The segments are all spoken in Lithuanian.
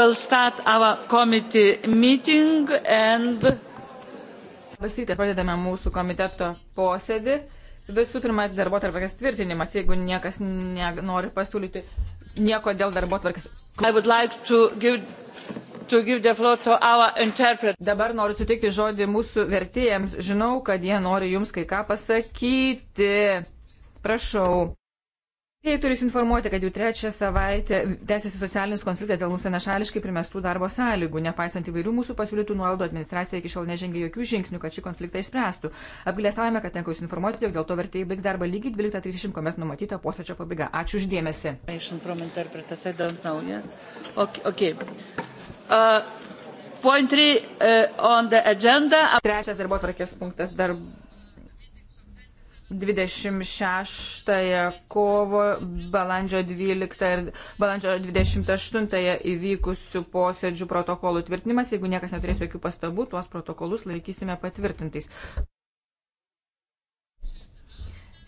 We'll start our committee meeting and. Vasytės pradedame mūsų komiteto posėdį. Visų pirma, darbo tvarkės tvirtinimas, jeigu niekas nenori pasiūlyti nieko dėl darbo tvarkės. Like to give, to give Dabar noriu suteikti žodį mūsų vertėjams. Žinau, kad jie nori jums kai ką pasakyti. Prašau. Jei turės informuoti, kad jau trečią savaitę tęsiasi socialinis konfliktas dėl mums vienašališkai primestų darbo sąlygų. Nepaisant įvairių mūsų pasiūlytų nuolaidų, administracija iki šiol nežengė jokių žingsnių, kad šį konfliktą išspręstų. Apgailestavome, kad tenka jūs informuoti, jog dėl to vertėjai baigs darbą lygiai 12.30, kuomet numatyta posėdžio pabaiga. Ačiū uždėmesi. Uh, uh, Trečias darbo tvarkės punktas darb... 26 kovo, balandžio 12 ir balandžio 28 įvykusių posėdžių protokolų tvirtinimas. Jeigu niekas neturės jokių pastabų, tuos protokolus laikysime patvirtintais.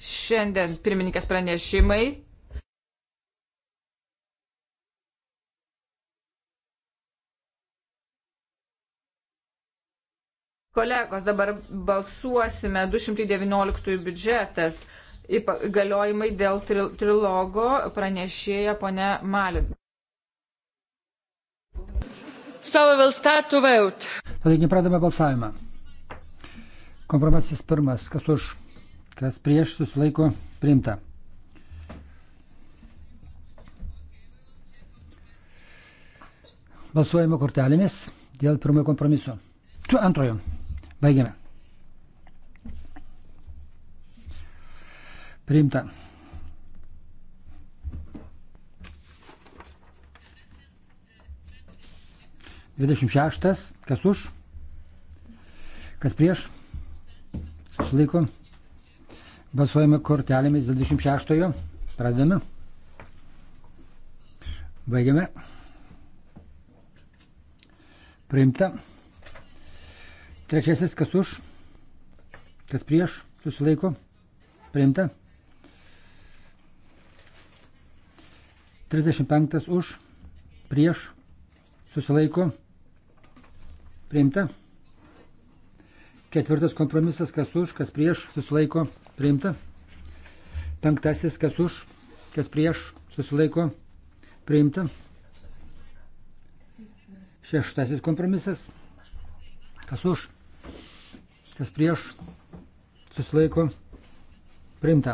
Šiandien pirmininkės pranešimai. Kolegos, dabar balsuosime 219 biudžetas galiojimai dėl trilogo pranešėja pone Malin. Taigi pradame balsavimą. Kompromisas pirmas, kas už, kas prieš, susilaiko, priimta. Balsuojame kortelėmis dėl pirmojo kompromiso. Tu antrojo. Baigiame. Priimta. Dvidešimt šeštas. Kas už? Kas prieš? Susilaiko. Balsuojame kortelėmis dėl 26-ojo. Pradedame. Baigiame. Priimta. Trečiasis, kas už, kas prieš, susilaiko, priimta. 35 už, prieš, susilaiko, priimta. Ketvirtas kompromisas, kas už, kas prieš, susilaiko, priimta. Penktasis, kas už, kas prieš, susilaiko, priimta. Šeštasis kompromisas, kas už, kas prieš, susilaiko, priimta.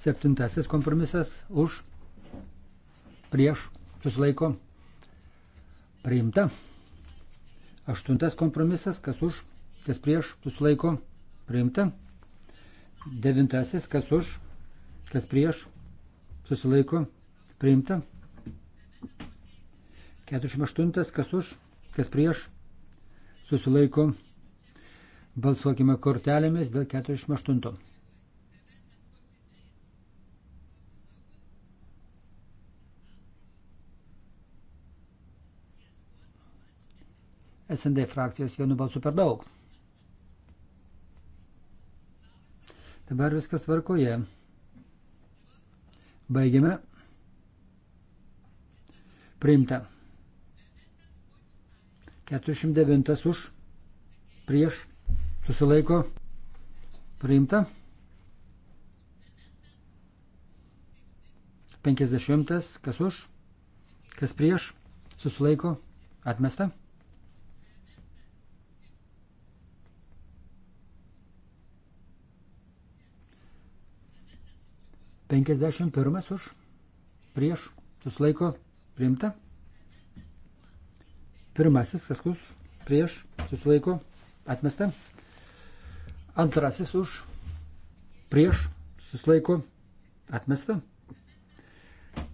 Septintasis kompromisas už, prieš, susilaiko, priimta. Aštuntas kompromisas, kas už, kas prieš, susilaiko, priimta. Devintasis, kas už, kas prieš, susilaiko, priimta. 48, kas už, kas prieš, susilaiko. Balsuokime kortelėmis dėl 48. SND frakcijos vienu balsu per daug. Dabar viskas tvarkoje. Baigiame. Priimta. 409 už, prieš, susilaiko, priimta. 50, kas už, kas prieš, susilaiko, atmesta. Penkiasdešimt pirmas už, prieš, susilaiko, priimta. Pirmasis, kas už, prieš, susilaiko, atmesta. Antrasis už, prieš, susilaiko, atmesta.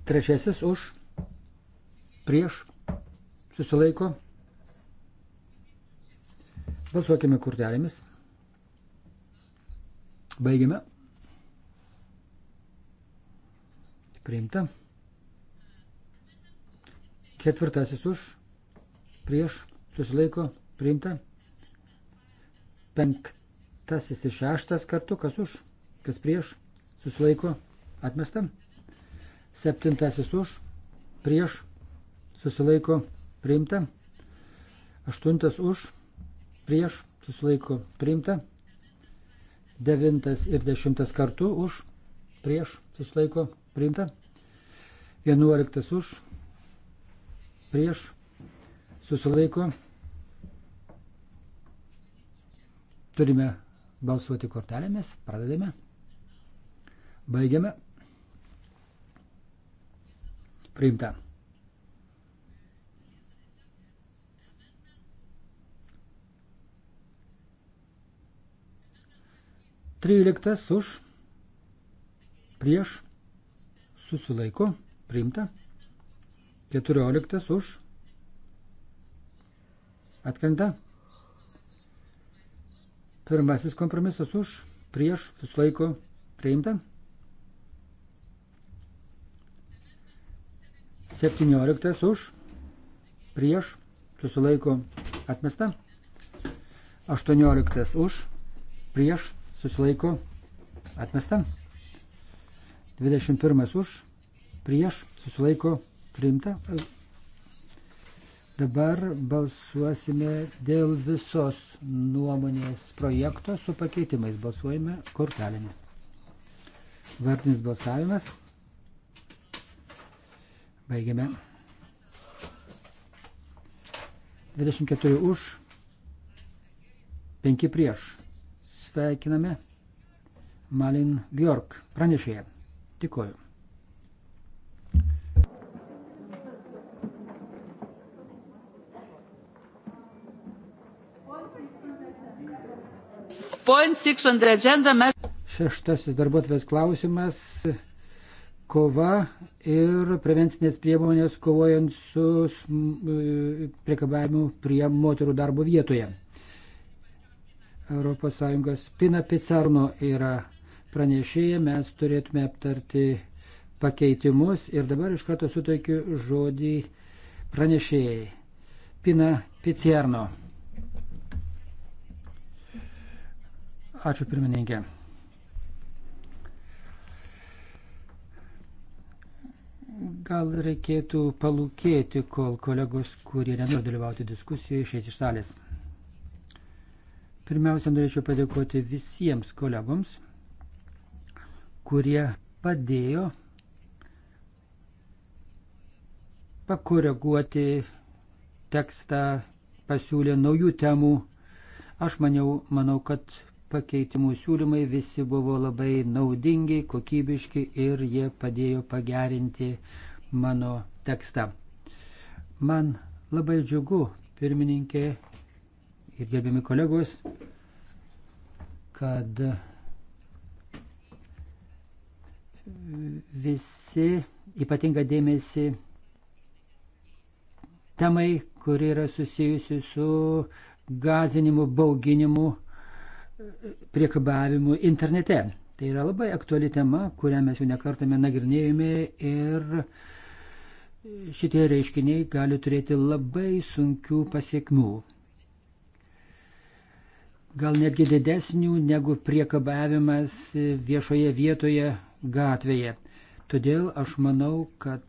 Trečiasis už, prieš, susilaiko. Balsuokime kurtelėmis. Baigiame. Priimta. Ketvirtasis už prieš susilaiko priimta. Penktasis ir šeštas kartu, kas už, kas prieš susilaiko atmesta. Septintasis už, prieš susilaiko priimta. Aštuntas už, prieš susilaiko priimta. Devintas ir dešimtas kartu už, prieš susilaiko priimta. Vienuoliktas už, prieš susilaiko. Turime balsuoti kortelėmis, pradedame, baigiame. Priimta. Tryliktas už, prieš, susilaiko, priimta. Keturioliktas už, Atkrenta. Pirmasis kompromisas už, prieš, susilaiko, priimta. 17 už, prieš, susilaiko, atmesta. 18 už, prieš, susilaiko, atmesta. 21 už, prieš, susilaiko, priimta. Dabar balsuosime dėl visos nuomonės projekto su pakeitimais. Balsuojame kortelėmis. Vardinis balsavimas. Baigiame. 24 už, 5 prieš. Sveikiname Malin Bjork pranešėją. Tikoju. Šeštasis darbuotojas klausimas - kova ir prevencinės priemonės kovojant su e, priekabavimu prie moterų darbo vietoje. ES Pina Picarno yra pranešėja, mes turėtume aptarti pakeitimus ir dabar iš karto suteikiu žodį pranešėjai. Pina Picarno. Ačiū pirmininkė. Gal reikėtų palūkėti, kol kolegos, kurie nenori dalyvauti diskusijoje, išeis iš salės. Pirmiausia, norėčiau padėkoti visiems kolegoms, kurie padėjo pakoreguoti tekstą, pasiūlė naujų temų. Aš maniau, manau, kad pakeitimų siūlymai visi buvo labai naudingi, kokybiški ir jie padėjo pagerinti mano tekstą. Man labai džiugu, pirmininkė ir gerbiami kolegos, kad visi ypatinga dėmesį temai, kuri yra susijusi su gazinimu, bauginimu priekabavimu internete. Tai yra labai aktuali tema, kurią mes jau nekartame nagrinėjome ir šitie reiškiniai gali turėti labai sunkių pasiekmių. Gal netgi didesnių negu priekabavimas viešoje vietoje gatvėje. Todėl aš manau, kad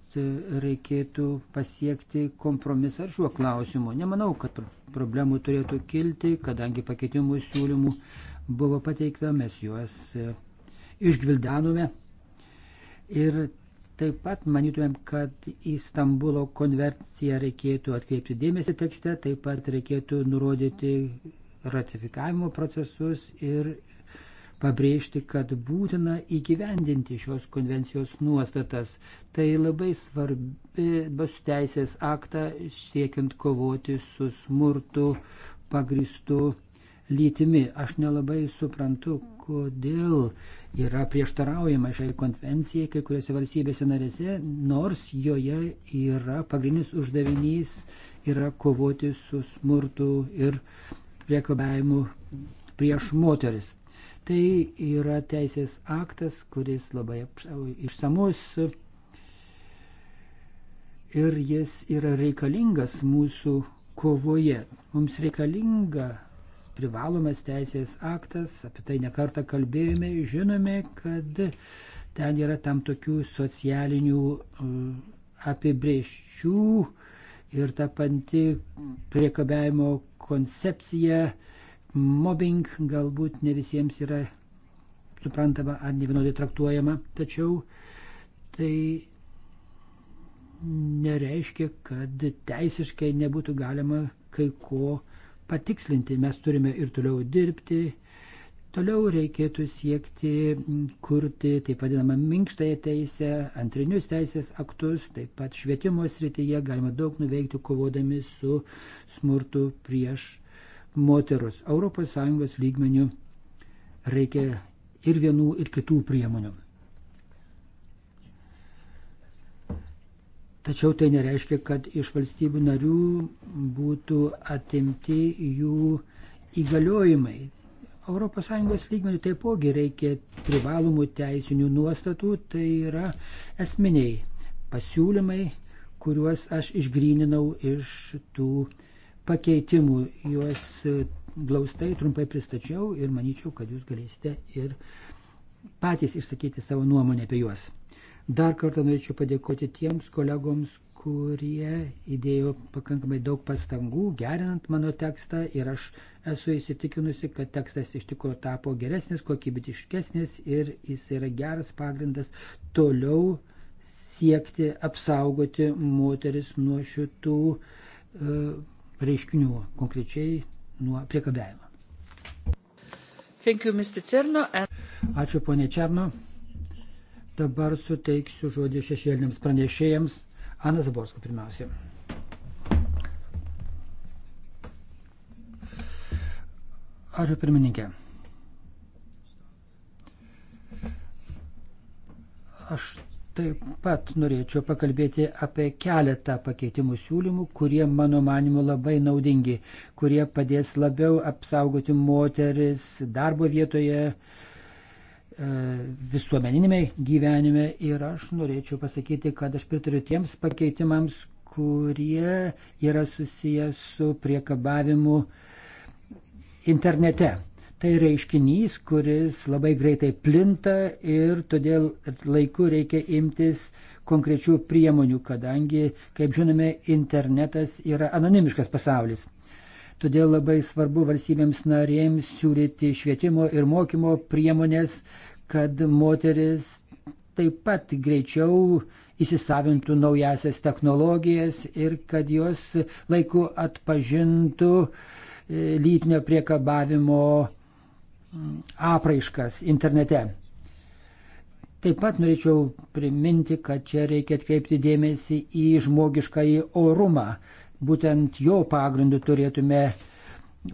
reikėtų pasiekti kompromisą šiuo klausimu. Nemanau, kad problemų turėtų kilti, kadangi pakeitimų siūlymų buvo pateikta, mes juos e, išgvildenome. Ir taip pat manytumėm, kad į Stambulo konvenciją reikėtų atkreipti dėmesį tekste, taip pat reikėtų nurodyti ratifikavimo procesus ir pabrėžti, kad būtina įgyvendinti šios konvencijos nuostatas. Tai labai svarbi bus teisės aktą siekiant kovoti su smurtu pagristu lytimi. Aš nelabai suprantu, kodėl yra prieštaraujama šiai konvencijai kai kuriuose valstybėse narėse, nors joje yra pagrindinis uždavinys yra kovoti su smurtu ir priekabavimu prieš moteris. Tai yra teisės aktas, kuris labai išsamus ir jis yra reikalingas mūsų kovoje. Mums reikalinga privalomas teisės aktas, apie tai nekartą kalbėjome, žinome, kad ten yra tam tokių socialinių apibrėžčių ir ta panti priekabiavimo koncepcija, mobbing galbūt ne visiems yra suprantama ar nevienodai traktuojama, tačiau tai nereiškia, kad teisiškai nebūtų galima kai ko patikslinti. Mes turime ir toliau dirbti. Toliau reikėtų siekti kurti taip vadinamą minkštąją teisę, antrinius teisės aktus, taip pat švietimo srityje galima daug nuveikti kovodami su smurtu prieš moterus. ES lygmenių reikia ir vienų, ir kitų priemonių. Tačiau tai nereiškia, kad iš valstybių narių būtų atimti jų įgaliojimai. ES lygmenį taipogi reikia privalomų teisinių nuostatų, tai yra esminiai pasiūlymai, kuriuos aš išgryninau iš tų pakeitimų. Juos glaustai trumpai pristačiau ir manyčiau, kad jūs galėsite ir patys išsakyti savo nuomonę apie juos. Dar kartą norėčiau padėkoti tiems kolegoms, kurie įdėjo pakankamai daug pastangų gerinant mano tekstą ir aš esu įsitikinusi, kad tekstas iš tikrųjų tapo geresnis, kokybiškesnis ir jis yra geras pagrindas toliau siekti apsaugoti moteris nuo šitų e, reiškinių, konkrečiai nuo priekabėjimo. Ačiū, ponė Černo. Dabar suteiksiu žodį šešėliniams pranešėjams. Ana Zaborska pirmiausia. Ačiū pirmininkė. Aš taip pat norėčiau pakalbėti apie keletą pakeitimų siūlymų, kurie mano manimu labai naudingi, kurie padės labiau apsaugoti moteris darbo vietoje, uh, E, visuomeninėme gyvenime ir aš norėčiau pasakyti, kad aš pritariu tiems pakeitimams, kurie yra susijęs su priekabavimu internete. Tai reiškinys, kuris labai greitai plinta ir todėl laiku reikia imtis konkrečių priemonių, kadangi, kaip žinome, internetas yra anonimiškas pasaulis. Todėl labai svarbu valstybėms narėms siūlyti švietimo ir mokymo priemonės, kad moteris taip pat greičiau įsisavintų naujasias technologijas ir kad jos laiku atpažintų e, lytinio priekabavimo apraiškas internete. Taip pat norėčiau priminti, kad čia reikia atkreipti dėmesį į žmogiškąjį orumą. Būtent jo pagrindu turėtume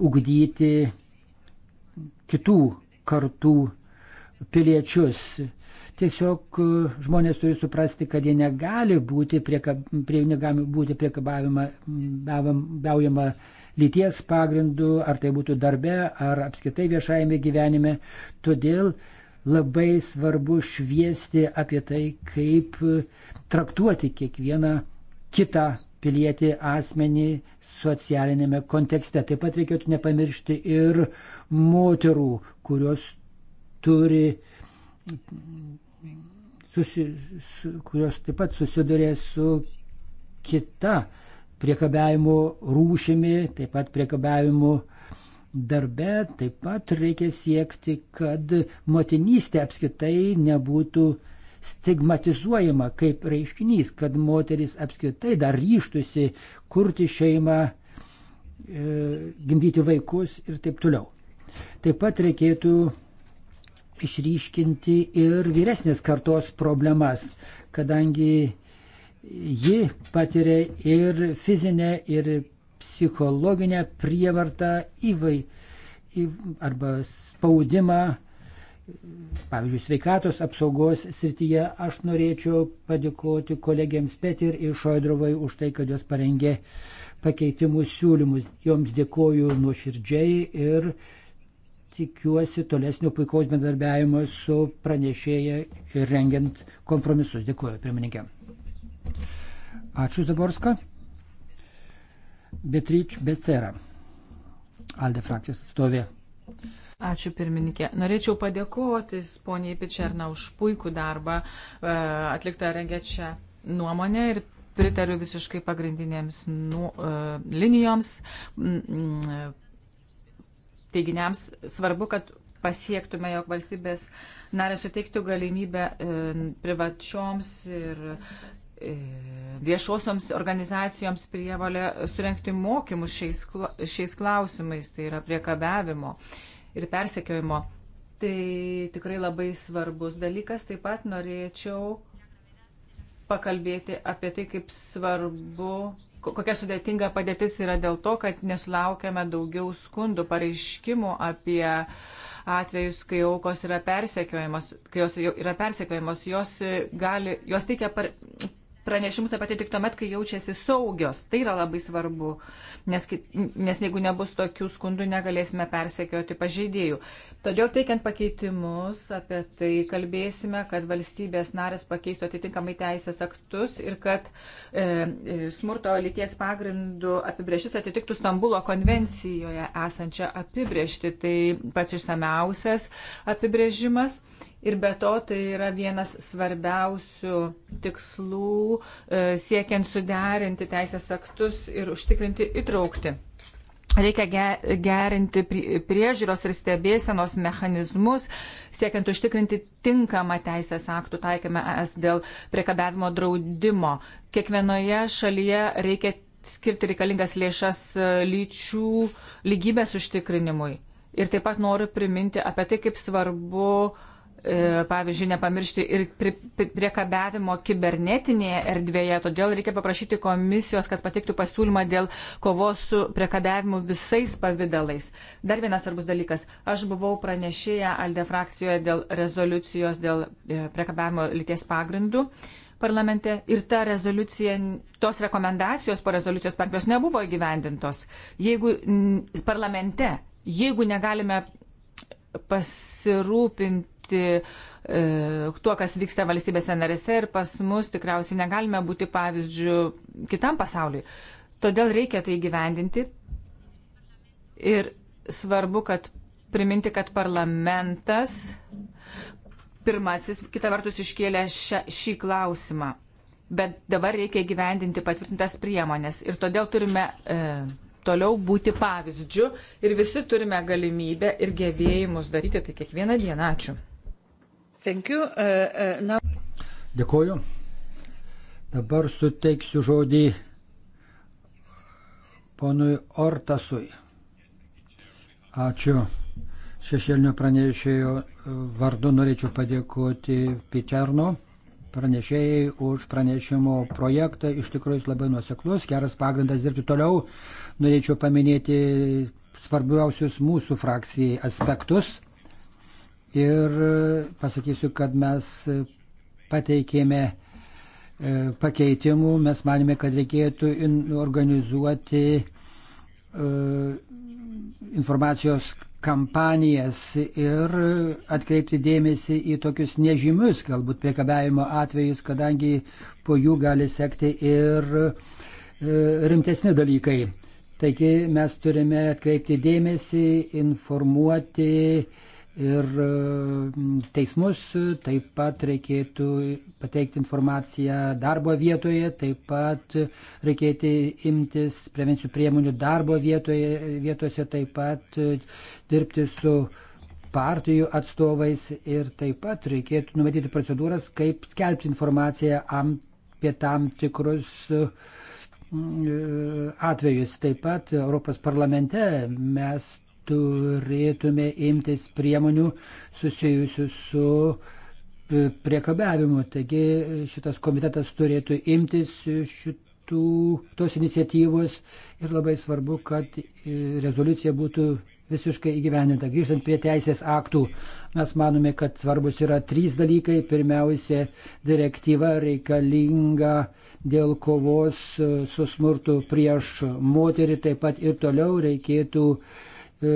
ugdyti kitų kartų piliečius. Tiesiog e, žmonės turi suprasti, kad jie negali būti, prieka, prie, negali būti priekabaujama lyties pagrindu, ar tai būtų darbe, ar apskritai viešajame gyvenime. Todėl labai svarbu šviesti apie tai, kaip traktuoti kiekvieną kitą pilietį asmenį socialinėme kontekste. Taip pat reikėtų nepamiršti ir moterų, kurios turi susi, su, kurios taip pat susiduria su kita priekabiavimo rūšimi, taip pat priekabiavimo darbe, taip pat reikia siekti, kad motinystė apskritai nebūtų stigmatizuojama kaip reiškinys, kad moteris apskritai dar ryštusi kurti šeimą, e, gimdyti vaikus ir taip toliau. Taip pat reikėtų išryškinti ir vyresnės kartos problemas, kadangi ji patiria ir fizinę, ir psichologinę prievartą įvai arba spaudimą pavyzdžiui, sveikatos apsaugos srityje aš norėčiau padėkoti kolegiams Petir ir Šoidrovai už tai, kad jos parengė pakeitimus siūlymus. Joms dėkoju nuoširdžiai ir tikiuosi tolesnio puikaus bendarbiavimo su pranešėja ir rengiant kompromisus. Dėkuoju, pirmininkė. Ačiū Zaborska. Beatrič Becera, Alde frakcijos atstovė. Ačiū pirmininkė. Norėčiau padėkoti poniai Pičerna už puikų darbą e, atliktą rengiačią nuomonę ir pritariu visiškai pagrindinėms nu, e, linijoms teiginiams svarbu, kad pasiektume, jog valstybės narės suteiktų galimybę e, privačioms ir e, viešosioms organizacijoms prievalė surenkti mokymus šiais, šiais klausimais, tai yra priekabiavimo ir persekiojimo. Tai tikrai labai svarbus dalykas. Taip pat norėčiau pakalbėti apie tai, kaip svarbu kokia sudėtinga padėtis yra dėl to, kad nesulaukiame daugiau skundų, pareiškimų apie atvejus, kai aukos yra persekiojamos, kai jos yra persekiojamos, jos, e, gali, jos teikia par, pranešimus apie tai tik tuomet, kai jaučiasi saugios. Tai yra labai svarbu, nes, nes jeigu nebus tokių skundų, negalėsime persekioti pažeidėjų. Todėl teikiant pakeitimus apie tai kalbėsime, kad valstybės narės pakeistų atitinkamai teisės aktus ir kad e, e smurto lyties pagrindų apibrieštis atitiktų Stambulo konvencijoje esančią apibriešti. Tai pats išsameusias apibrėžimas Ir be to tai yra vienas svarbiausių tikslų e, siekiant suderinti teisės aktus ir užtikrinti įtraukti. Reikia gerinti priežiūros ir stebėsenos mechanizmus, siekiant užtikrinti tinkamą teisės aktų taikymą es dėl priekabiavimo draudimo. Kiekvienoje šalyje reikia skirti reikalingas lėšas e, lyčių lygybės užtikrinimui. Ir taip pat noriu priminti apie tai, kaip svarbu uh, E, pavyzdžiui, nepamiršti ir priekabiavimo kibernetinėje erdvėje. Todėl reikia paprašyti komisijos, kad pateiktų pasiūlymą dėl kovos su priekabiavimu visais pavydalais. Dar vienas svarbus dalykas. Aš buvau pranešėję Alde frakcijoje dėl rezoliucijos dėl e, priekabiavimo lyties pagrindų parlamente ir ta rezoliucija, tos rekomendacijos po rezoliucijos partijos nebuvo įgyvendintos. Jeigu parlamente, jeigu negalime pasirūpinti pasiremti e, tuo, kas vyksta valstybėse narėse ir pas mus tikriausiai negalime būti pavyzdžių kitam pasauliui. Todėl reikia tai gyvendinti ir svarbu, kad priminti, kad parlamentas pirmasis, kita vertus, iškėlė šią, šį klausimą. Bet dabar reikia gyvendinti patvirtintas priemonės ir todėl turime e, toliau būti pavyzdžių ir visi turime galimybę ir gebėjimus daryti tai kiekvieną dieną. Ačiū. Thank you. Uh, uh, now... Dėkuoju. Dabar suteiksiu žodį ponui Ortasui. Ačiū. Šešėlinio pranešėjo vardu norėčiau padėkoti Pičerno pranešėjai už pranešimo projektą. Iš tikrųjų jis labai nuoseklus, geras pagrindas dirbti toliau. Norėčiau paminėti svarbiausius mūsų frakcijai aspektus ir e, pasakysiu, kad mes pateikėme e, pakeitimų, mes manėme, kad reikėtų organizuoti e, informacijos kampanijas ir atkreipti dėmesį į tokius nežymius galbūt priekabiavimo atvejus, kadangi po jų gali sekti ir rimtesni dalykai. Taigi mes turime atkreipti dėmesį, informuoti, uh, ir e, teismus, taip pat reikėtų pateikti informaciją darbo vietoje, taip pat reikėtų imtis prevencijų priemonių darbo vietoje, vietose, taip pat e, dirbti su partijų atstovais ir taip pat reikėtų numatyti procedūras, kaip skelbti informaciją apie tam tikrus e, atvejus. Taip pat Europos parlamente mes turėtume imtis priemonių susijusių su e, priekabiavimu. Taigi e, šitas komitetas turėtų imtis šitų tos iniciatyvos ir labai svarbu, kad e, rezoliucija būtų visiškai įgyveninta. Grįžtant prie teisės aktų, mes manome, kad svarbus yra trys dalykai. Pirmiausia, direktyva reikalinga dėl kovos su smurtu prieš moterį, taip pat ir toliau reikėtų E,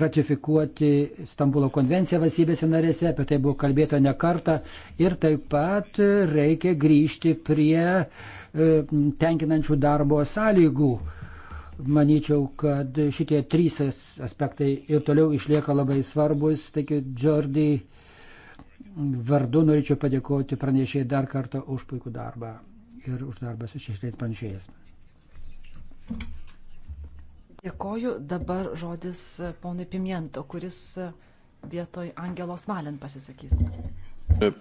ratifikuoti Stambulo konvenciją valstybėse narėse, apie tai buvo kalbėta ne kartą. Ir taip pat reikia grįžti prie e, tenkinančių darbo sąlygų. Manyčiau, kad šitie trys aspektai ir toliau išlieka labai svarbus. Taigi, Džordi, vardu norėčiau padėkoti pranešėjai dar kartą už puikų darbą ir už darbą su šešiais pranešėjais. Thank you. Dėkoju. Dabar žodis ponui Pimiento, kuris vietoj Angelos Valen pasisakys.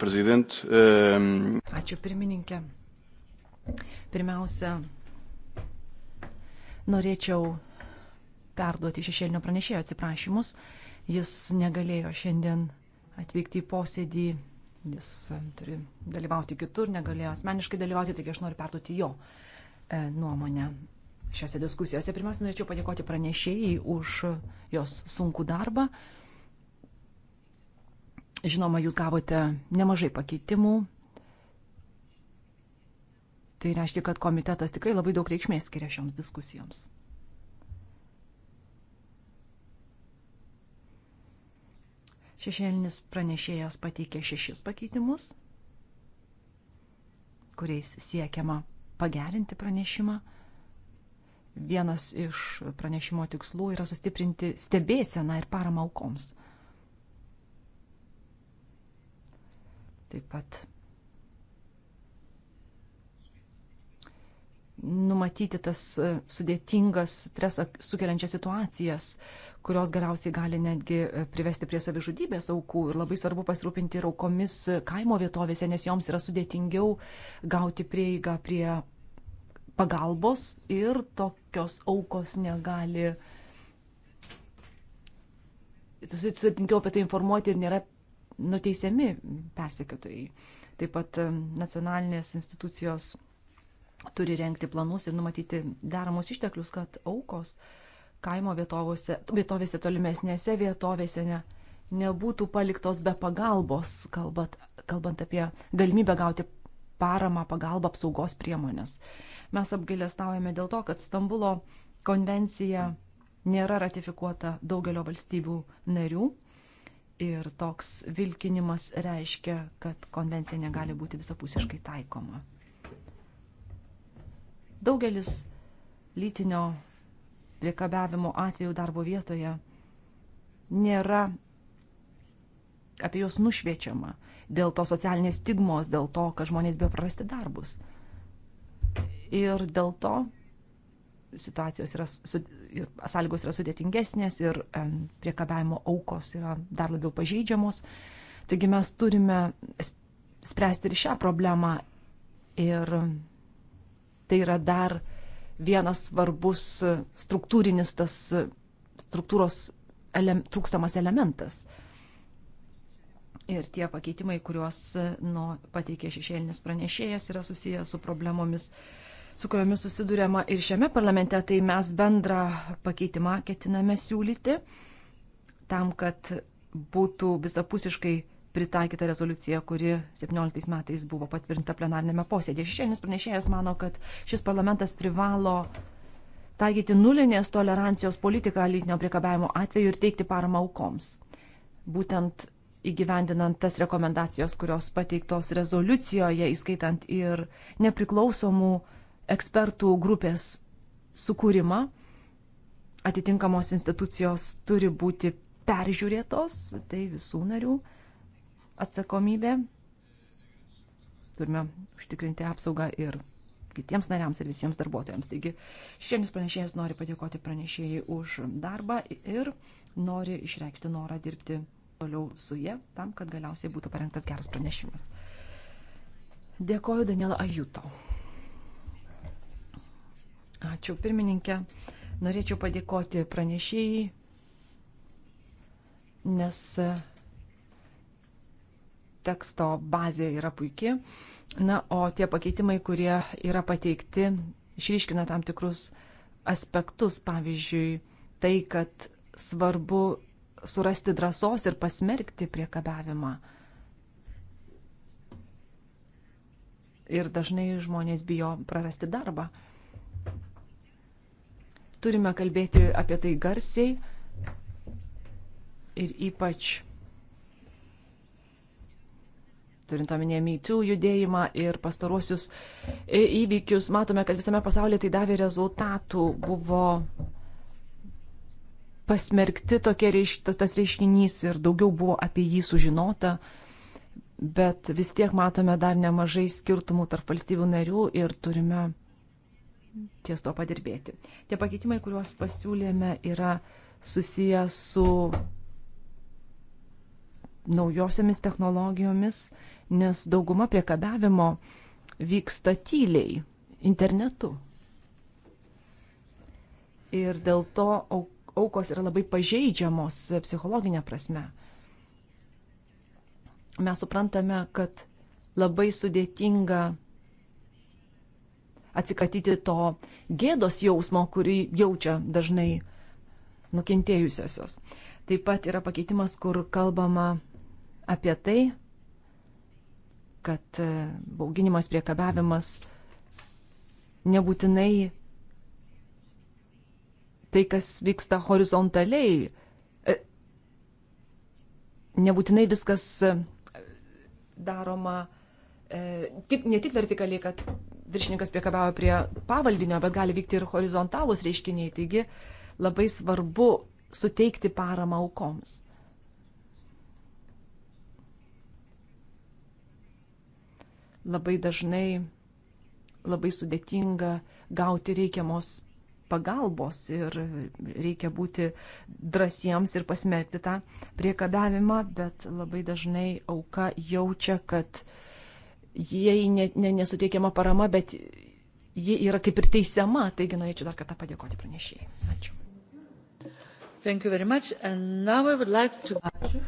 Prezident. Um... Ačiū pirmininkė. Pirmiausia, norėčiau perduoti šešėlinio pranešėjo atsiprašymus. Jis negalėjo šiandien atvykti į posėdį, jis turi dalyvauti kitur, negalėjo asmeniškai dalyvauti, taigi aš noriu perduoti jo e, nuomonę šiose diskusijose. Pirmiausia, norėčiau padėkoti pranešėjai už jos sunkų darbą. Žinoma, jūs gavote nemažai pakeitimų. Tai reiškia, kad komitetas tikrai labai daug reikšmės skiria šioms diskusijoms. Šešėlinis pranešėjas pateikė šešis pakeitimus, kuriais siekiama pagerinti pranešimą vienas iš pranešimo tikslų yra sustiprinti stebėseną ir paramą aukoms. Taip pat numatyti tas sudėtingas stresą sukeliančias situacijas, kurios galiausiai gali netgi privesti prie savižudybės aukų. Ir labai svarbu pasirūpinti ir aukomis kaimo vietovėse, nes joms yra sudėtingiau gauti prieigą prie pagalbos ir tokios aukos negali sudėtingiau apie tai informuoti ir nėra nuteisiami persekiotojai. Taip pat nacionalinės institucijos turi renkti planus ir numatyti deramus išteklius, kad aukos kaimo vietovose, vietovėse tolimesnėse vietovėse ne, nebūtų paliktos be pagalbos, kalbant, kalbant apie galimybę gauti paramą, pagalbą, apsaugos priemonės. Uh, Mes apgailestaujame dėl to, kad Stambulo konvencija nėra ratifikuota daugelio valstybių narių ir toks vilkinimas reiškia, kad konvencija negali būti visapusiškai taikoma. Daugelis lytinio priekabiavimo atvejų darbo vietoje nėra apie juos nušviečiama dėl to socialinės stigmos, dėl to, kad žmonės bijo prarasti darbus ir dėl to situacijos yra, su, ir sąlygos yra sudėtingesnės ir priekabiavimo aukos yra dar labiau pažeidžiamos. Taigi mes turime spręsti ir šią problemą ir tai yra dar vienas svarbus struktūrinis tas struktūros ele, trūkstamas elementas. Ir tie pakeitimai, kuriuos nu, pateikė šešėlinis pranešėjas, yra susijęs su problemomis, uh, su kuriomis susidurėma ir šiame parlamente, tai mes bendrą pakeitimą ketiname siūlyti tam, kad būtų visapusiškai pritaikyta rezoliucija, kuri 17 metais buvo patvirtinta plenarnėme posėdėje. Šešėlinis pranešėjas mano, kad šis parlamentas privalo taikyti nulinės tolerancijos politiką lytinio priekabiavimo atveju ir teikti paramą aukoms. Būtent įgyvendinant tas rekomendacijos, kurios pateiktos rezoliucijoje, įskaitant ir nepriklausomų uh, ekspertų grupės sukūrimą. Atitinkamos institucijos turi būti peržiūrėtos, tai visų narių atsakomybė. Turime užtikrinti apsaugą ir kitiems nariams ir visiems darbuotojams. Taigi šiandienis pranešėjas nori padėkoti pranešėjai už darbą ir nori išreikšti norą dirbti toliau su jie, tam, kad galiausiai būtų parengtas geras pranešimas. Dėkoju Daniela Ajuto. Ačiū pirmininkė. Norėčiau padėkoti pranešėjai, nes teksto bazė yra puikia. Na, o tie pakeitimai, kurie yra pateikti, išryškina tam tikrus aspektus, pavyzdžiui, tai, kad svarbu surasti drąsos ir pasmerkti priekabiavimą. Ir dažnai žmonės bijo prarasti darbą. Turime kalbėti apie tai garsiai ir ypač turint omenyje mytų judėjimą ir pastaruosius e, įvykius, matome, kad visame pasaulyje tai davė rezultatų, buvo pasmerkti tokie reiš, tas, tas reiškinys ir daugiau buvo apie jį sužinota, bet vis tiek matome dar nemažai skirtumų tarp valstybių narių ir turime ties to padirbėti. Tie pakeitimai, kuriuos pasiūlėme, yra susiję su naujosiomis technologijomis, nes dauguma priekabiavimo vyksta tyliai internetu. Ir dėl to aukos yra labai pažeidžiamos psichologinė prasme. Mes suprantame, kad labai sudėtinga atsikratyti to gėdos jausmo, kurį jaučia dažnai nukentėjusiosios. Taip pat yra pakeitimas, kur kalbama apie tai, kad e, bauginimas, priekabiavimas nebūtinai tai, kas vyksta horizontaliai, e, nebūtinai viskas e, daroma tik, ne tik vertikaliai, kad viršininkas priekabavo prie pavaldinio, bet gali vykti ir horizontalūs reiškiniai. Taigi labai svarbu suteikti paramą aukoms. Labai dažnai labai sudėtinga gauti reikiamos pagalbos ir reikia būti drąsiems ir pasmerkti tą priekabiavimą, bet labai dažnai auka jaučia, kad uh, jai ne, ne, nesuteikiama parama, bet ji yra kaip ir teisiama. Taigi norėčiau dar kartą padėkoti pranešėjai. Ačiū. Like to... Ačiū.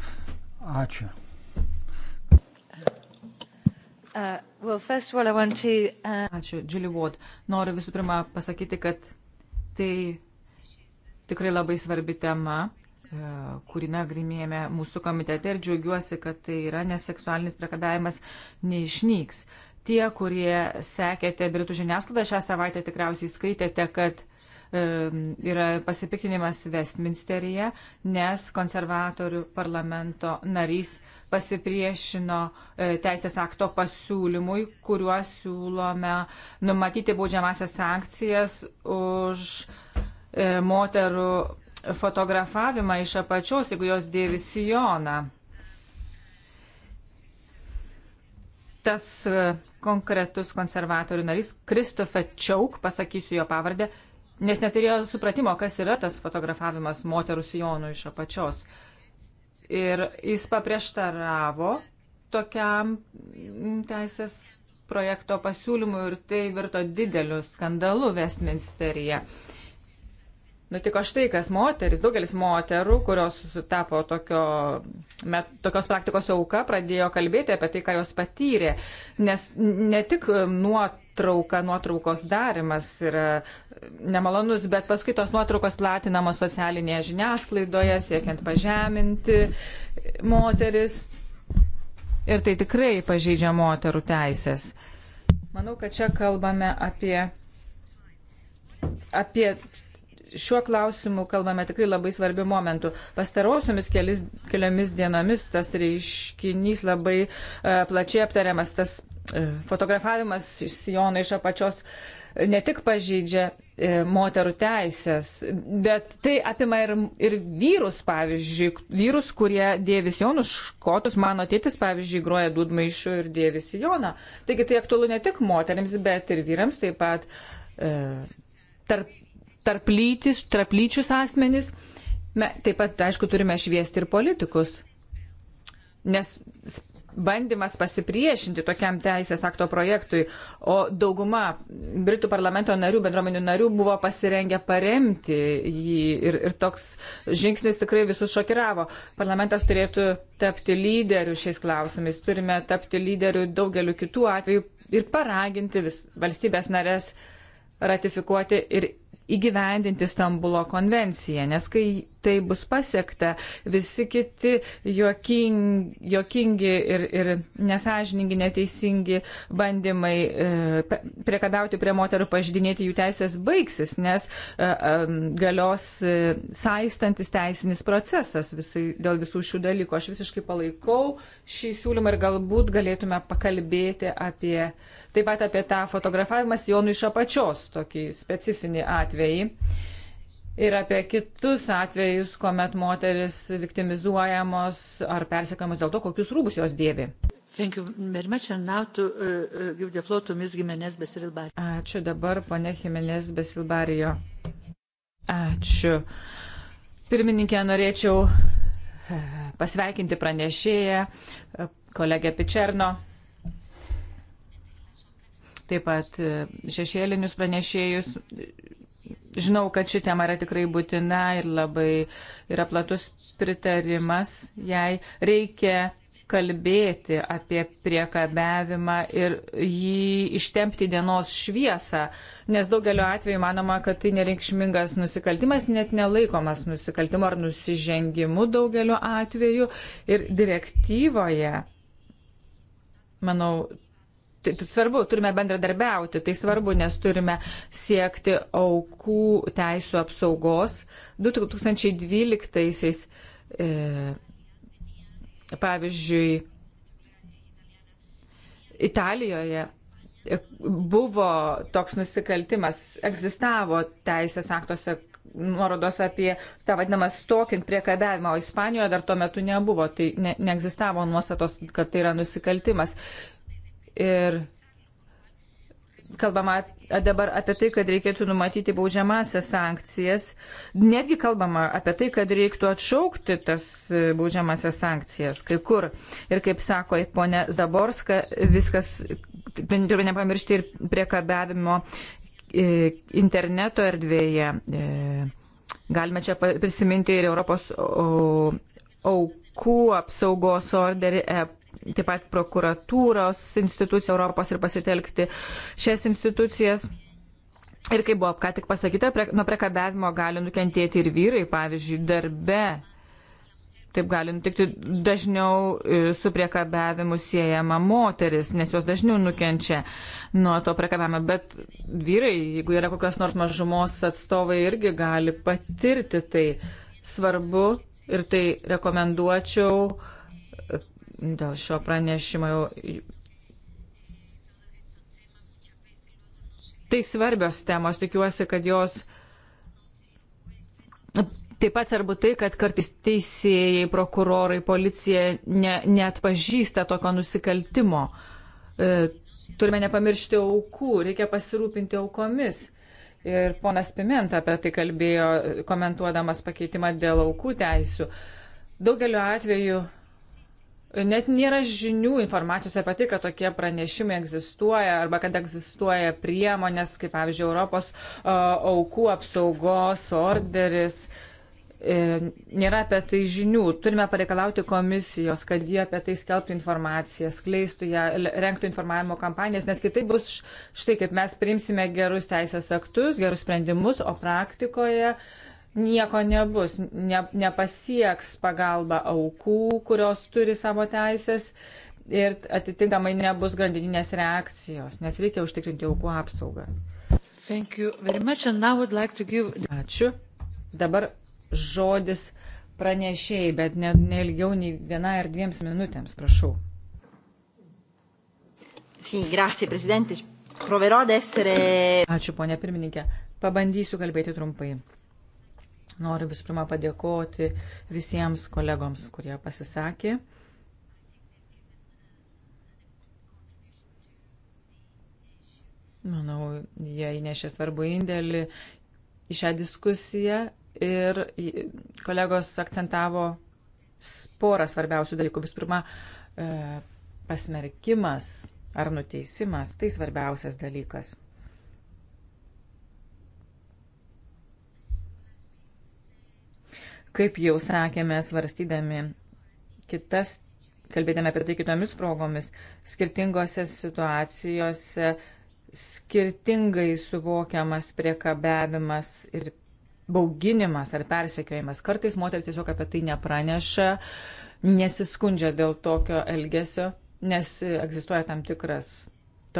Ačiū. Uh, well, all, to, uh... Ačiū, Julie Watt. Noriu visų pirma pasakyti, kad tai tikrai labai svarbi tema E, kurį nagrinėjame mūsų komitete ir džiaugiuosi, kad tai yra, nes seksualinis priekabiavimas neišnyks. Tie, kurie sekėte Britų žiniasklaidą šią savaitę, tikriausiai skaitėte, kad e, yra pasipiktinimas Westminsteryje, nes konservatorių parlamento narys pasipriešino e, teisės akto pasiūlymui, kuriuo siūlome numatyti baudžiamasias sankcijas už moterų fotografavimą iš apačios, jeigu jos dėvi sijoną. Tas e, konkretus konservatorių narys, Kristofe Čiauk, pasakysiu jo pavardę, nes neturėjo supratimo, kas yra tas fotografavimas moterų sijonų iš apačios. Ir jis paprieštaravo tokiam mm, teisės projekto pasiūlymui ir tai virto dideliu skandalu Westminsteryje. Uh, nutiko štai, kas moteris, daugelis moterų, kurios tapo tokio, met, tokios praktikos auka, pradėjo kalbėti apie tai, ką jos patyrė. Nes ne tik nuotrauka, nuotraukos darimas yra nemalonus, bet paskui tos nuotraukos platinamos socialinėje žiniasklaidoje, siekiant pažeminti moteris. Ir tai tikrai pažeidžia moterų teisės. Manau, kad čia kalbame apie, apie šiuo klausimu kalbame tikrai labai svarbiu momentu. Pastarosiomis kelis, keliomis dienomis tas reiškinys labai e, plačiai aptariamas, tas e, fotografavimas iš Sijono iš apačios e, ne tik pažeidžia e, moterų teisės, bet tai apima ir, ir vyrus, pavyzdžiui, vyrus, kurie dėvi Sijonus škotus, mano tėtis, pavyzdžiui, groja dūdmaišių ir dėvi Sijoną. Taigi tai aktualu ne tik moteriams, bet ir vyrams taip pat. E, tarp tarplytis, traplyčius asmenis. Me, taip pat, aišku, turime šviesti ir politikus, nes bandymas pasipriešinti tokiam teisės akto projektui, o dauguma Britų parlamento narių, bendruomenių narių buvo pasirengę paremti jį ir, ir toks žingsnis tikrai visus šokiravo. Parlamentas turėtų tapti lyderių šiais klausimais, turime tapti lyderių daugeliu kitų atvejų ir paraginti vis, valstybės narės ratifikuoti ir įgyvendinti Stambulo konvenciją, nes kai tai bus pasiekta. Visi kiti joking, jokingi ir, ir nesažiningi, neteisingi bandymai e, priekabauti prie moterų, pažydinėti jų teisės baigsis, nes e, e, galios e, saistantis teisinis procesas visai, dėl visų šių dalykų. Aš visiškai palaikau šį siūlymą ir galbūt galėtume pakalbėti apie. Taip pat apie tą fotografavimą Jonų iš apačios, tokį specifinį atvejį. Uh, ir apie kitus atvejus, kuomet moteris viktimizuojamos ar persekamos dėl to, kokius rūbus jos dėvi. Uh, uh, Ačiū dabar, ponė Jimenez Besilbarijo. Ačiū. Pirmininkė, norėčiau e, pasveikinti pranešėją, e, kolegę Pičerno, taip pat e, šešėlinius pranešėjus, žinau, kad ši tema yra tikrai būtina ir labai yra platus pritarimas jai. Reikia kalbėti apie priekabiavimą ir jį ištempti dienos šviesą, nes daugeliu atveju manoma, kad tai nereikšmingas nusikaltimas, net nelaikomas nusikaltimu ar nusižengimu daugeliu atveju. Ir direktyvoje, manau, Tai, tai svarbu, turime bendradarbiauti, tai svarbu, nes turime siekti aukų teisų apsaugos. 2012-aisiais, e, pavyzdžiui, Italijoje e, buvo toks nusikaltimas, egzistavo teisės aktuose nuorodos apie tą vadinamą stokint priekabiavimą, o Ispanijoje dar tuo metu nebuvo, tai ne, neegzistavo nuostatos, kad tai yra nusikaltimas. Ir kalbama dabar apie tai, kad reikėtų numatyti baudžiamasias sankcijas. Netgi kalbama apie tai, kad reiktų atšaukti tas e, baudžiamasias sankcijas kai kur. Ir kaip sako ponė Zaborska, viskas, turime nepamiršti ir priekabiavimo e, interneto erdvėje. E, galime čia prisiminti ir Europos aukų apsaugos orderį EP taip pat prokuratūros institucijų Europos ir pasitelkti šias institucijas. Ir kaip buvo ką tik pasakyta, prie, nuo priekabiavimo gali nukentėti ir vyrai, pavyzdžiui, darbe. Taip gali nutikti dažniau e, su priekabiavimu siejama moteris, nes jos dažniau nukenčia nuo to priekabiavimo. Bet vyrai, jeigu yra kokios nors mažumos atstovai, irgi gali patirti tai svarbu ir tai rekomenduočiau uh, dėl šio pranešimo jau. Tai svarbios temos, tikiuosi, kad jos. Taip pat svarbu tai, kad kartais teisėjai, prokurorai, policija ne, neatpažįsta tokio nusikaltimo. E, turime nepamiršti aukų, reikia pasirūpinti aukomis. Ir ponas Pimenta apie tai kalbėjo, komentuodamas pakeitimą dėl aukų teisų. Daugeliu atveju net nėra žinių informacijos apie tai, kad tokie pranešimai egzistuoja arba kad egzistuoja priemonės, kaip pavyzdžiui, Europos aukų apsaugos orderis. E, nėra apie tai žinių. Turime pareikalauti komisijos, kad jie apie tai skelbtų informaciją, skleistų ją, renktų informavimo kampanijas, nes kitaip bus štai, kaip mes priimsime gerus teisės aktus, gerus sprendimus, o praktikoje uh, nieko nebus, ne, nepasieks pagalba aukų, kurios turi savo teisės ir atitinkamai nebus grandininės reakcijos, nes reikia užtikrinti aukų apsaugą. Like give... Ačiū. Dabar žodis pranešėjai, bet ne, ne ilgiau nei vieną ar dviems minutėms, prašau. Sì, grazie, Presidente. Proverò ad essere. Ačiū, ponia pirmininkė. Pabandysiu kalbėti trumpai. Noriu visų pirma padėkoti visiems kolegoms, kurie pasisakė. Manau, jie įnešė svarbu indėlį į šią diskusiją ir kolegos akcentavo porą svarbiausių dalykų. Visų pirma, e, pasmerkimas ar nuteisimas - tai svarbiausias dalykas. Kaip jau sakėme, svarstydami kitas, kalbėdami apie tai kitomis progomis, skirtingose situacijose skirtingai suvokiamas priekabiavimas ir bauginimas ar persekiojimas. Kartais moteris tiesiog apie tai nepraneša, nesiskundžia dėl tokio elgesio, nes egzistuoja tam tikras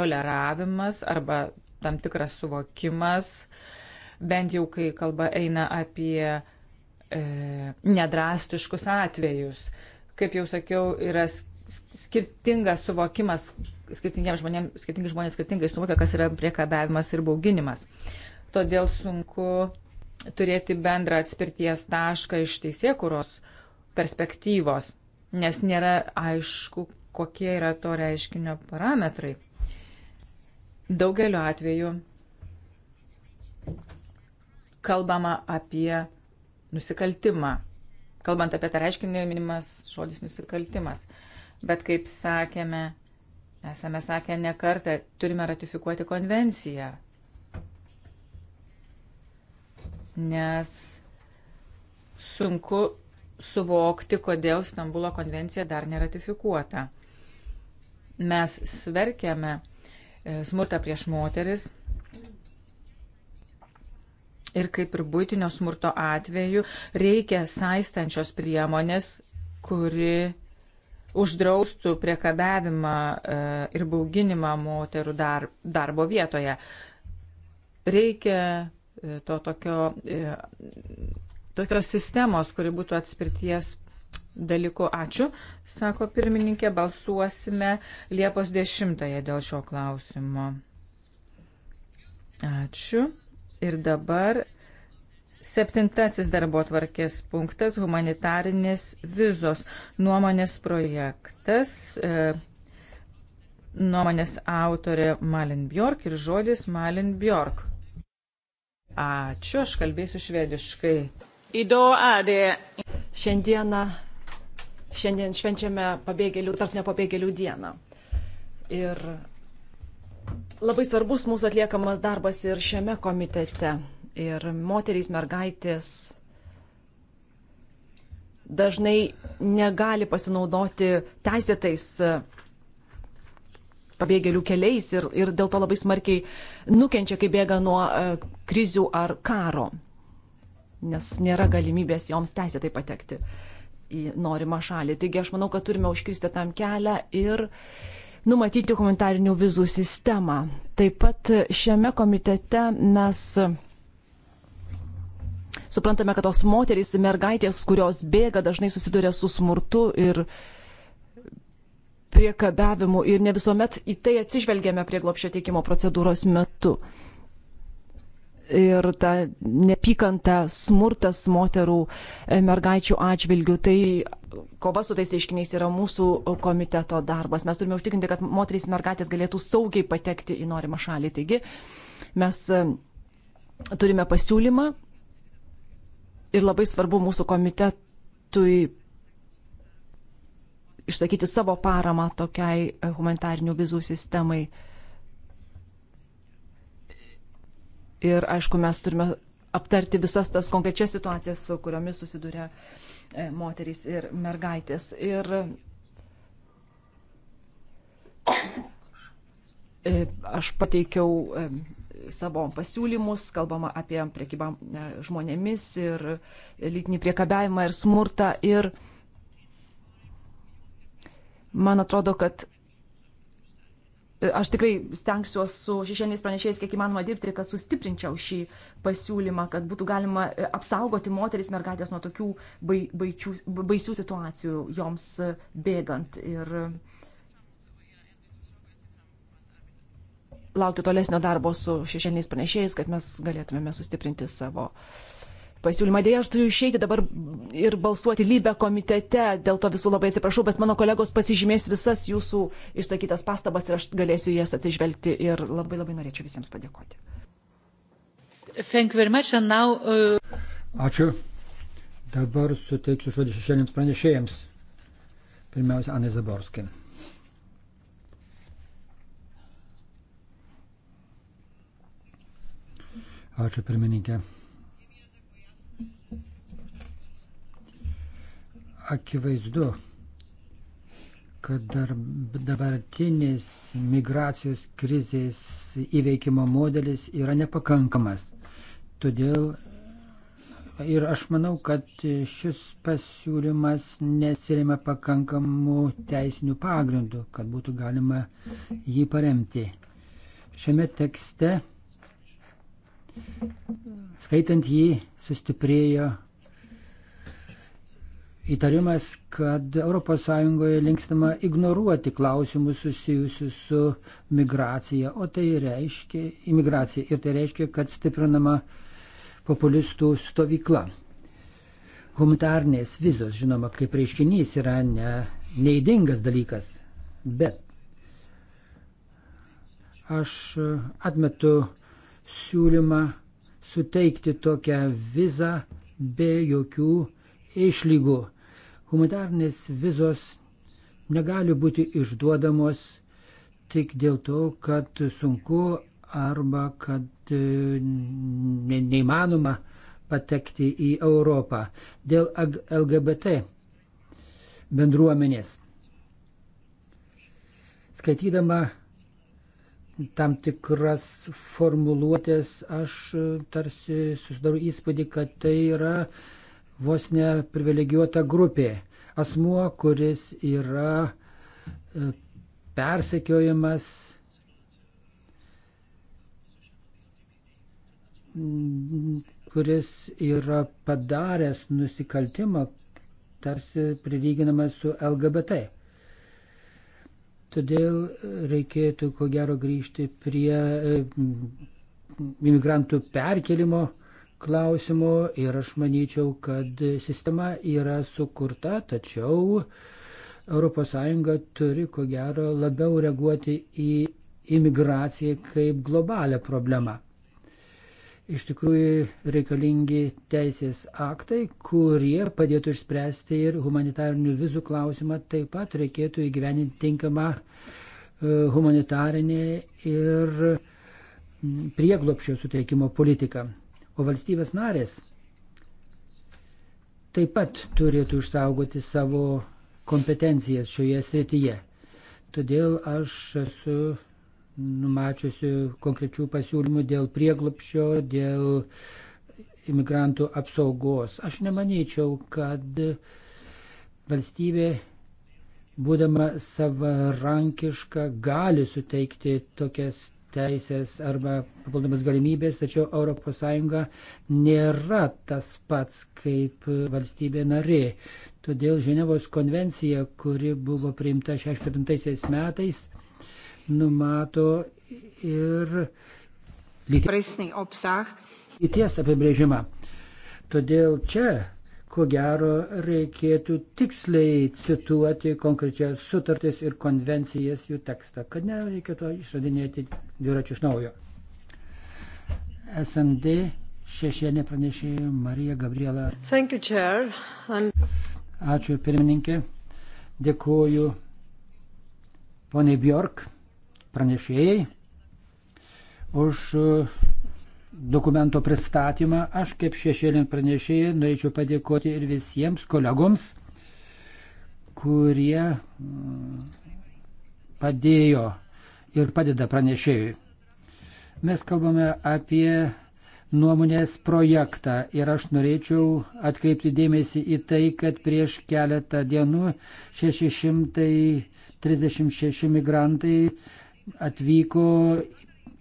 toleravimas arba tam tikras suvokimas, bent jau kai kalba eina apie E, nedrastiškus atvejus. Kaip jau sakiau, yra skirtingas suvokimas, skirtingiems žmonėms, skirtingi žmonės skirtingai suvokia, kas yra priekabiavimas ir bauginimas. Todėl sunku turėti bendrą atspirties tašką iš teisėkuros perspektyvos, nes nėra aišku, kokie yra to reiškinio parametrai. Daugeliu atveju kalbama apie nusikaltimą. Kalbant apie tą reiškinį, minimas žodis nusikaltimas. Bet kaip sakėme, esame sakę ne kartą, turime ratifikuoti konvenciją. Nes sunku suvokti, kodėl Stambulo konvencija dar neratifikuota. Mes sverkiame e, smurtą prieš moteris, ir kaip ir būtinio smurto atveju reikia saistančios priemonės, kuri uždraustų priekabiavimą e, ir bauginimą moterų dar, darbo vietoje. Reikia e, to tokio, e, tokios sistemos, kuri būtų atspirties dalyku. Ačiū, sako pirmininkė, balsuosime Liepos 10 dėl šio klausimo. Ačiū. Ir dabar septintasis darbo tvarkės punktas - humanitarinės vizos nuomonės projektas. E, nuomonės autorė Malin Bjork ir žodis Malin Bjork. Ačiū, aš kalbėsiu švediškai. Šiandieną, šiandien švenčiame pabėgėlių, tarp nepabėgėlių dieną. Ir labai svarbus mūsų atliekamas darbas ir šiame komitete. Ir moterys, mergaitės dažnai negali pasinaudoti teisėtais e, pabėgėlių keliais ir, ir dėl to labai smarkiai nukenčia, kai bėga nuo e, krizių ar karo, nes nėra galimybės joms teisėtai patekti į norimą šalį. Taigi aš manau, kad turime užkristi tam kelią ir uh, numatyti humanitarinių vizų sistemą. Taip pat šiame komitete mes suprantame, kad tos moterys, mergaitės, kurios bėga, dažnai susiduria su smurtu ir priekabiavimu ir ne visuomet į tai atsižvelgiame prieglopščio teikimo procedūros metu ir ta nepykanta, smurtas moterų e, mergaičių atžvilgių. Tai kova su tais reiškiniais yra mūsų komiteto darbas. Mes turime užtikrinti, kad moterys mergaitės galėtų saugiai patekti į norimą šalį. Taigi mes e, turime pasiūlymą ir labai svarbu mūsų komitetui išsakyti savo paramą tokiai e, humanitarinių vizų sistemai Ir aišku, mes turime aptarti visas tas konkrečias situacijas, su kuriomis susiduria e, moterys ir mergaitės. Ir e, aš pateikiau e, savo pasiūlymus, kalbama apie priekybą žmonėmis ir lytinį priekabiavimą ir smurtą. Ir man atrodo, kad Aš tikrai stengsiuosi su šešėliniais pranešėjais kiek įmanoma dirbti, kad sustiprinčiau šį pasiūlymą, kad būtų galima e, apsaugoti moteris mergaitės nuo tokių bai, baičių, baisių situacijų joms e, bėgant. Ir e, laukiu tolesnio darbo su šešėliniais pranešėjais, kad mes galėtumėme sustiprinti savo uh, pasiūlymą. Dėja, aš turiu išeiti dabar ir balsuoti lybę komitete, dėl to visų labai atsiprašau, bet mano kolegos pasižymės visas jūsų išsakytas pastabas ir aš galėsiu jas atsižvelgti ir labai labai norėčiau visiems padėkoti. Now, uh... Ačiū. Dabar suteiksiu žodį šešėlėms pranešėjams. Pirmiausia, Anai Zaborskai. Ačiū pirmininkė. akivaizdu, kad dar dabartinis migracijos krizės įveikimo modelis yra nepakankamas. Todėl ir aš manau, kad šis pasiūlymas nesirima pakankamų teisinių pagrindų, kad būtų galima jį paremti. Šiame tekste, skaitant jį, sustiprėjo įtarimas, kad ES linkstama ignoruoti klausimus susijusius su migracija, o tai reiškia imigracija ir tai reiškia, kad stiprinama populistų stovykla. Humanitarnės vizos, žinoma, kaip reiškinys yra ne, neįdingas dalykas, bet aš atmetu siūlymą suteikti tokią vizą be jokių išlygų. Humanitarnės vizos negali būti išduodamos tik dėl to, kad sunku arba kad e, ne, neįmanoma patekti į Europą dėl LGBT bendruomenės. Skaitydama tam tikras formuluotės, aš tarsi susidaru įspūdį, kad tai yra vos ne privilegijuota grupė. Asmuo, kuris yra e, persekiojamas kuris yra padaręs nusikaltimą, tarsi prilyginamas su LGBT. Todėl reikėtų, ko gero, grįžti prie e, imigrantų perkelimo klausimu ir aš manyčiau, kad sistema yra sukurta, tačiau ES turi ko gero labiau reaguoti į imigraciją kaip globalią problemą. Iš tikrųjų reikalingi teisės aktai, kurie padėtų išspręsti ir humanitarinių vizų klausimą, taip pat reikėtų įgyveninti tinkamą e, humanitarinę ir prieglopščio suteikimo politiką. O valstybės narės taip pat turėtų išsaugoti savo kompetencijas šioje srityje. Todėl aš esu numačiusi konkrečių pasiūlymų dėl prieglopščio, dėl imigrantų apsaugos. Aš nemanyčiau, kad valstybė, būdama savarankiška, gali suteikti tokias teisės arba papildomas galimybės, tačiau ES nėra tas pats kaip valstybė narė. Todėl Ženevos konvencija, kuri buvo priimta 67 metais, numato ir lyties apibrėžimą. Todėl čia ko gero reikėtų tiksliai cituoti konkrečias sutartis ir konvencijas jų tekstą, kad nereikėtų išradinėti dviračių iš naujo. SND šešėlė pranešėja Marija Gabriela. Thank you, chair. And... Ačiū pirmininkė. Dėkuoju poniai Bjork pranešėjai už dokumento pristatymą. Aš kaip šešėlint pranešėjai norėčiau padėkoti ir visiems kolegoms, kurie mm, padėjo ir padeda pranešėjui. Mes kalbame apie nuomonės projektą ir aš norėčiau atkreipti dėmesį į tai, kad prieš keletą dienų 636 migrantai atvyko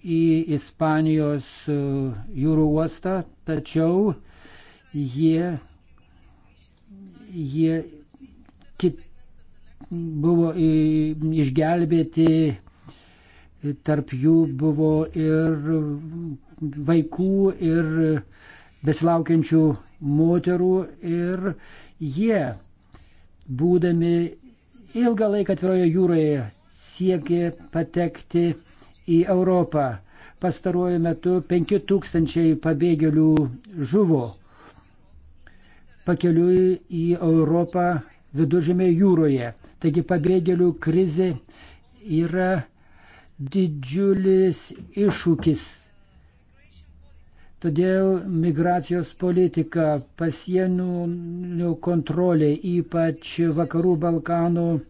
į Ispanijos e, jūrų uostą, tačiau jie, jie kit, buvo išgelbėti, tarp jų buvo ir vaikų, ir besilaukiančių moterų, ir jie, būdami ilgą laiką atviroje jūroje, siekė patekti į Europą. Pastaruoju metu 5000 pabėgėlių žuvo pakeliui į Europą viduržėmė jūroje. Taigi pabėgėlių krizė yra didžiulis iššūkis. Todėl migracijos politika, pasienų kontrolė, ypač vakarų Balkanų e,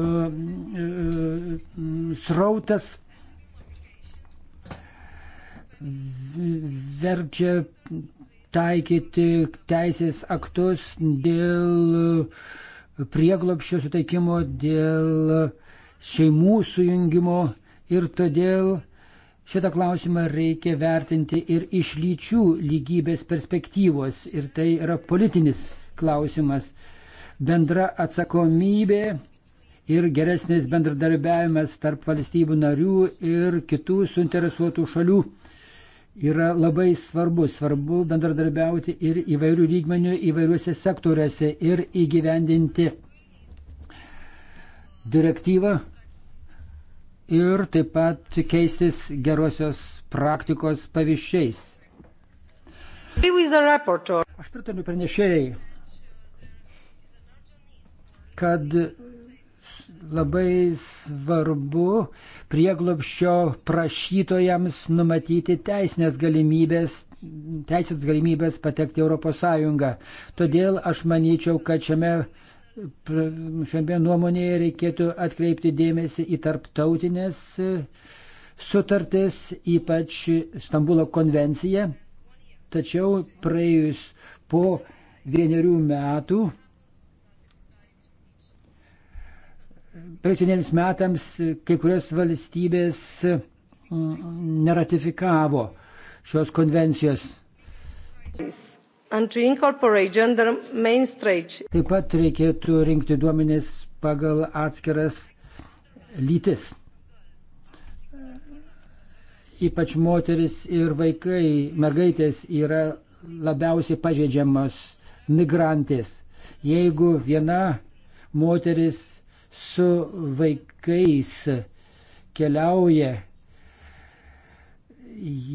e, e, srautas verčia taikyti teisės aktus dėl prieglopščio suteikimo, dėl šeimų sujungimo ir todėl šitą klausimą reikia vertinti ir iš lyčių lygybės perspektyvos ir tai yra politinis klausimas. Bendra atsakomybė ir geresnis bendradarbiavimas tarp valstybių narių ir kitų suinteresuotų šalių yra labai svarbu. Svarbu bendradarbiauti ir įvairių lygmenių, įvairiuose sektoriuose ir įgyvendinti direktyvą ir taip pat keistis gerosios praktikos pavyzdžiais. Aš pritariu pranešėjai, kad labai svarbu prieglopščio prašytojams numatyti teisinės galimybės, teisės galimybės patekti ES. Todėl aš manyčiau, kad šiame, šiame nuomonėje reikėtų atkreipti dėmesį į tarptautinės sutartis, ypač Stambulo konvenciją. Tačiau praėjus po vienerių metų Pėcinėms metams kai kurios valstybės mm, neratifikavo šios konvencijos. Taip pat reikėtų rinkti duomenis pagal atskiras lytis. Ypač moteris ir vaikai, mergaitės yra labiausiai pažeidžiamos migrantės. Jeigu viena moteris su vaikais keliauja,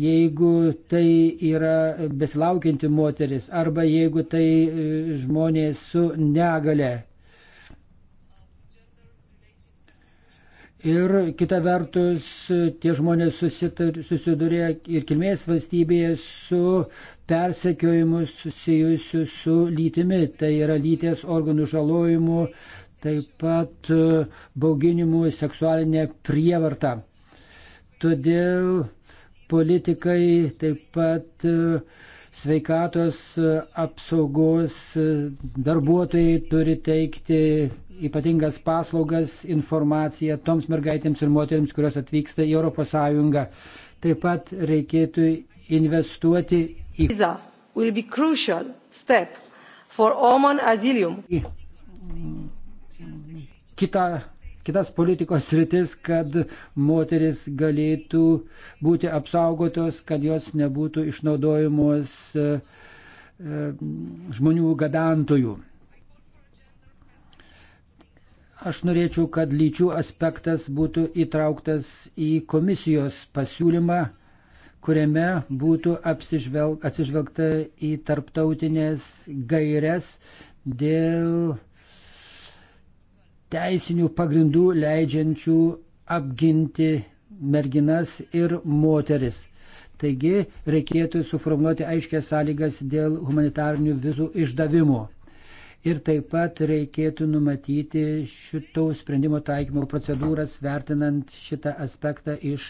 jeigu tai yra besilaukianti moteris arba jeigu tai e, žmonės su negale. Ir kita vertus, tie žmonės susidurė ir kilmės valstybėje su persekiojimu susijusiu su lytimi, tai yra lyties organų žalojimu, taip pat e, bauginimu, seksualinė prievarta. Todėl politikai taip pat e, sveikatos e, apsaugos darbuotojai turi teikti ypatingas paslaugas, informaciją toms mergaitėms ir moteriams, kurios atvyksta į ES. Taip pat reikėtų investuoti į. Visa will be crucial step for Oman Asylum. Į kitą, kitas politikos sritis, kad moteris galėtų būti apsaugotos, kad jos nebūtų išnaudojamos e, e, žmonių gabentojų. Aš norėčiau, kad lyčių aspektas būtų įtrauktas į komisijos pasiūlymą, kuriame būtų atsižvelgta į tarptautinės gairias dėl teisinių pagrindų leidžiančių apginti merginas ir moteris. Taigi reikėtų suformuoti aiškias sąlygas dėl humanitarnių vizų išdavimo. Ir taip pat reikėtų numatyti šito sprendimo taikymo procedūras, vertinant šitą aspektą iš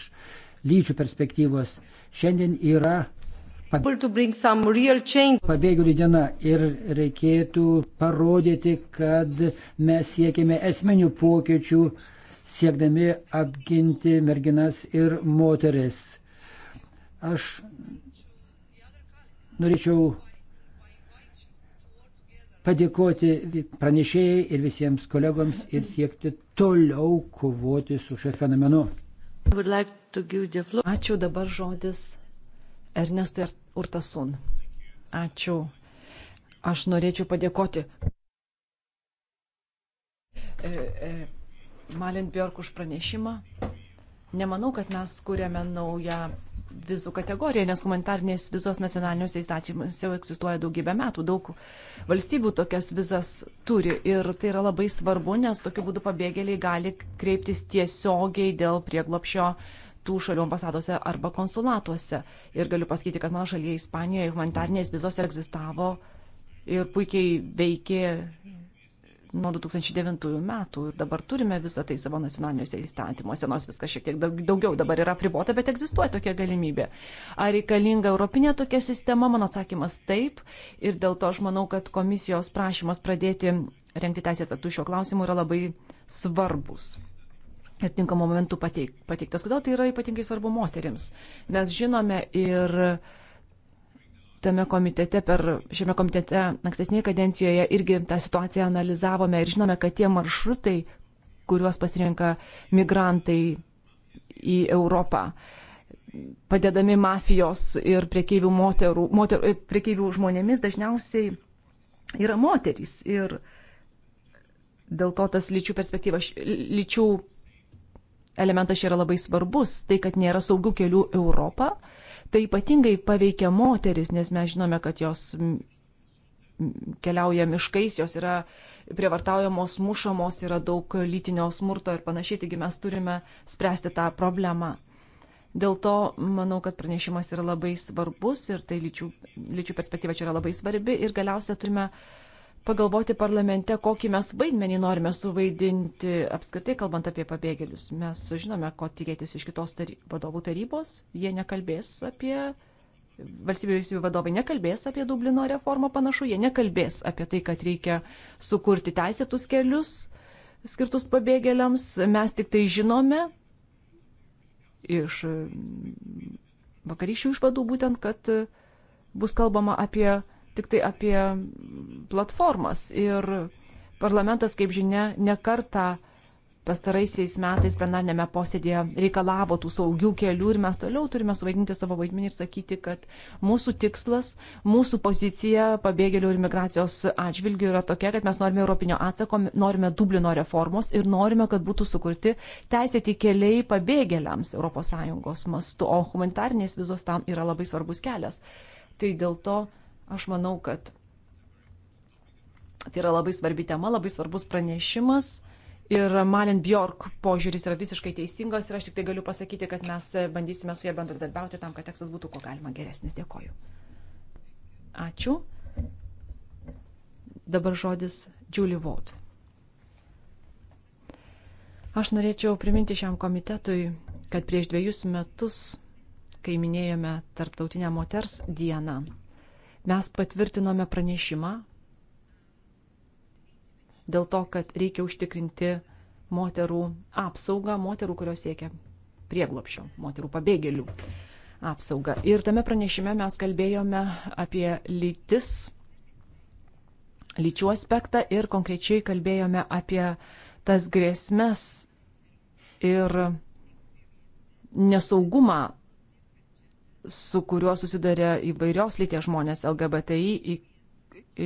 lyčių perspektyvos. Šiandien yra pabėgėlių diena ir reikėtų parodyti, kad mes siekime esminių pokyčių, siekdami apginti merginas ir moteris. Aš norėčiau padėkoti pranešėjai ir visiems kolegoms ir siekti toliau kovoti su šiuo fenomenu. Like Ačiū dabar žodis Ernestui Urtasun. Ačiū. Aš norėčiau padėkoti e, e, Malin Bjork už pranešimą. Nemanau, kad mes kūrėme naują vizų kategoriją, nes humanitarnės vizos nacionaliniuose įstatymuose jau egzistuoja daugybę metų. Daug valstybių tokias vizas turi ir tai yra labai svarbu, nes tokiu būdu pabėgėliai gali kreiptis tiesiogiai dėl prieglopšio tų šalių ambasadose arba konsulatuose. Ir galiu pasakyti, kad mano šalyje Ispanijoje humanitarnės vizos egzistavo ir puikiai veikė nuo 2009 metų ir dabar turime visą tai savo nacionaliniuose įstatymuose, nors viskas šiek tiek daugiau dabar yra pribota, bet egzistuoja tokia galimybė. Ar reikalinga europinė tokia sistema? Mano atsakymas taip ir dėl to aš manau, kad komisijos prašymas pradėti rengti teisės aktų šio klausimu yra labai svarbus ir tinkamų momentų pateiktas. Kodėl tai yra ypatingai svarbu moterims? Mes žinome ir tame komitete, per šiame komitete ankstesnėje kadencijoje irgi tą situaciją analizavome ir žinome, kad tie maršrutai, kuriuos pasirenka migrantai į Europą, padedami mafijos ir priekeivių, moterų, moter, priekeivių žmonėmis dažniausiai yra moterys. Ir dėl to tas lyčių perspektyva, lyčių elementas čia yra labai svarbus - tai, kad nėra saugių kelių Europą. Tai ypatingai paveikia moteris, nes mes žinome, kad jos keliauja miškais, jos yra prievartaujamos, mušamos, yra daug lytinio smurto ir panašiai, taigi mes turime spręsti tą problemą. Dėl to manau, kad pranešimas yra labai svarbus ir tai lyčių, lyčių perspektyva čia yra labai svarbi ir galiausia turime uh, pagalvoti parlamente, kokį mes vaidmenį norime suvaidinti, apskritai kalbant apie pabėgėlius. Mes žinome, ko tikėtis iš kitos tary vadovų tarybos. Jie nekalbės apie, valstybės jų vadovai nekalbės apie Dublino reformą panašu, jie nekalbės apie tai, kad reikia sukurti teisėtus kelius skirtus pabėgėliams. Mes tik tai žinome iš mm, vakaryšių išvadų būtent, kad bus kalbama apie tik tai apie platformas. Ir parlamentas, kaip žinia, nekarta pastaraisiais metais plenarnėme posėdėje reikalavo tų saugių kelių ir mes toliau turime suvaidinti savo vaidmenį ir sakyti, kad mūsų tikslas, mūsų pozicija pabėgėlių ir migracijos atžvilgių yra tokia, kad mes norime Europinio atsako, norime Dublino reformos ir norime, kad būtų sukurti teisėti keliai pabėgėliams ES mastu, o humanitarnės vizos tam yra labai svarbus kelias. Tai dėl to Aš manau, kad tai yra labai svarbi tema, labai svarbus pranešimas. Ir Malin Bjork požiūris yra visiškai teisingas ir aš tik tai galiu pasakyti, kad mes bandysime su ja bendradarbiauti tam, kad tekstas būtų kuo galima geresnis. Dėkoju. Ačiū. Dabar žodis Julie Vaud. Aš norėčiau priminti šiam komitetui, kad prieš dviejus metus, kai minėjome Tarptautinę moters dieną, mes patvirtinome pranešimą dėl to, kad reikia užtikrinti moterų apsaugą, moterų, kurios siekia prieglopščio, moterų pabėgėlių apsaugą. Ir tame pranešime mes kalbėjome apie lytis, lyčių aspektą ir konkrečiai kalbėjome apie tas grėsmes ir nesaugumą su kuriuo susiduria įvairios lyties žmonės LGBTI,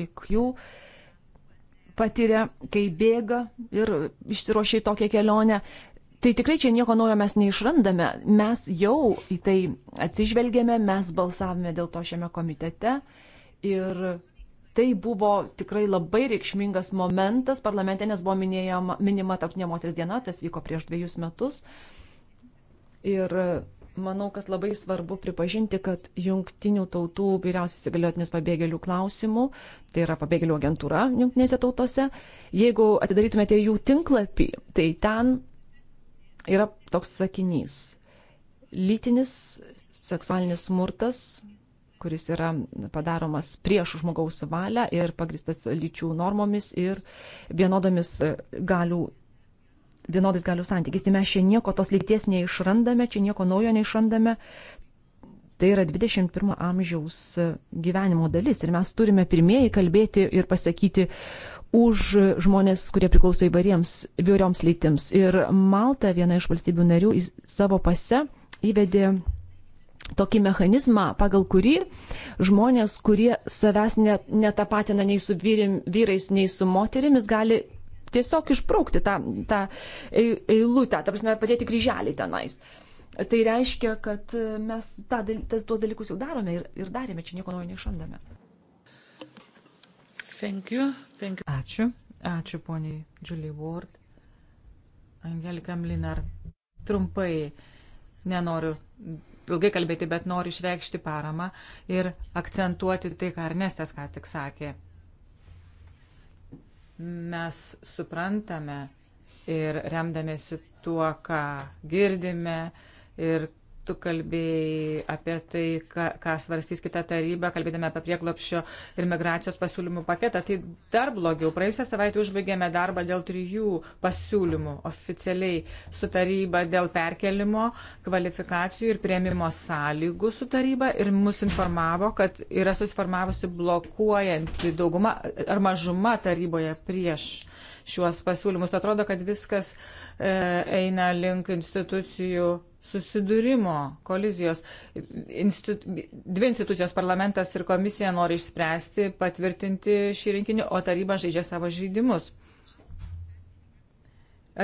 IQ, patiria, kai bėga ir išsiruošia į tokią kelionę. Tai tikrai čia nieko naujo mes neišrandame. Mes jau į tai atsižvelgėme, mes balsavome dėl to šiame komitete ir tai buvo tikrai labai reikšmingas momentas parlamente, nes buvo minėjama, minima tarptinė moters diena, tas vyko prieš dviejus metus. Ir manau, kad labai svarbu pripažinti, kad jungtinių tautų vyriausias įgaliotinis pabėgėlių klausimų, tai yra pabėgėlių agentūra jungtinėse tautose, jeigu atidarytumėte jų tinklapį, tai ten yra toks sakinys. Lytinis seksualinis smurtas, kuris yra padaromas prieš žmogaus valią ir pagristas lyčių normomis ir vienodomis galių vienodais galių santykiais. Tai mes čia nieko tos lyties neišrandame, čia nieko naujo neišrandame. Tai yra 21 amžiaus gyvenimo dalis ir mes turime pirmieji kalbėti ir pasakyti už žmonės, kurie priklauso įvariems vyriams lytims. Ir Malta, viena iš valstybių narių, į savo pase įvedė tokį mechanizmą, pagal kurį žmonės, kurie savęs net, netapatina nei su vyrim, vyrais, nei su moterimis, gali tiesiog išbraukti tą, tą eilutę, ta prasme, padėti kryželį tenais. Tai reiškia, kad e, mes tą, tas, tuos dalykus jau darome ir, ir darėme, čia nieko naujo neišrandame. Thank you. Thank you. Ačiū. Ačiū poniai Julie Ward. Angelika Mlinar. Trumpai nenoriu ilgai kalbėti, bet noriu išreikšti paramą ir akcentuoti tai, ką Ernestas ką tik sakė. Mes suprantame ir remdamėsi tuo, ką girdime ir tu kalbėjai apie tai, ką, ką svarstys kita taryba, kalbėdami apie prieglopščio ir migracijos pasiūlymų paketą. Tai dar blogiau. Praėjusią savaitę užbaigėme darbą dėl trijų pasiūlymų oficialiai su taryba dėl perkelimo, kvalifikacijų ir prieimimo sąlygų su taryba ir mus informavo, kad yra susiformavusi blokuojanti dauguma ar mažuma taryboje prieš šiuos pasiūlymus. Atrodo, kad viskas e, eina link institucijų susidūrimo, kolizijos. Instu, dvi institucijos, parlamentas ir komisija nori išspręsti, patvirtinti šį rinkinį, o taryba žaidžia savo žaidimus.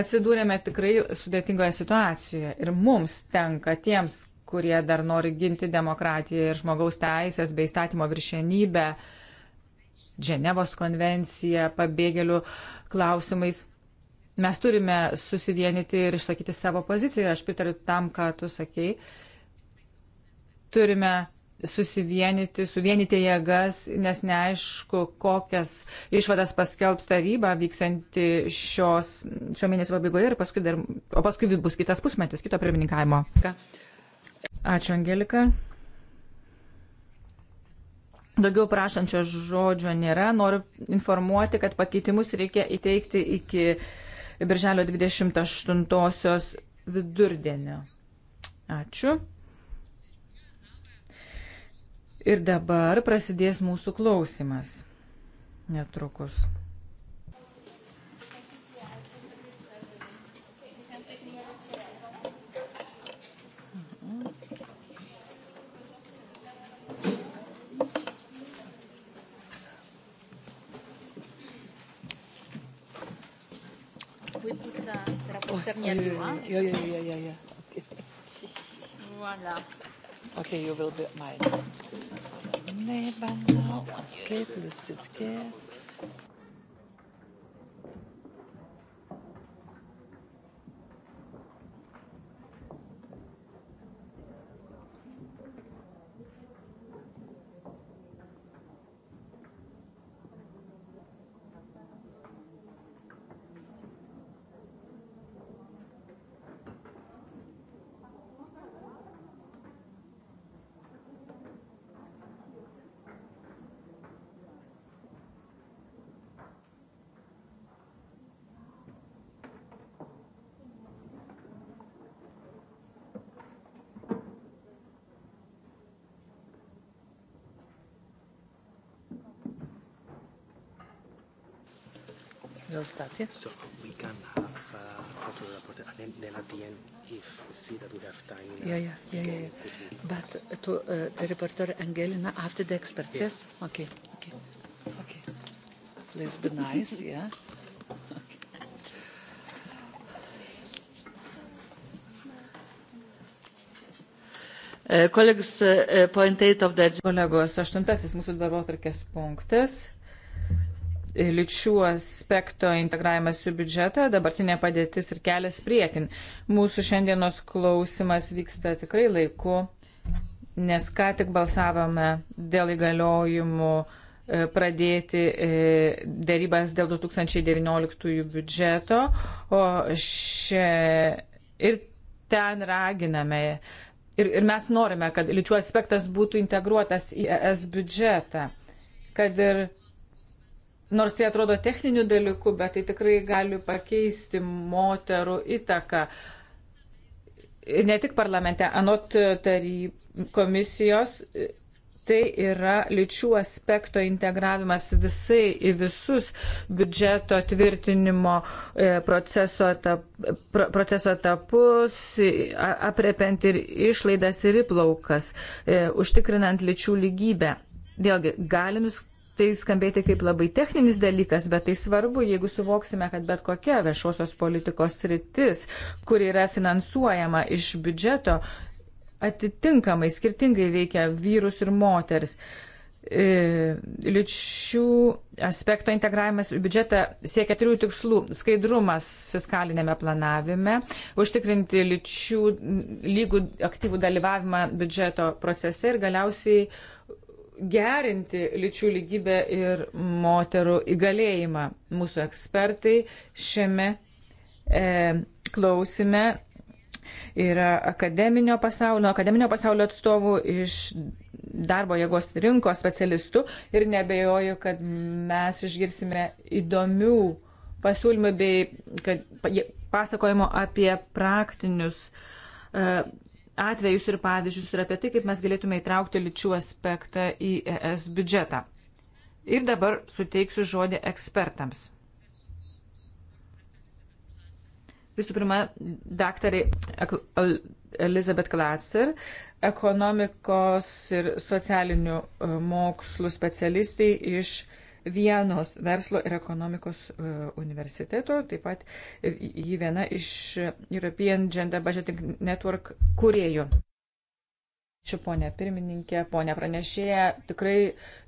Atsidūrėme tikrai sudėtingoje situacijoje ir mums tenka tiems, kurie dar nori ginti demokratiją ir žmogaus teisės bei statymo viršenybę, Ženevos konvenciją, pabėgėlių klausimais mes turime susivienyti ir išsakyti savo poziciją. Aš pritariu tam, ką tu sakei. Turime susivienyti, suvienyti jėgas, nes neaišku, kokias išvadas paskelbs taryba vyksianti šios, šio mėnesio pabaigoje ir paskui dar, o paskui bus kitas pusmetis, kito pirmininkavimo. Ačiū, Angelika. Daugiau prašančio žodžio nėra. Noriu informuoti, kad pakeitimus reikia įteikti iki birželio 28-osios vidurdienio. Ačiū. Ir dabar prasidės mūsų klausimas netrukus. send me a new one. Yeah, yeah, yeah, yeah, yeah. Okay. Voilà. Okay, you will be mine. Neben now, okay, plus it's care. they'll start, yeah? So we can have uh, photo report uh, and then, then at the end, if we see that we have time. Uh, yeah, yeah, yeah, yeah. yeah. But uh, to uh, the reporter Angelina after the experts, yes? yes? Okay, okay, okay. Please be nice, yeah? Okay. Kolegos, uh, point 8 of the... Kolegos, aštuntasis mūsų darbo tarkės punktas lyčių aspekto integravimas į biudžetą, dabartinė padėtis ir kelias priekin. Mūsų šiandienos klausimas vyksta tikrai laiku, nes ką tik balsavome dėl įgaliojimų e, pradėti e, dėrybas dėl 2019 biudžeto, o šia, ir ten raginame ir, ir mes norime, kad lyčių aspektas būtų integruotas į ES biudžetą, kad ir Nors tai atrodo techninių dalykų, bet tai tikrai gali pakeisti moterų įtaką. Ne tik parlamente, anot taryb, komisijos, tai yra lyčių aspekto integravimas visai į visus biudžeto tvirtinimo e, proceso, etap, proceso etapus, aprepiant ir išlaidas ir įplaukas, e, užtikrinant lyčių lygybę. Vėlgi, gali nuskambėti tai skambėti kaip labai techninis dalykas, bet tai svarbu, jeigu suvoksime, kad bet kokia viešosios politikos sritis, kur yra finansuojama iš biudžeto, atitinkamai skirtingai veikia vyrus ir moters. E, lyčių aspekto integravimas į biudžetą siekia trijų tikslų - skaidrumas fiskalinėme planavime, užtikrinti lyčių lygų aktyvų dalyvavimą biudžeto procese ir galiausiai uh, gerinti lyčių lygybę ir moterų įgalėjimą. Mūsų ekspertai šiame e, klausime yra akademinio pasaulio, akademinio pasaulio atstovų iš darbo jėgos rinkos specialistų ir nebejoju, kad mes išgirsime įdomių pasiūlymų bei pasakojimo apie praktinius e, atvejus ir pavyzdžius ir apie tai, kaip mes galėtume įtraukti lyčių aspektą į ES biudžetą. Ir dabar suteiksiu žodį ekspertams. Visų pirma, daktarai Elizabeth Glatzer, ekonomikos ir socialinių e, mokslų specialistai iš uh, vienos verslo ir ekonomikos e, universiteto, taip pat e, jį viena iš European Gender Budgeting Network kuriejų. Čia ponia pirmininkė, ponia pranešėja, tikrai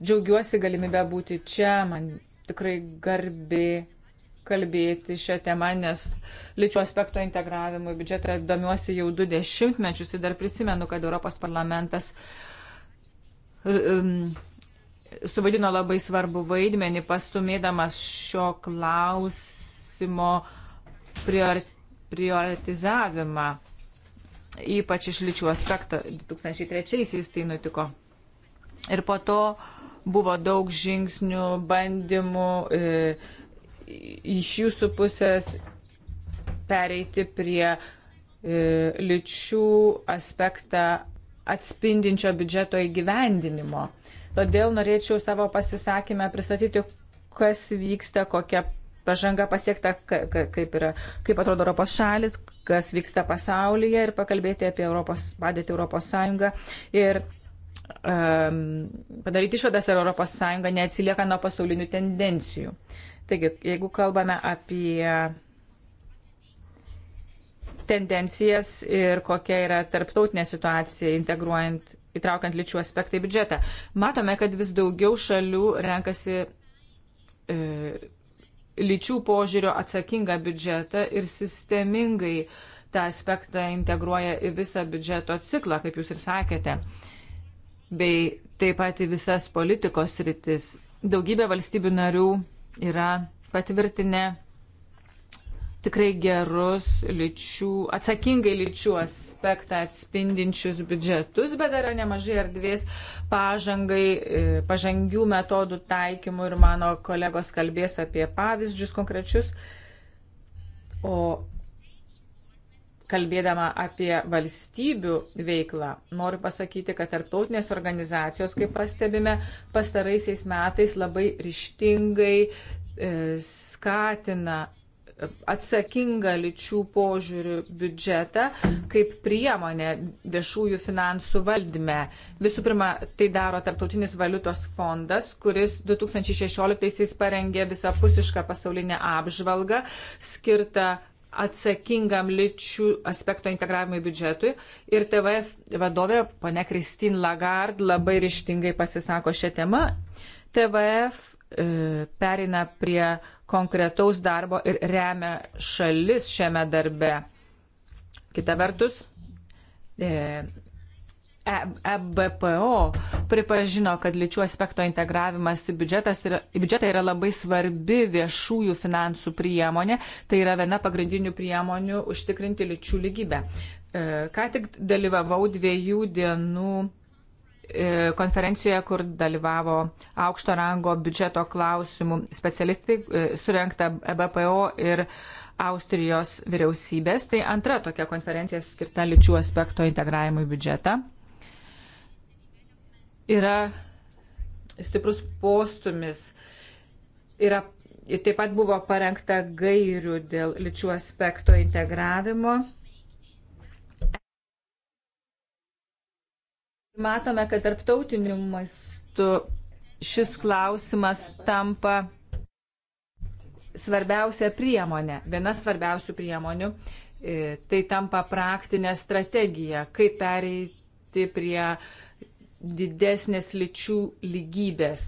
džiaugiuosi galimybę būti čia, man tikrai garbi kalbėti šią temą, nes lyčių aspekto integravimui biudžetą domiuosi jau du dešimtmečius ir dar prisimenu, kad Europos parlamentas um, suvaidino labai svarbu vaidmenį, pastumėdamas šio klausimo prior, prioritizavimą, ypač iš lyčių aspekto. 2003-aisiais tai nutiko. Ir po to buvo daug žingsnių, bandymų e, iš jūsų pusės pereiti prie e, lyčių aspektą atspindinčio biudžeto įgyvendinimo. E, Todėl norėčiau savo pasisakymę pristatyti, kas vyksta, kokia pažanga pasiekta, kaip, yra, kaip atrodo Europos šalis, kas vyksta pasaulyje ir pakalbėti apie Europos, padėtį Europos Sąjungą ir um, padaryti išvadas, ar Europos Sąjunga neatsilieka nuo pasaulinių tendencijų. Taigi, jeigu kalbame apie tendencijas ir kokia yra tarptautinė situacija integruojant įtraukiant lyčių aspektą į biudžetą. Matome, kad vis daugiau šalių renkasi e, lyčių požiūrio atsakingą biudžetą ir sistemingai tą aspektą integruoja į visą biudžeto ciklą, kaip jūs ir sakėte, bei taip pat į visas politikos rytis. Daugybė valstybių narių yra patvirtinę tikrai gerus lyčių, atsakingai lyčių aspektą atspindinčius biudžetus, bet yra nemažai erdvės pažangai, e, pažangių metodų taikymų ir mano kolegos kalbės apie pavyzdžius konkrečius. O kalbėdama apie valstybių veiklą, noriu pasakyti, kad tarptautinės organizacijos, kaip pastebime, pastaraisiais metais labai ryštingai e, skatina atsakingą lyčių požiūrių biudžetą kaip priemonę viešųjų finansų valdyme. Visų pirma, tai daro Tarptautinis valiutos fondas, kuris 2016-aisiais parengė visapusišką pasaulinę apžvalgą skirtą atsakingam lyčių aspekto integravimui biudžetui. Ir TVF vadovė, ponia Kristin Lagarde, labai ryštingai pasisako šią temą. TVF e, perina prie konkretaus darbo ir remia šalis šiame darbe. Kita vertus, EBPO e, e pripažino, kad lyčių aspekto integravimas į, yra, į biudžetą yra labai svarbi viešųjų finansų priemonė. Tai yra viena pagrindinių priemonių užtikrinti lyčių lygybę. E, ką tik dalyvavau dviejų dienų E, konferencijoje, kur dalyvavo aukšto rango biudžeto klausimų specialistai, e, surenkta e BPO ir Austrijos vyriausybės. Tai antra tokia konferencija skirta lyčių aspekto integravimui biudžetą. Yra stiprus postumis. Yra, taip pat buvo parengta gairių dėl lyčių aspekto integravimo Matome, kad tarptautiniu mastu šis klausimas tampa svarbiausia priemonė, viena svarbiausių priemonių. E, tai tampa praktinė strategija, kaip pereiti prie didesnės lyčių lygybės.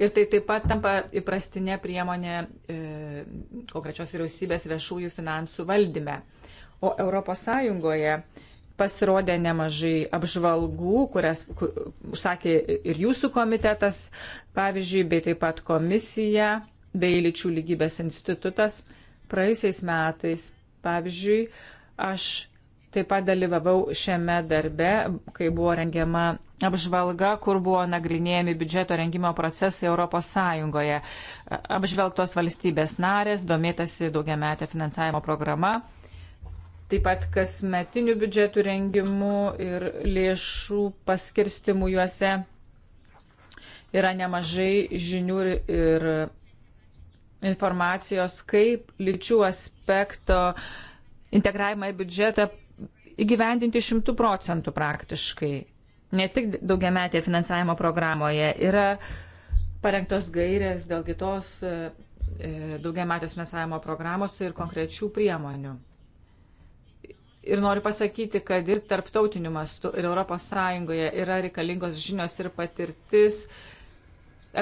Ir tai taip pat tampa įprastinė priemonė e, konkrečios vyriausybės viešųjų finansų valdyme. O ES pasirodė nemažai apžvalgų, kurias užsakė ir jūsų komitetas, pavyzdžiui, bei taip pat komisija, bei lyčių lygybės institutas. Praėjusiais metais, pavyzdžiui, aš taip pat dalyvavau šiame darbe, kai buvo rengiama apžvalga, kur buvo nagrinėjami biudžeto rengimo procesai ES. Apžvelgtos valstybės narės, domėtasi daugiametė finansavimo programa taip pat kasmetinių biudžetų rengimu ir lėšų paskirstimu juose yra nemažai žinių ir informacijos, kaip lyčių aspekto integravimą į biudžetą įgyvendinti šimtų procentų praktiškai. Ne tik daugiametėje finansavimo programoje yra parengtos gairės dėl kitos e, daugiametės finansavimo programos ir konkrečių priemonių. Ir noriu pasakyti, kad ir tarptautiniu mastu, ir ES yra reikalingos žinios ir patirtis.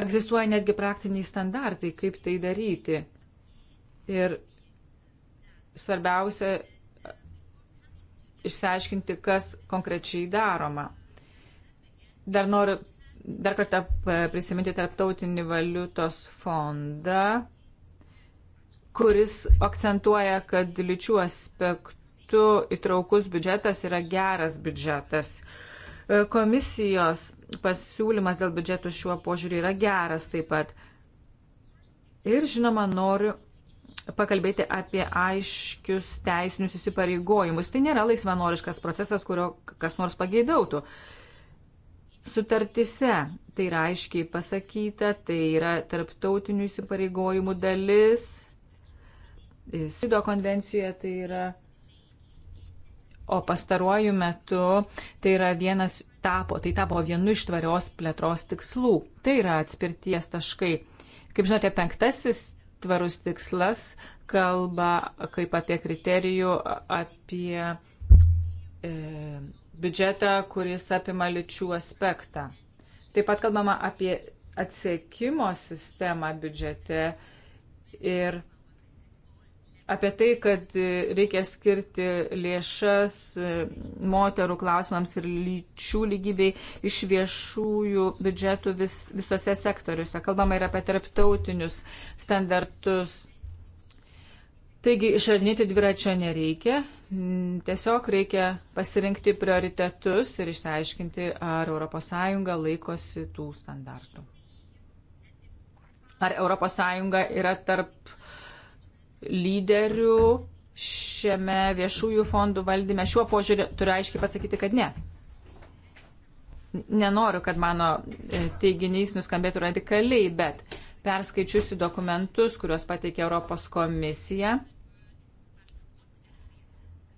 Egzistuoja netgi praktiniai standartai, kaip tai daryti. Ir svarbiausia išsiaiškinti, kas konkrečiai daroma. Dar noriu dar kartą e, prisiminti Tarptautinį valiutos fondą, kuris akcentuoja, kad lyčių aspektų metu įtraukus biudžetas yra geras biudžetas. E, komisijos pasiūlymas dėl biudžetų šiuo požiūriu yra geras taip pat. Ir žinoma, noriu pakalbėti apie aiškius teisinius įsipareigojimus. Tai nėra laisvanoriškas procesas, kurio kas nors pageidautų. Sutartise tai yra aiškiai pasakyta, tai yra tarptautinių įsipareigojimų dalis. E, Sido konvencijoje tai yra o pastaruoju metu tai yra vienas tapo, tai tapo vienu iš tvarios plėtros tikslų. Tai yra atspirties taškai. Kaip žinote, penktasis tvarus tikslas kalba kaip apie kriterijų, apie e, biudžetą, kuris apima lyčių aspektą. Taip pat kalbama apie atsiekimo sistemą biudžete ir apie tai, kad e, reikia skirti lėšas e, moterų klausimams ir lyčių lygybei iš viešųjų biudžetų vis, visose sektoriuose. Kalbama ir apie tarptautinius standartus. Taigi išradinėti dviračio nereikia, tiesiog reikia pasirinkti prioritetus ir išsiaiškinti, ar ES laikosi tų standartų. Ar ES yra tarp lyderių šiame viešųjų fondų valdyme. Šiuo požiūriu turiu aiškiai pasakyti, kad ne. Nenoriu, kad mano e, teiginys nuskambėtų radikaliai, bet perskaičiusi dokumentus, kuriuos pateikė Europos komisija,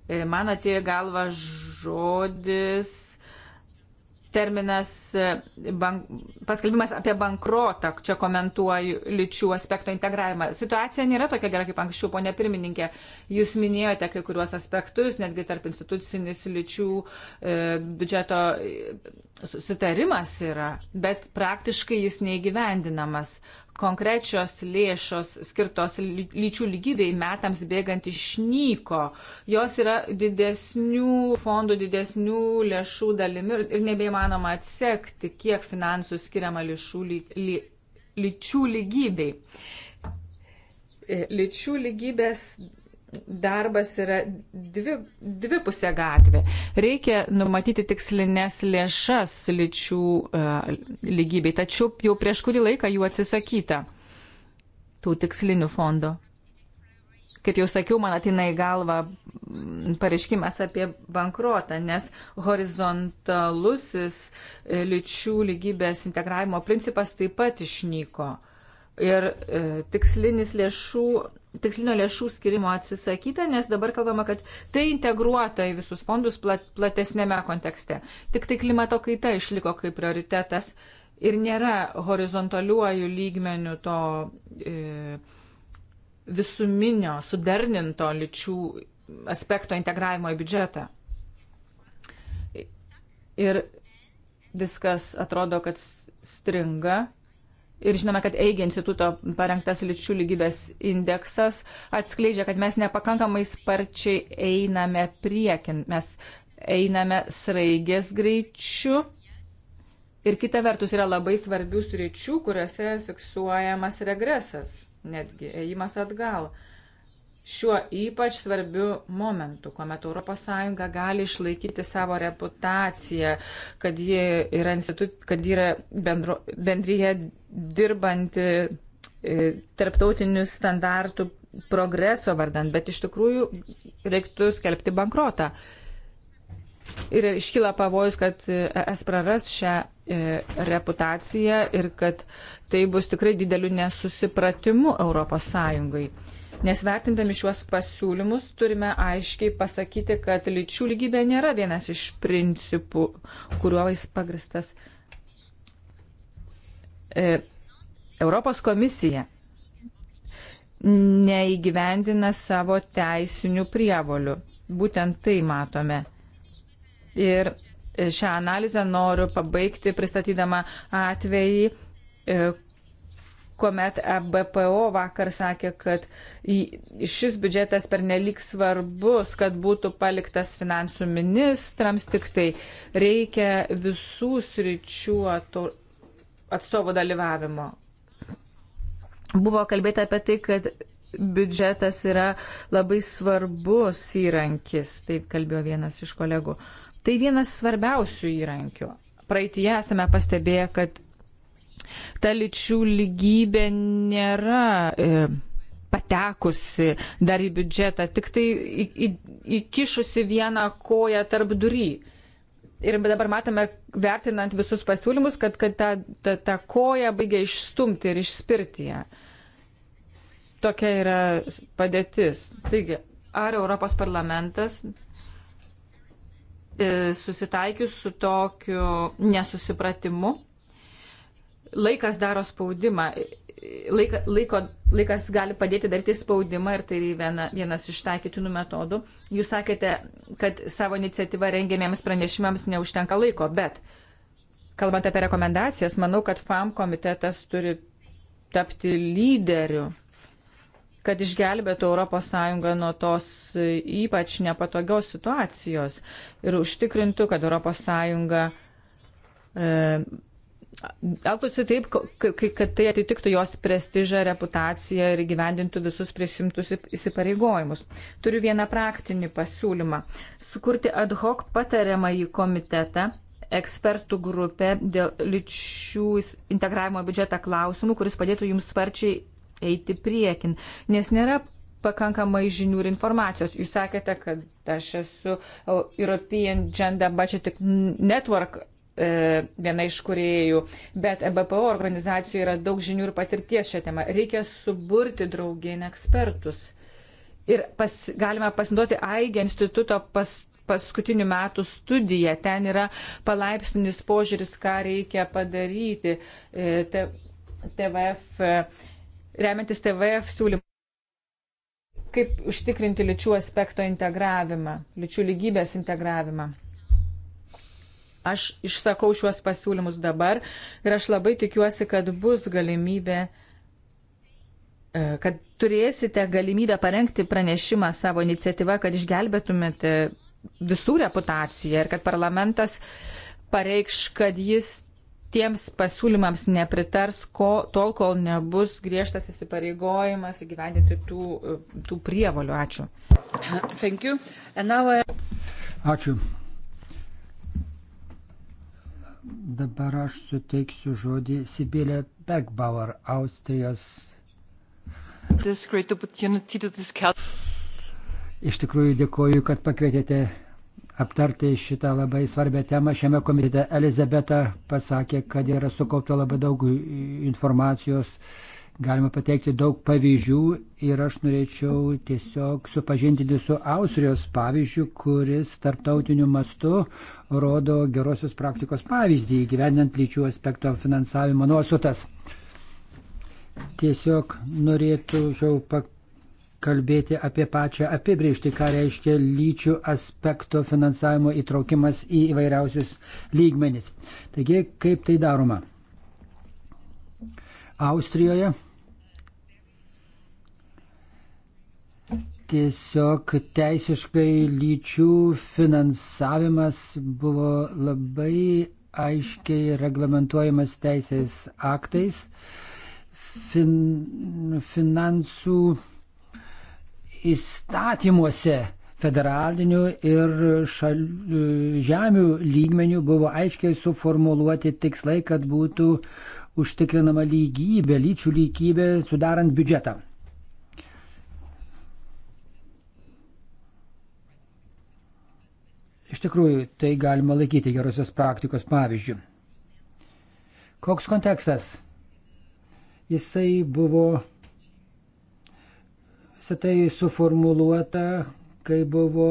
e, man atėjo galva žodis terminas e, bank, paskelbimas apie bankrotą, čia komentuoju lyčių aspekto integravimą. Situacija nėra tokia gera kaip anksčiau, ponė pirmininkė. Jūs minėjote kai kuriuos aspektus, netgi tarp institucinis lyčių e, biudžeto e, susitarimas yra, bet praktiškai jis neįgyvendinamas konkrečios lėšos skirtos lyčių lygybei metams bėgant išnyko. Jos yra didesnių fondų, didesnių lėšų dalimi ir, ir nebeįmanoma atsekti, kiek finansų skiriama lėšų ly, ly, lyčių lygybei. E, lyčių lygybės darbas yra dvi, dvipusė gatvė. Reikia numatyti tikslinės lėšas lyčių e, lygybei, tačiau jau prieš kurį laiką jų atsisakyta tų tikslinių fondų. Kaip jau sakiau, man atina į galvą pareiškimas apie bankruotą, nes horizontalusis e, lyčių lygybės integravimo principas taip pat išnyko. Ir e, tikslinis lėšų tikslinio lėšų skirimo atsisakyta, nes dabar kalbama, kad tai integruota į visus fondus plat, platesnėme kontekste. Tik tai klimato kaita išliko kaip prioritetas ir nėra horizontaliuojų lygmenių to e, visuminio, suderninto lyčių aspekto integravimo į biudžetą. Ir viskas atrodo, kad stringa ir žinome, kad EIGE instituto parengtas lyčių lygybės indeksas atskleidžia, kad mes nepakankamai sparčiai einame priekin, mes einame sraigės greičiu. Ir kita vertus yra labai svarbių sričių, kuriuose fiksuojamas regresas, netgi ėjimas atgal. Uh, šiuo ypač svarbiu momentu, kuomet ES gali išlaikyti savo reputaciją, kad ji yra, institut, kad yra bendro, bendryje dirbanti e, tarptautinių standartų progreso vardant, bet iš tikrųjų reiktų skelbti bankrotą. Ir iškyla pavojus, kad es praras šią e, reputaciją ir kad tai bus tikrai dideliu nesusipratimu Europos Sąjungai. Nes vertindami šiuos pasiūlymus turime aiškiai pasakyti, kad lyčių lygybė nėra vienas iš principų, kuriuo jis pagristas. E, Europos komisija neįgyvendina savo teisinių prievolių. Būtent tai matome. Ir šią analizę noriu pabaigti pristatydama atvejį, e, kuomet EBPO vakar sakė, kad šis biudžetas pernelik svarbus, kad būtų paliktas finansų ministrams, tik tai reikia visų sričių atstovų dalyvavimo. Buvo kalbėta apie tai, kad biudžetas yra labai svarbus įrankis, taip kalbėjo vienas iš kolegų. Tai vienas svarbiausių įrankių. Praeitie esame pastebėję, kad ta lyčių lygybė nėra e, patekusi dar į biudžetą, tik tai į, į, įkišusi vieną koją tarp durį. Ir dabar matome, vertinant visus pasiūlymus, kad, kad ta, ta, ta koja baigia išstumti ir išspirti ją. Tokia yra padėtis. Taigi, ar Europos parlamentas e, susitaikius su tokiu nesusipratimu laikas daro spaudimą. Laika, laiko, laikas gali padėti daryti spaudimą ir tai viena, vienas iš taikytinų metodų. Jūs sakėte, kad savo iniciatyvą rengiamiems pranešimams neužtenka laiko, bet kalbant apie rekomendacijas, manau, kad FAM komitetas turi tapti lyderiu, kad išgelbėtų ES nuo tos ypač nepatogios situacijos ir užtikrintų, kad ES elgtųsi taip, kad tai atitiktų jos prestižą, reputaciją ir gyvendintų visus prisimtus įsipareigojimus. Turiu vieną praktinį pasiūlymą - sukurti ad hoc patariamąjį komitetą ekspertų grupę dėl lyčių integravimo biudžetą klausimų, kuris padėtų jums sparčiai eiti priekin, nes nėra pakankamai žinių ir informacijos. Jūs sakėte, kad aš esu European Gender Budgeting Network E, viena iš kuriejų, bet EBPO organizacijoje yra daug žinių ir patirties šią temą. Reikia suburti draugien ekspertus. Ir pas, galima pasinaudoti AIG instituto pas, paskutinių metų studiją. Ten yra palaipsnis požiūris, ką reikia padaryti. E, te, TVF, e, remiantis TVF siūlymą, kaip užtikrinti lyčių aspekto integravimą, lyčių lygybės integravimą. Aš išsakau šiuos pasiūlymus dabar ir aš labai tikiuosi, kad bus galimybė e, kad turėsite galimybę parengti pranešimą savo iniciatyvą, kad išgelbėtumėte visų reputaciją ir kad parlamentas pareikš, kad jis tiems pasiūlymams nepritars, ko, tol, kol nebus griežtas įsipareigojimas įgyvendinti tų, e, tų prievolių. Ačiū. I... Ačiū. Dabar aš suteiksiu žodį Sibilė Bergbauer, Austrijos. Iš tikrųjų dėkoju, kad pakvietėte aptarti šitą labai svarbę temą. Šiame komitete Elizabeta pasakė, kad yra sukaupta labai daug informacijos Galima pateikti daug pavyzdžių ir aš norėčiau tiesiog supažinti su Austrijos pavyzdžiu, kuris tarptautiniu mastu rodo gerosios praktikos pavyzdį įgyvendant lyčių aspekto finansavimo nuostatas. Tiesiog norėčiau kalbėti apie pačią apibriežtį, ką reiškia lyčių aspekto finansavimo įtraukimas į įvairiausius lygmenis. Taigi, kaip tai daroma? Austrijoje tiesiog teisiškai lyčių finansavimas buvo labai aiškiai reglamentuojamas teisės aktais. Fin, finansų įstatymuose federaliniu ir šal, žemių lygmenių buvo aiškiai suformuoluoti tikslai, kad būtų užtikrinama lygybė, lyčių lygybė sudarant biudžetą. tikrųjų tai galima laikyti gerosios praktikos pavyzdžių. Koks kontekstas? Jisai buvo visą tai suformuluota, kai buvo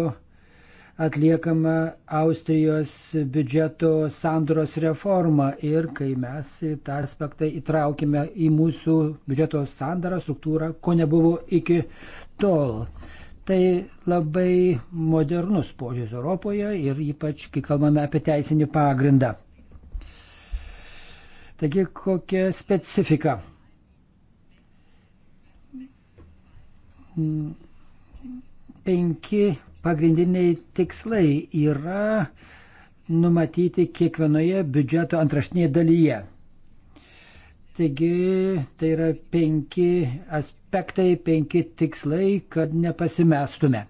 atliekama Austrijos biudžeto sandros reforma ir kai mes tą aspektą įtraukime į mūsų biudžeto sandarą struktūrą, ko nebuvo iki tol. Tai labai modernus požiūris Europoje ir ypač, kai kalbame apie teisinį pagrindą. Taigi, kokia specifika? Penki pagrindiniai tikslai yra numatyti kiekvienoje biudžeto antraštinėje dalyje. Taigi tai yra penki aspektai, penki tikslai, kad nepasimestume.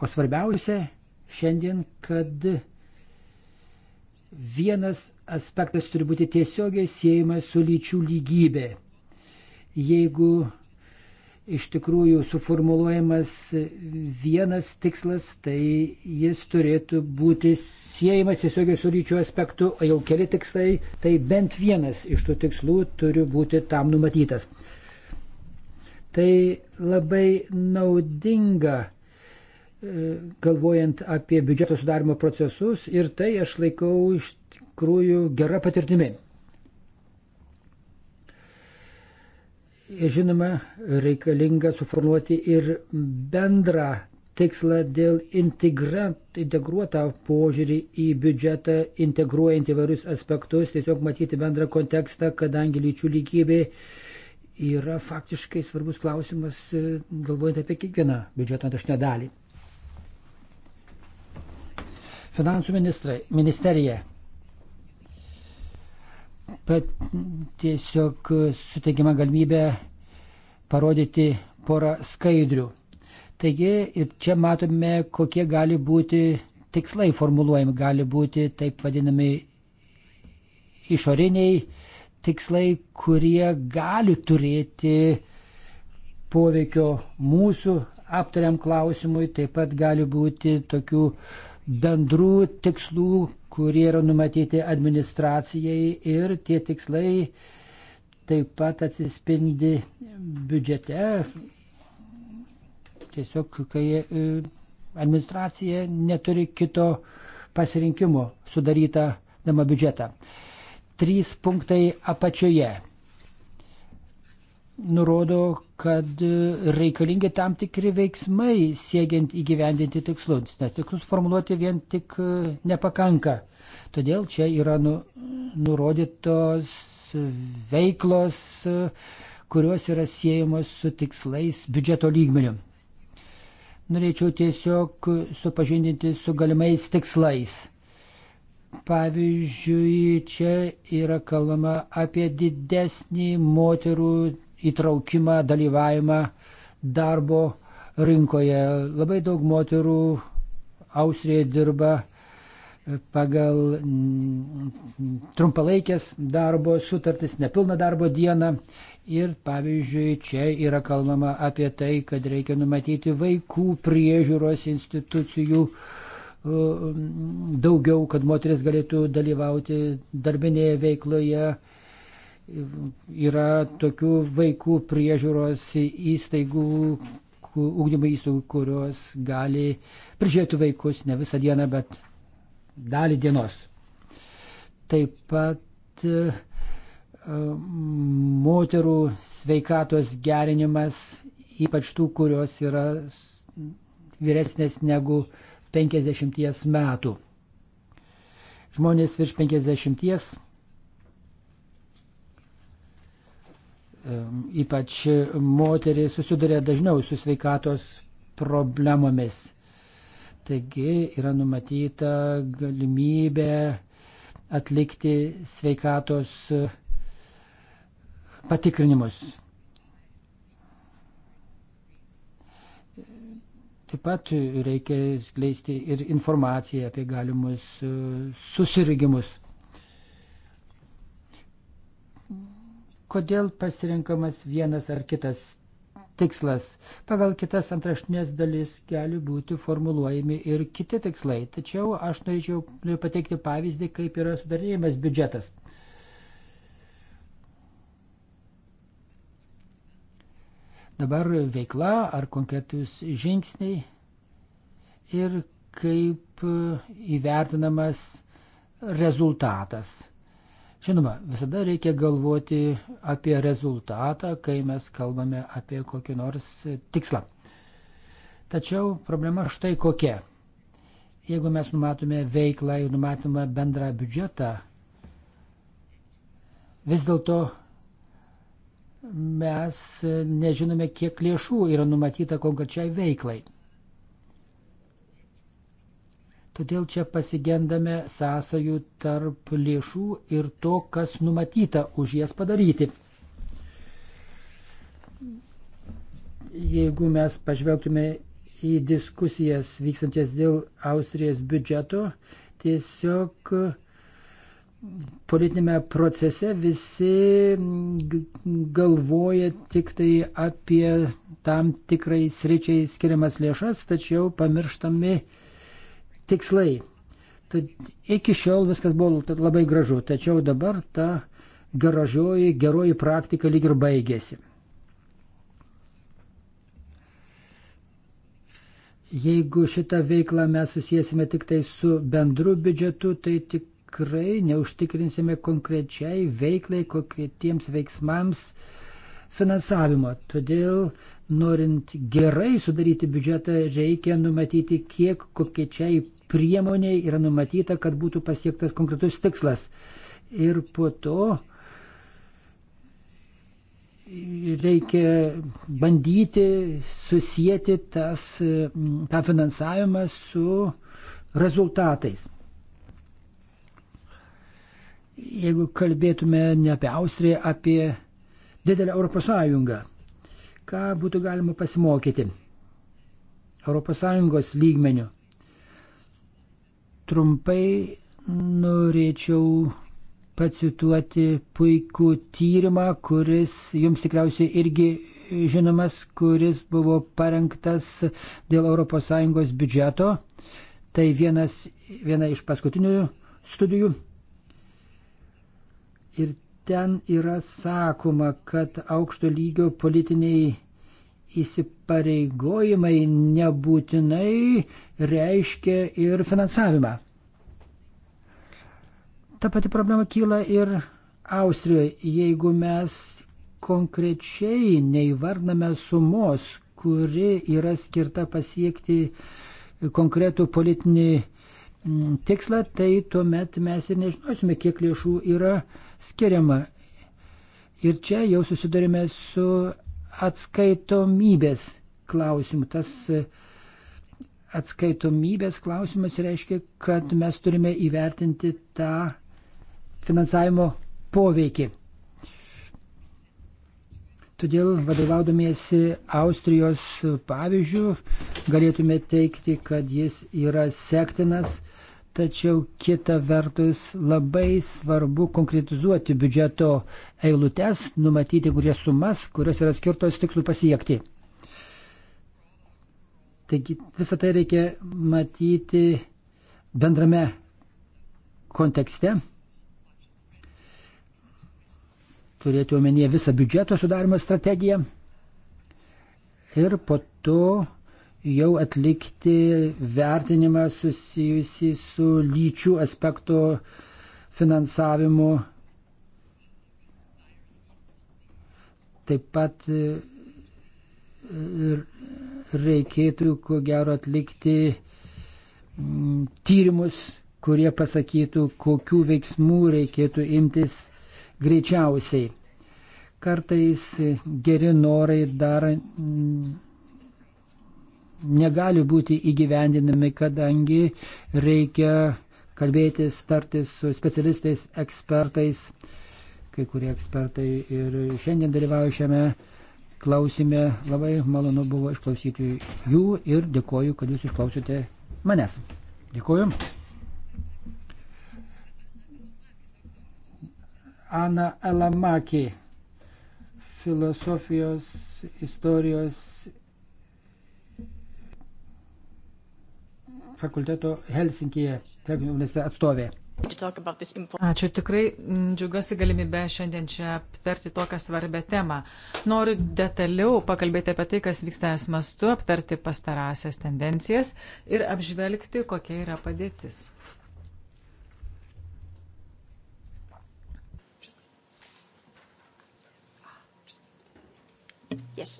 O svarbiausia šiandien, kad vienas aspektas turi būti tiesiogiai siejamas su lyčių lygybė. Jeigu iš tikrųjų suformuluojamas vienas tikslas, tai jis turėtų būti siejamas tiesiogiai su ryčių aspektu, o jau keli tikslai, tai bent vienas iš tų tikslų turi būti tam numatytas. Tai labai naudinga e, galvojant apie biudžeto sudarimo procesus ir tai aš laikau iš tikrųjų gerą patirtimį. Žinoma, reikalinga suformuoti ir bendrą tikslą dėl integruotą požiūrį į biudžetą, integruojant įvairius aspektus, tiesiog matyti bendrą kontekstą, kadangi lyčių lygybė yra faktiškai svarbus klausimas, e, galvojant apie kiekvieną biudžeto antrašinę dalį. Finansų ministrai, ministerija pat tiesiog suteikiama galimybė parodyti porą skaidrių. Taigi ir čia matome, kokie gali būti tikslai formuluojami, gali būti taip vadinami išoriniai tikslai, kurie gali turėti poveikio mūsų aptariam klausimui, taip pat gali būti tokių uh, bendrų tikslų, kurie yra numatyti administracijai ir tie tikslai taip pat atsispindi biudžete. Tiesiog, kai e, administracija neturi kito pasirinkimo sudarytą namą biudžetą. Trys punktai apačioje nurodo, kad reikalingi tam tikri veiksmai siekiant įgyvendinti tikslus, nes tikslus formuluoti vien tik e, nepakanka. Todėl čia yra nu, nurodytos veiklos, e, kurios yra siejamos su tikslais biudžeto lygmeniu. Norėčiau tiesiog supažindinti su galimais tikslais. Pavyzdžiui, čia yra kalbama apie didesnį moterų įtraukimą, dalyvavimą darbo rinkoje. Labai daug moterų Austrijoje dirba e, pagal mm, trumpalaikės darbo sutartis, nepilną darbo dieną. Ir pavyzdžiui, čia yra kalbama apie tai, kad reikia numatyti vaikų priežiūros institucijų e, daugiau, kad moteris galėtų dalyvauti darbinėje veikloje, yra tokių vaikų priežiūros įstaigų, ūkdymo įstaigų, kurios gali prižiūrėti vaikus ne visą dieną, bet dalį dienos. Taip pat e, moterų sveikatos gerinimas, ypač tų, kurios yra vyresnės negu 50 metų. Žmonės virš 50 ypač moteriai susiduria dažniau su sveikatos problemomis. Taigi yra numatyta galimybė atlikti sveikatos e, patikrinimus. Taip pat reikia skleisti ir informaciją apie galimus e, susirgymus. kodėl pasirinkamas vienas ar kitas tikslas. Pagal kitas antraštinės dalis gali būti formuluojami ir kiti tikslai. Tačiau aš norėčiau pateikti pavyzdį, kaip yra sudarinėjimas biudžetas. Dabar veikla ar konkretus žingsniai ir kaip įvertinamas rezultatas. Žinoma, visada reikia galvoti apie rezultatą, kai mes kalbame apie kokį nors tikslą. Tačiau problema štai kokia. Jeigu mes numatome veiklą ir numatome bendrą biudžetą, vis dėlto mes nežinome, kiek lėšų yra numatyta konkrečiai veiklai. Todėl čia pasigendame sąsajų tarp lėšų ir to, kas numatyta už jas padaryti. Jeigu mes pažvelgtume į diskusijas vykstančias dėl Austrijos biudžeto, tiesiog politinėme procese visi galvoja tik tai apie tam tikrai sričiai skiriamas lėšas, tačiau pamirštami uh, tikslai. Tad iki šiol viskas buvo labai gražu, tačiau dabar ta garažioji, geroji praktika lyg ir baigėsi. Jeigu šitą veiklą mes susijęsime tik tai su bendru biudžetu, tai tikrai neužtikrinsime konkrečiai veiklai, konkretiems veiksmams finansavimo. Todėl, norint gerai sudaryti biudžetą, reikia numatyti, kiek konkrečiai priemonė yra numatyta, kad būtų pasiektas konkretus tikslas. Ir po to reikia bandyti susijęti tas, tą finansavimą su rezultatais. Jeigu kalbėtume ne apie Austriją, apie didelę Europos Sąjungą, ką būtų galima pasimokyti Europos Sąjungos lygmenių. Trumpai norėčiau pacituoti puikų tyrimą, kuris jums tikriausiai irgi žinomas, kuris buvo parengtas dėl ES biudžeto. Tai vienas, viena iš paskutinių studijų. Ir ten yra sakoma, kad aukšto lygio politiniai įsipareigojimai įsipareigojimai nebūtinai reiškia ir finansavimą. Ta pati problema kyla ir Austrijoje, jeigu mes konkrečiai neįvardame sumos, kuri yra skirta pasiekti konkretų politinį mm, tikslą, tai tuomet mes ir nežinosime, kiek lėšų yra skiriama. Ir čia jau susidurime su atskaitomybės klausimų. Tas e, atskaitomybės klausimas reiškia, kad mes turime įvertinti tą finansavimo poveikį. Todėl vadovaudomėsi Austrijos pavyzdžių galėtume teikti, kad jis yra sektinas, tačiau kita vertus labai svarbu konkretizuoti biudžeto eilutes, numatyti, kurie sumas, kurios yra skirtos tikslų pasiekti. Taigi visą tai reikia matyti bendrame kontekste. Turėti omenyje visą biudžeto sudarimo strategiją ir po to jau atlikti vertinimą susijusi su lyčių aspekto finansavimu. Taip pat ir reikėtų, ko gero, atlikti mm, tyrimus, kurie pasakytų, kokių veiksmų reikėtų imtis greičiausiai. Kartais geri norai dar mm, negali būti įgyvendinami, kadangi reikia kalbėtis, tartis su specialistais, ekspertais. Kai kurie ekspertai ir šiandien dalyvauja šiame klausime. Labai malonu buvo išklausyti jų ir dėkoju, kad jūs išklausėte manęs. Dėkoju. Ana Alamaki, filosofijos, istorijos fakulteto Helsinkije, atstovė. Ačiū, tikrai mm, džiugiuosi galimybę šiandien čia aptarti tokią svarbę temą. Noriu detaliau pakalbėti apie tai, kas vyksta esmastu, aptarti pastarąsias tendencijas ir apžvelgti, kokia yra padėtis. Yes.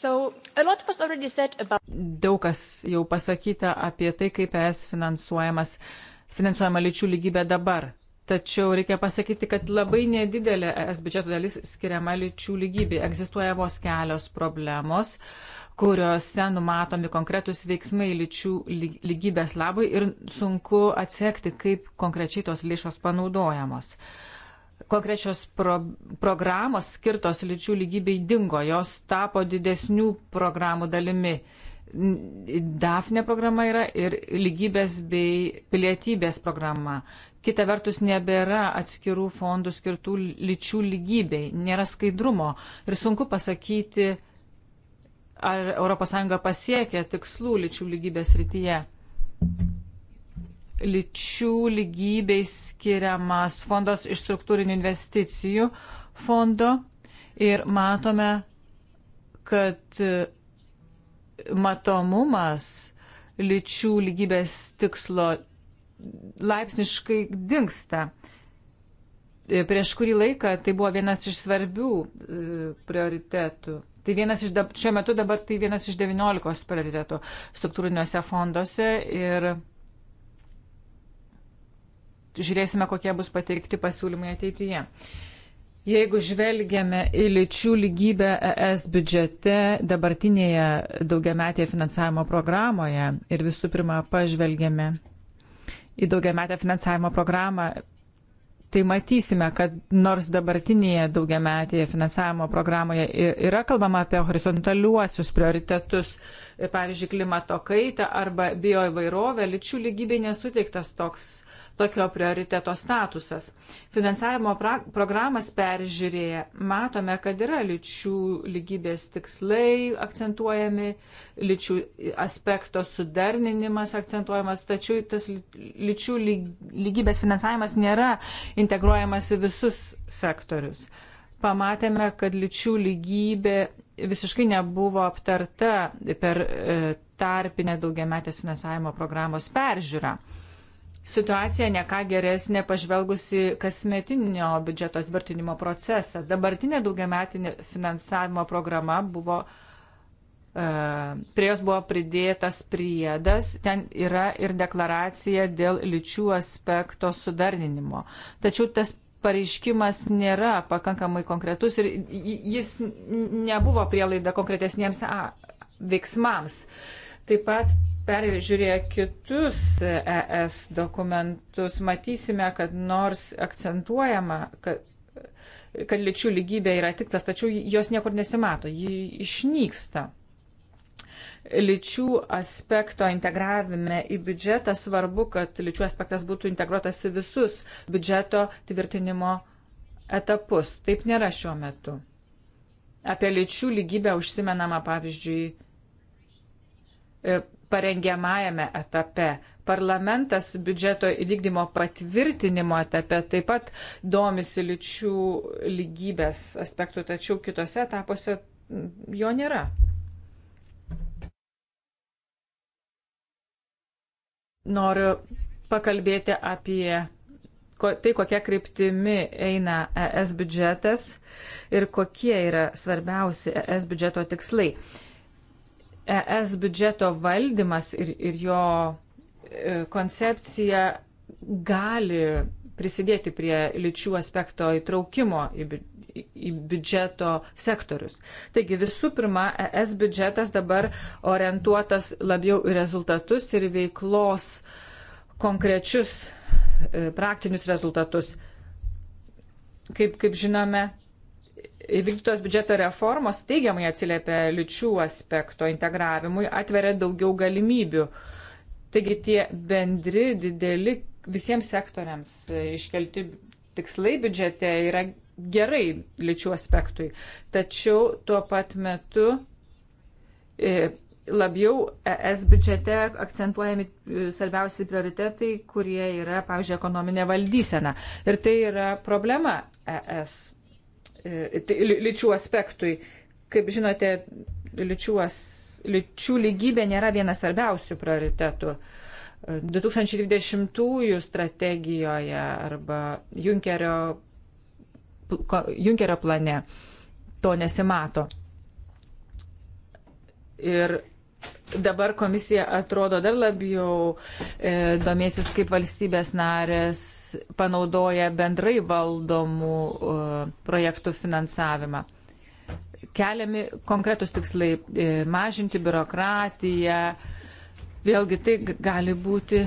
So, about... Daug kas jau pasakyta apie tai, kaip es finansuojamas uh, finansuojama lyčių lygybė dabar. Tačiau reikia pasakyti, kad labai nedidelė es biudžeto dalis skiriama lyčių lygybė. Egzistuoja vos kelios problemos, kuriuose numatomi konkretus veiksmai lyčių lygybės labui ir sunku atsekti, kaip konkrečiai tos lėšos panaudojamos konkrečios pro, programos skirtos lyčių lygybei dingo, jos tapo didesnių programų dalimi. DAFNE programa yra ir lygybės bei pilietybės programa. Kita vertus, nebėra atskirų fondų skirtų lyčių lygybei, nėra skaidrumo ir sunku pasakyti, ar ES pasiekia tikslų lyčių lygybės rytyje. Lyčių lygybei skiriamas fondas iš struktūrinių investicijų fondo ir matome, kad matomumas lyčių lygybės tikslo laipsniškai dinksta. E, prieš kurį laiką tai buvo vienas iš svarbių e, prioritetų. Tai vienas iš, šiuo metu dabar tai vienas iš 19 prioritetų struktūriniuose fonduose ir žiūrėsime, kokie bus pateikti pasiūlymai ateityje. Uh, Jeigu žvelgiame į lyčių lygybę ES biudžete, dabartinėje daugiametėje finansavimo programoje ir visų pirma pažvelgiame į daugiametę finansavimo programą, tai matysime, kad nors dabartinėje daugiametėje finansavimo programoje yra kalbama apie horizontaliuosius prioritetus E, pavyzdžiui, klimato kaitą arba bioįvairovę, lyčių lygybei nesuteiktas toks tokio prioriteto statusas. Finansavimo programas peržiūrėję matome, kad yra lyčių lygybės tikslai akcentuojami, lyčių aspekto sudarninimas akcentuojamas, tačiau tas lyčių lygybės finansavimas nėra integruojamas į visus sektorius. Pamatėme, kad lyčių lygybė visiškai nebuvo aptarta per e, tarpinę daugiametės finansavimo programos peržiūrą. Situacija neką geresnė pažvelgusi kasmetinio biudžeto atvirtinimo procesą. Dabartinė daugiametinė finansavimo programa buvo, e, prie jos buvo pridėtas priedas, ten yra ir deklaracija dėl lyčių aspekto sudarninimo. Tačiau tas pareiškimas nėra pakankamai konkretus ir jis nebuvo prielaida konkretesniems veiksmams. Taip pat peržiūrėję kitus ES dokumentus, matysime, kad nors akcentuojama, kad, kad lyčių lygybė yra tiktas, tačiau jos niekur nesimato, ji išnyksta lyčių aspekto integravime į biudžetą svarbu, kad lyčių aspektas būtų integruotas į visus biudžeto tvirtinimo etapus. Taip nėra šiuo metu. Apie lyčių lygybę užsimenama, pavyzdžiui, e, parengiamajame etape. Parlamentas biudžeto įvykdymo patvirtinimo etape taip pat domisi lyčių lygybės aspektų, tačiau kitose etapuose jo nėra. noriu pakalbėti apie tai, kokia kryptimi eina ES biudžetas ir kokie yra svarbiausi ES biudžeto tikslai. ES biudžeto valdymas ir, ir jo e, koncepcija gali prisidėti prie lyčių aspekto įtraukimo į biudžetą į biudžeto sektorius. Taigi visų pirma, ES biudžetas dabar orientuotas labiau į rezultatus ir veiklos konkrečius e, praktinius rezultatus. Kaip, kaip žinome, įvykdytos biudžeto reformos teigiamai atsiliepia lyčių aspekto integravimui, atveria daugiau galimybių. Taigi tie bendri, dideli visiems sektoriams iškelti tikslai biudžete yra gerai lyčių aspektui. Tačiau tuo pat metu e, labiau ES biudžete akcentuojami e, svarbiausi prioritetai, kurie yra, pavyzdžiui, ekonominė valdysena. Ir tai yra problema ES e, tai lyčių aspektui. Kaip žinote, lyčiuos, lyčių lygybė nėra vienas svarbiausių prioritetų. 2020 strategijoje arba Junkerio Junkerio plane to nesimato. Ir dabar komisija atrodo dar labiau e, domėsis, kaip valstybės narės panaudoja bendrai valdomų e, projektų finansavimą. Keliami konkretus tikslai e, - mažinti biurokratiją. Vėlgi tai gali būti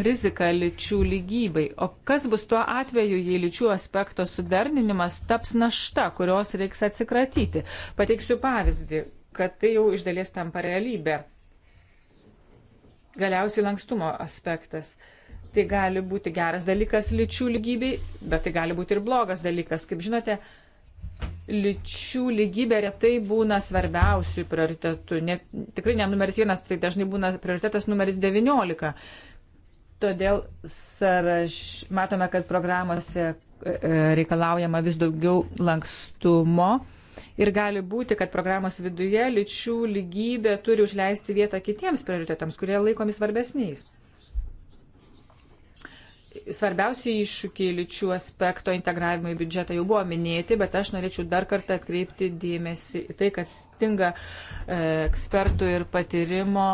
rizika lyčių lygybei. O kas bus tuo atveju, jei lyčių aspekto sudarninimas taps našta, kurios reiks atsikratyti? Pateiksiu pavyzdį, kad tai jau iš dalies tampa realybė. Galiausiai lankstumo aspektas. Tai gali būti geras dalykas lyčių lygybei, bet tai gali būti ir blogas dalykas. Kaip žinote, lyčių lygybė retai būna svarbiausių prioritetų. Ne, tikrai ne numeris vienas, tai dažnai būna prioritetas numeris 19. Todėl saraš, matome, kad programuose e, e, reikalaujama vis daugiau lankstumo ir gali būti, kad programos viduje lyčių lygybė turi užleisti vietą kitiems prioritetams, kurie laikomi svarbesniais. Svarbiausiai iššūkiai lyčių aspekto integravimo į biudžetą jau buvo minėti, bet aš norėčiau dar kartą atkreipti dėmesį į tai, kad stinga e, ekspertų ir patyrimo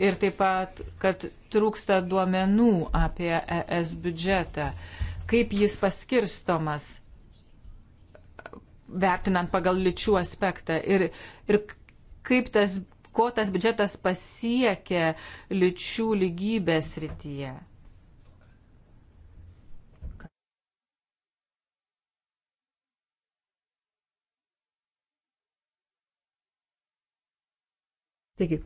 ir taip pat, kad trūksta duomenų apie ES biudžetą, kaip jis paskirstomas, vertinant pagal lyčių aspektą ir, ir kaip tas, ko tas biudžetas pasiekia lyčių lygybės rytyje. Taigi,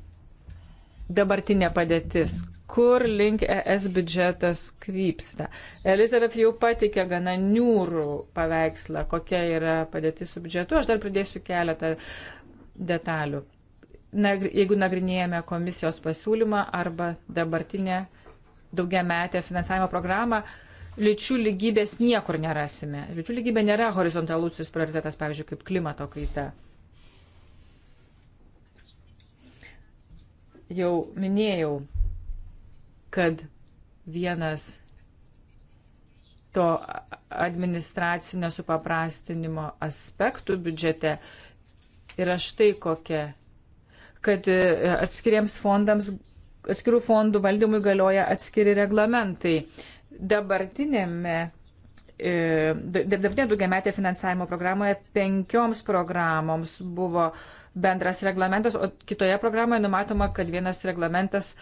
dabartinė padėtis, kur link ES biudžetas krypsta. Elizabeth jau patikė gana niūrų paveikslą, kokia yra padėtis su biudžetu. Aš dar pridėsiu keletą detalių. Nagri, jeigu nagrinėjame komisijos pasiūlymą arba dabartinę daugiametę finansavimo programą, lyčių lygybės niekur nerasime. Lyčių lygybė nėra horizontalusis prioritetas, pavyzdžiui, kaip klimato kaita. jau minėjau, kad vienas to administracinio supaprastinimo aspektų biudžete yra štai kokia, kad e, atskiriems fondams, atskirų fondų valdymui galioja atskiri reglamentai. Dabartinėme e, dabartinė daugiametė finansavimo programoje penkioms programoms buvo bendras reglamentas, o kitoje programoje numatoma, kad vienas reglamentas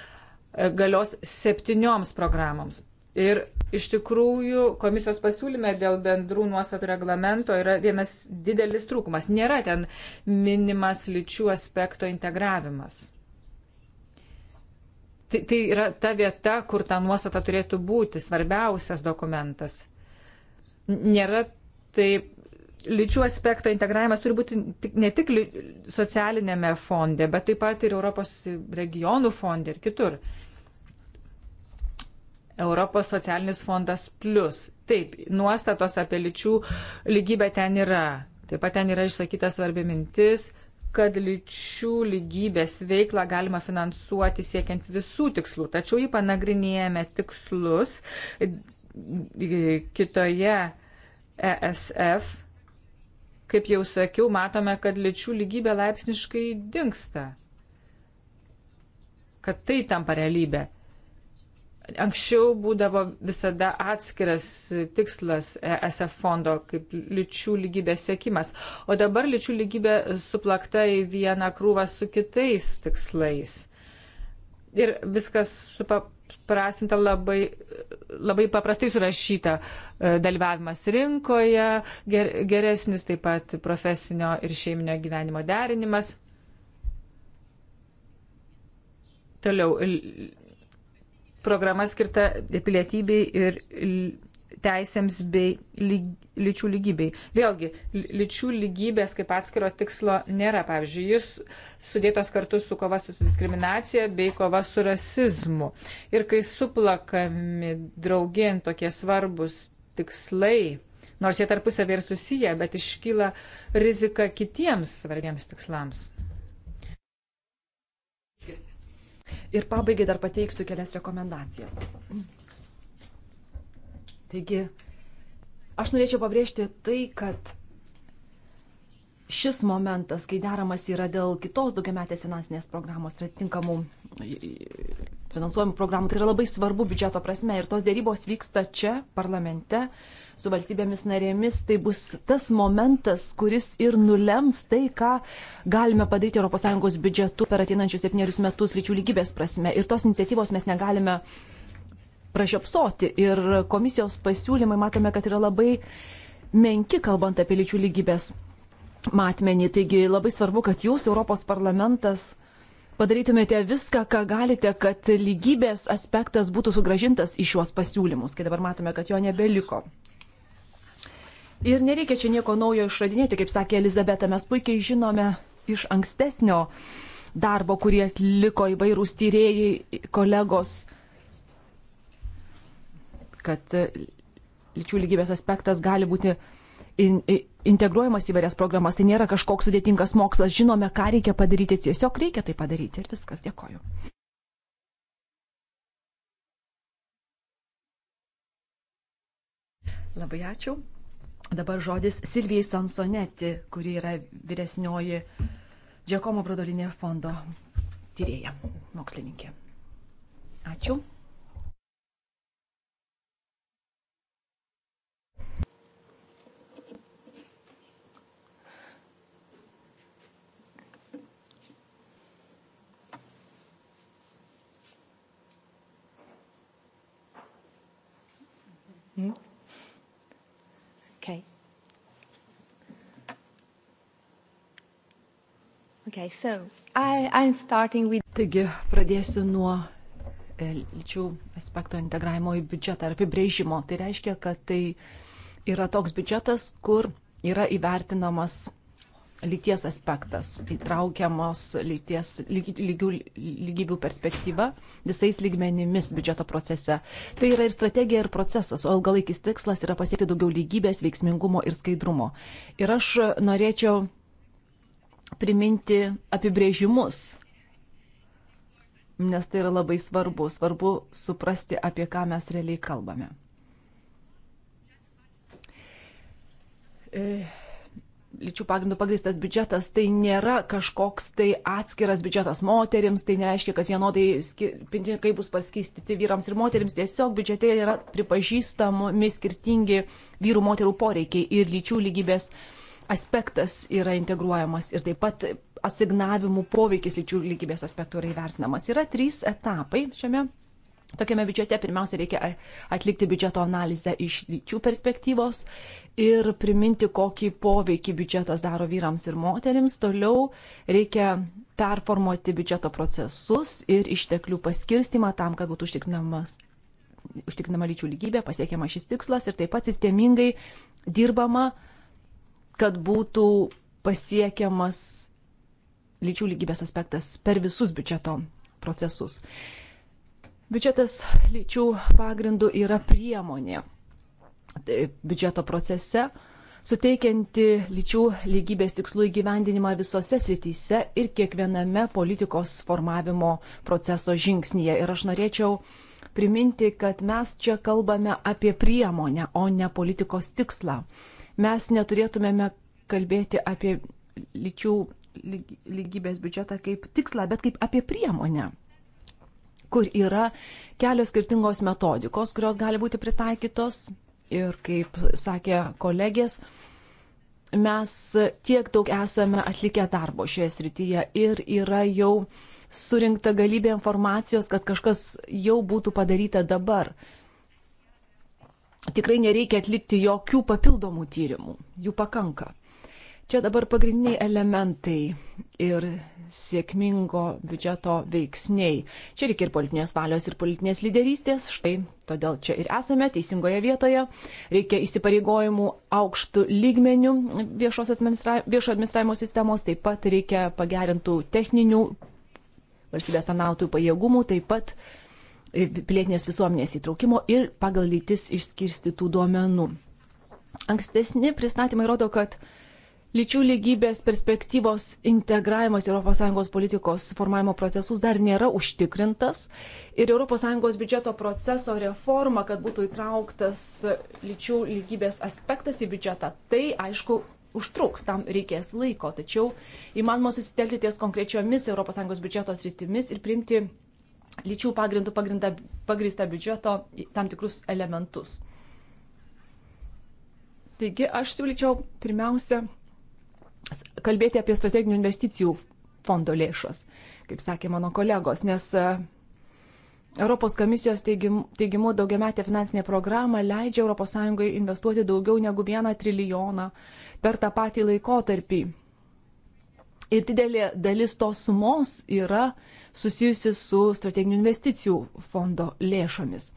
e, galios septynioms programoms. Ir iš tikrųjų komisijos pasiūlyme dėl bendrų nuostatų reglamento yra vienas didelis trūkumas. Nėra ten minimas lyčių aspekto integravimas tai, tai yra ta vieta, kur ta nuostata turėtų būti, svarbiausias dokumentas. Nėra taip lyčių aspekto integravimas turi būti ne tik socialinėme fonde, bet taip pat ir Europos regionų fonde ir kitur. Europos socialinis fondas plus. Taip, nuostatos apie lyčių lygybę ten yra. Taip pat ten yra išsakyta svarbi mintis, kad lyčių lygybės veiklą galima finansuoti siekiant visų tikslų. Tačiau jį panagrinėjame tikslus kitoje ESF Kaip jau sakiau, matome, kad lyčių lygybė laipsniškai dinksta. Kad tai tampa realybė. Anksčiau būdavo visada atskiras tikslas ESF fondo kaip lyčių lygybės sėkimas, o dabar lyčių lygybė suplakta į vieną krūvą su kitais tikslais. Ir viskas supa, prastinta labai, labai paprastai surašyta e, dalyvavimas rinkoje, ger, geresnis taip pat profesinio ir šeiminio gyvenimo derinimas. Toliau, programa skirta pilietybei ir teisėms bei lyg, lyčių lygybei. Vėlgi, lyčių lygybės kaip atskiro tikslo nėra. Pavyzdžiui, jis sudėtas kartu su kova su diskriminacija bei kova su rasizmu. Ir kai suplakami draugien tokie svarbus tikslai, nors jie tarpusavį ir susiję, bet iškyla rizika kitiems svarbiems tikslams. Ir pabaigai dar pateiksiu kelias rekomendacijas. Taigi, aš norėčiau pabrėžti tai, kad šis momentas, kai deramas yra dėl kitos daugiametės finansinės programos, tai tinkamų finansuojamų programų, tai yra labai svarbu biudžeto prasme ir tos dėrybos vyksta čia, parlamente, su valstybėmis narėmis, tai bus tas momentas, kuris ir nulems tai, ką galime padaryti ES biudžetu per ateinančius septynerius metus lyčių lygybės prasme. Ir tos iniciatyvos mes negalime uh, pražiopsoti. Ir komisijos pasiūlymai matome, kad yra labai menki, kalbant apie lyčių lygybės matmenį. Taigi labai svarbu, kad jūs, Europos parlamentas, padarytumėte viską, ką galite, kad lygybės aspektas būtų sugražintas į šiuos pasiūlymus, kai dabar matome, kad jo nebeliko. Ir nereikia čia nieko naujo išradinėti, kaip sakė Elizabeta, mes puikiai žinome iš ankstesnio darbo, kurį atliko įvairūs tyrėjai, kolegos, kad lyčių lygybės aspektas gali būti in, in, integruojamas į varias programas. Tai nėra kažkoks sudėtingas mokslas. Žinome, ką reikia padaryti. Tiesiog reikia tai padaryti ir viskas. Dėkoju. Labai ačiū. Dabar žodis Silvijai Sansonetti, kuri yra vyresnioji Džekomo Brodolinė fondo tyrėja, mokslininkė. Ačiū. Hmm? Okay. Okay, so I, I'm starting with. Taigi, pradėsiu nuo e, lyčių aspekto integravimo į biudžetą ar apibrėžimo. Tai reiškia, kad tai yra toks biudžetas, kur yra įvertinamas lyties aspektas, įtraukiamos lyties, lygių, lygybių perspektyva visais lygmenimis biudžeto procese. Tai yra ir strategija, ir procesas, o ilgalaikis tikslas yra pasiekti daugiau lygybės, veiksmingumo ir skaidrumo. Ir aš norėčiau priminti apibrėžimus, nes tai yra labai svarbu, svarbu suprasti, apie ką mes realiai kalbame. E lyčių pagrindų pagristas biudžetas tai nėra kažkoks tai atskiras biudžetas moterims, tai nereiškia, kad vienodai pinigai bus paskistyti vyrams ir moterims, tiesiog biudžete yra pripažįstami skirtingi vyrų moterų poreikiai ir lyčių lygybės aspektas yra integruojamas ir taip pat asignavimų poveikis lyčių lygybės aspektų yra įvertinamas. Yra trys etapai šiame Tokiame biudžete pirmiausia reikia atlikti biudžeto analizę iš lyčių perspektyvos ir priminti, kokį poveikį biudžetas daro vyrams ir moterims. Toliau reikia performuoti biudžeto procesus ir išteklių paskirstimą tam, kad būtų užtikrinamas užtikrinama lyčių lygybė, pasiekiama šis tikslas ir taip pat sistemingai dirbama, kad būtų pasiekiamas lyčių lygybės aspektas per visus biudžeto procesus. Biudžetas lyčių pagrindų yra priemonė tai biudžeto procese, suteikianti lyčių lygybės tikslų įgyvendinimą visose srityse ir kiekviename politikos formavimo proceso žingsnyje. Ir aš norėčiau priminti, kad mes čia kalbame apie priemonę, o ne politikos tikslą. Mes neturėtumėme kalbėti apie lyčių lygybės biudžetą kaip tikslą, bet kaip apie priemonę kur yra kelios skirtingos metodikos, kurios gali būti pritaikytos. Ir kaip sakė kolegės, mes tiek daug esame atlikę darbo šioje srityje ir yra jau surinkta galybė informacijos, kad kažkas jau būtų padaryta dabar. Tikrai nereikia atlikti jokių papildomų tyrimų, jų pakanka. Čia dabar pagrindiniai elementai ir sėkmingo biudžeto veiksniai. Čia reikia ir politinės valios, ir politinės lyderystės. Štai todėl čia ir esame teisingoje vietoje. Reikia įsipareigojimų aukštų lygmenių viešo administra... administravimo sistemos. Taip pat reikia pagerintų techninių valstybės tarnautojų pajėgumų. Taip pat pilietinės visuomenės įtraukimo ir pagal lytis išskirstytų duomenų. Ankstesni pristatymai rodo, kad lyčių lygybės perspektyvos integravimas ES politikos formavimo procesus dar nėra užtikrintas ir ES biudžeto proceso reforma, kad būtų įtrauktas lyčių lygybės aspektas į biudžetą, tai aišku. Užtruks, tam reikės laiko, tačiau įmanoma susitelkti ties konkrečiomis ES biudžeto sritimis ir priimti lyčių pagrindų pagrįstą biudžeto tam tikrus elementus. Taigi aš siūlyčiau pirmiausia kalbėti apie strateginių investicijų fondo lėšas, kaip sakė mano kolegos, nes e, Europos komisijos teigimu, teigimu daugiametė finansinė programa leidžia ES investuoti daugiau negu 1 trilijoną per tą patį laikotarpį. Ir didelė dalis tos sumos yra susijusi su strateginių investicijų fondo lėšomis.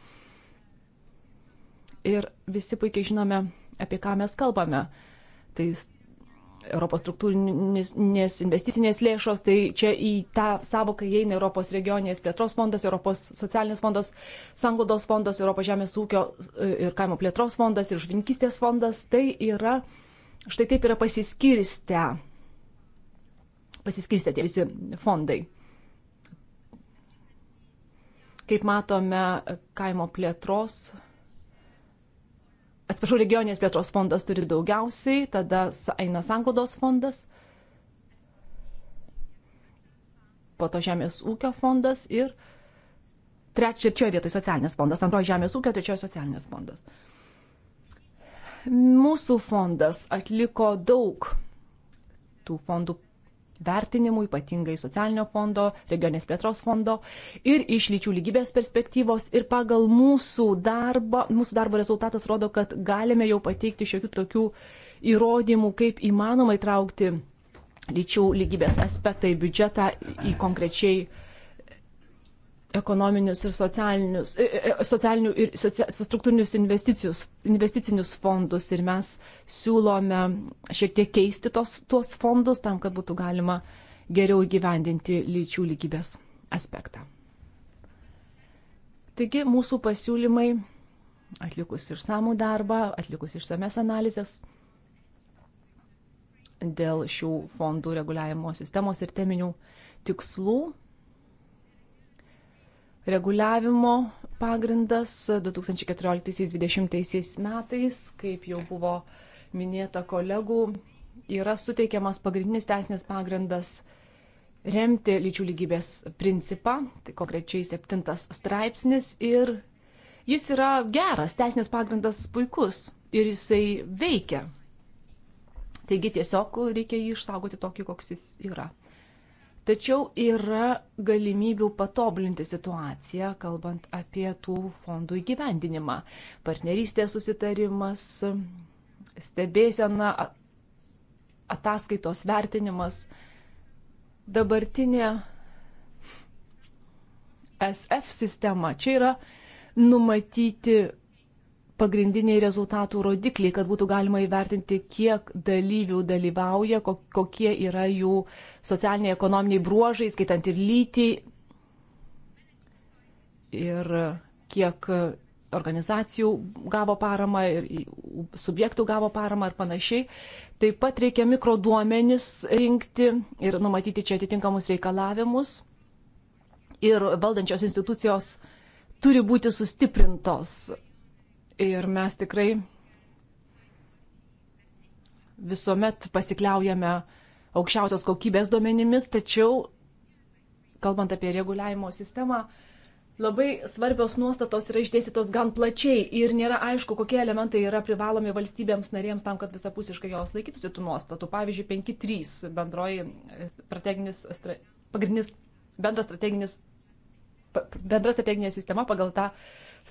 Ir visi puikiai žinome, apie ką mes kalbame. Tai Europos struktūrinės investicinės lėšos, tai čia į tą savoką įeina Europos regioninės plėtros fondas, Europos socialinis fondas, Sanglaudos fondas, Europos žemės ūkio e, ir kaimo plėtros fondas ir žvinkistės fondas. Tai yra, štai taip yra pasiskirstę, pasiskirstę tie visi fondai. Kaip matome, kaimo plėtros fondas atsiprašau, regioninės plėtros fondas turi daugiausiai, tada eina sanglaudos fondas, po to žemės ūkio fondas ir trečioje vietoje socialinės fondas, antroje žemės ūkio, trečioje socialinės fondas. Mūsų fondas atliko daug tų fondų vertinimu, ypatingai socialinio fondo, regionės plėtros fondo ir iš lyčių lygybės perspektyvos. Ir pagal mūsų darbą, mūsų darbo rezultatas rodo, kad galime jau pateikti šiokių tokių įrodymų, kaip įmanoma įtraukti lyčių lygybės aspektą į biudžetą, į konkrečiai ekonominius ir socialinius, e, e, e, socialinių ir socia, struktūrinius investicinius, investicinius fondus ir mes siūlome šiek tiek keisti tos, tuos fondus tam, kad būtų galima geriau įgyvendinti lyčių lygybės aspektą. Taigi mūsų pasiūlymai, atlikus ir samų darbą, atlikus išsames analizės dėl šių fondų reguliavimo sistemos ir teminių tikslų, reguliavimo pagrindas 2014-2020 metais, kaip jau buvo minėta kolegų, yra suteikiamas pagrindinis teisinės pagrindas remti lyčių lygybės principą, tai konkrečiai septintas straipsnis ir jis yra geras, teisinės pagrindas puikus ir jisai veikia. Taigi tiesiog reikia jį išsaugoti tokį, koks jis yra. Tačiau yra galimybių patobulinti situaciją, kalbant apie tų fondų įgyvendinimą. Partnerystės susitarimas, stebėsena, ataskaitos vertinimas. Dabartinė SF sistema čia yra numatyti pagrindiniai rezultatų rodikliai, kad būtų galima įvertinti, kiek dalyvių dalyvauja, kokie yra jų socialiniai, ekonominiai bruožai, skaitant ir lytį, ir kiek organizacijų gavo paramą, ir subjektų gavo paramą ir panašiai. Taip pat reikia mikroduomenis rinkti ir numatyti čia atitinkamus reikalavimus. Ir valdančios institucijos turi būti sustiprintos Ir mes tikrai visuomet pasikliaujame aukščiausios kokybės duomenimis, tačiau, kalbant apie reguliavimo sistemą, labai svarbios nuostatos yra išdėstytos gan plačiai ir nėra aišku, kokie elementai yra privalomi valstybėms narėms tam, kad visapusiškai jos laikytųsi tų nuostatų. Pavyzdžiui, 5.3 bendroji strateginis, pagrindinis bendras strateginis bendra strateginė sistema pagal tą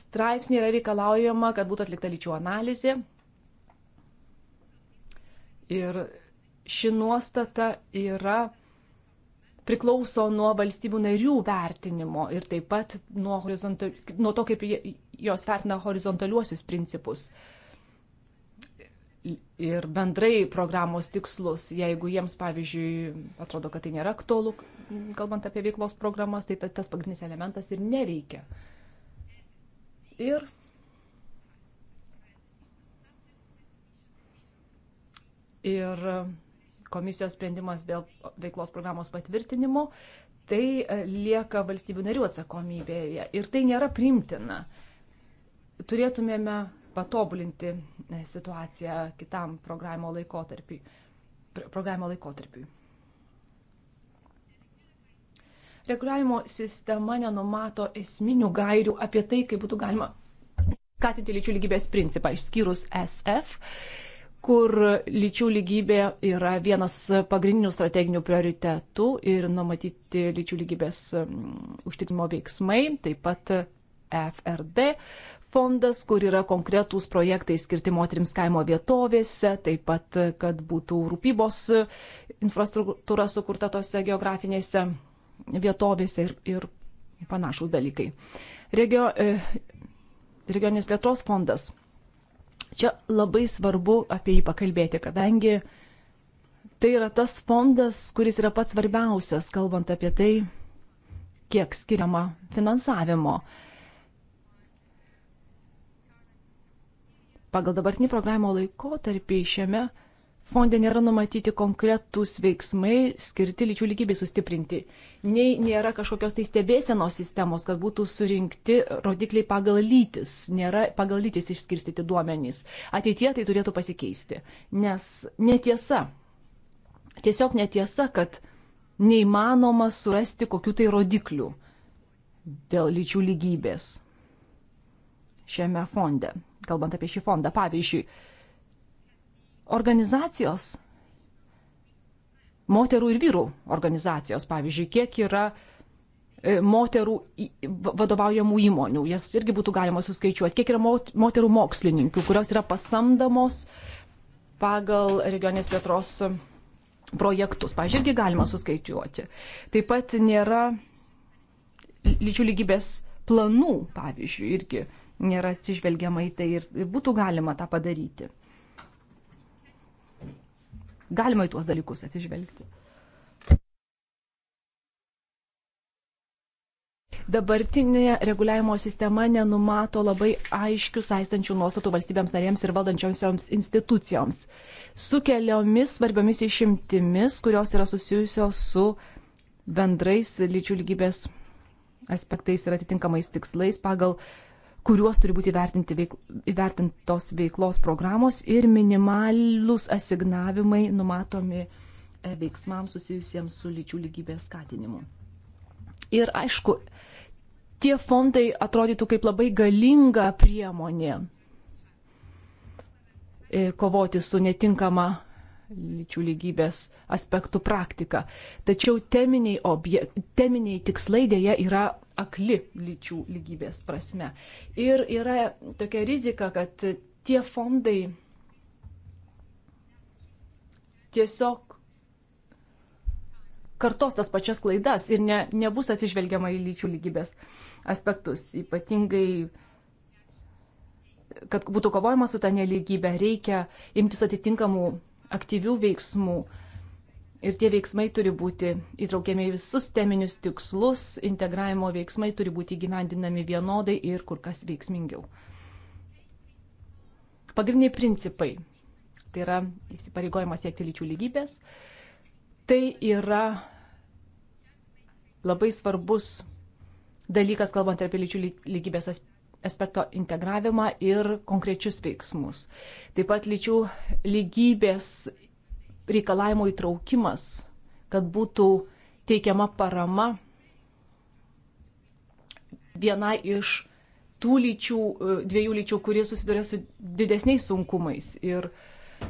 straipsnį yra reikalaujama, kad būtų atlikta lyčių analizė. Ir ši nuostata yra priklauso nuo valstybių narių vertinimo ir taip pat nuo, nuo to, kaip jos vertina horizontaliuosius principus ir bendrai programos tikslus. Jeigu jiems, pavyzdžiui, atrodo, kad tai nėra aktualu, kalbant apie veiklos programas, tai tas pagrindinis elementas ir neveikia. Uh, Ir Ir komisijos sprendimas dėl veiklos programos patvirtinimo, tai lieka valstybių narių atsakomybėje. Ir tai nėra primtina. Turėtumėme patobulinti e, situaciją kitam programavimo laikotarpiui. Programavimo laikotarpiui. Reguliavimo sistema nenumato esminių gairių apie tai, kaip būtų galima skatinti lyčių lygybės principą, išskyrus SF kur lyčių lygybė yra vienas pagrindinių strateginių prioritetų ir numatyti lyčių lygybės užtikrimo veiksmai, taip pat FRD fondas, kur yra konkretūs projektai skirti moteriams kaimo vietovėse, taip pat, kad būtų rūpybos infrastruktūra sukurta tose geografinėse vietovėse ir, ir panašus dalykai. Regio, e, regioninės plėtros fondas. Čia labai svarbu apie jį pakalbėti, kadangi tai yra tas fondas, kuris yra pats svarbiausias, kalbant apie tai, kiek skiriama finansavimo. Pagal dabartinį programų laikotarpį šiame fonde nėra numatyti konkretūs veiksmai skirti lyčių lygybei sustiprinti, nei nėra kažkokios tai stebėsenos sistemos, kad būtų surinkti rodikliai pagal lytis, nėra pagal lytis išskirstyti duomenys. Ateitie tai turėtų pasikeisti, nes netiesa, tiesiog netiesa, kad neįmanoma surasti kokių tai rodiklių dėl lyčių lygybės šiame fonde, kalbant apie šį fondą. Pavyzdžiui, organizacijos, moterų ir vyrų organizacijos, pavyzdžiui, kiek yra e, moterų vadovaujamų įmonių, jas irgi būtų galima suskaičiuoti, kiek yra moterų mokslininkių, kurios yra pasamdamos pagal regionės plėtros projektus, pavyzdžiui, irgi galima suskaičiuoti. Taip pat nėra lyčių lygybės planų, pavyzdžiui, irgi nėra atsižvelgiama į tai ir, ir būtų galima tą padaryti galima į tuos dalykus atsižvelgti. Dabartinė reguliavimo sistema nenumato labai aiškių saistančių nuostatų valstybėms narėms ir valdančiosioms institucijoms, su keliomis svarbiomis išimtimis, kurios yra susijusios su bendrais lyčių lygybės aspektais ir atitinkamais tikslais pagal uh, kuriuos turi būti veik, įvertintos veiklos programos ir minimalūs asignavimai numatomi e, veiksmams susijusiems su lyčių lygybės skatinimu. Ir aišku, tie fondai atrodytų kaip labai galinga priemonė e, kovoti su netinkama lyčių lygybės aspektų praktika. Tačiau teminiai, objek, teminiai tikslai dėja yra akli lyčių lygybės prasme. Ir yra tokia rizika, kad tie fondai tiesiog kartos tas pačias klaidas ir ne, nebus atsižvelgiama į lyčių lygybės aspektus. Ypatingai, kad būtų kovojama su ta neligybė, reikia imtis atitinkamų aktyvių veiksmų, Ir tie veiksmai turi būti įtraukiami į visus teminius tikslus, integravimo veiksmai turi būti įgyvendinami vienodai ir kur kas veiksmingiau. Pagrindiniai principai - tai yra įsipareigojimas siekti lyčių lygybės, tai yra labai svarbus dalykas, kalbant apie lyčių lygybės aspekto integravimą ir konkrečius veiksmus. Taip pat lyčių lygybės reikalavimo įtraukimas, kad būtų teikiama parama vienai iš tų lyčių, e, dviejų lyčių, kurie susiduria su didesniais sunkumais. Ir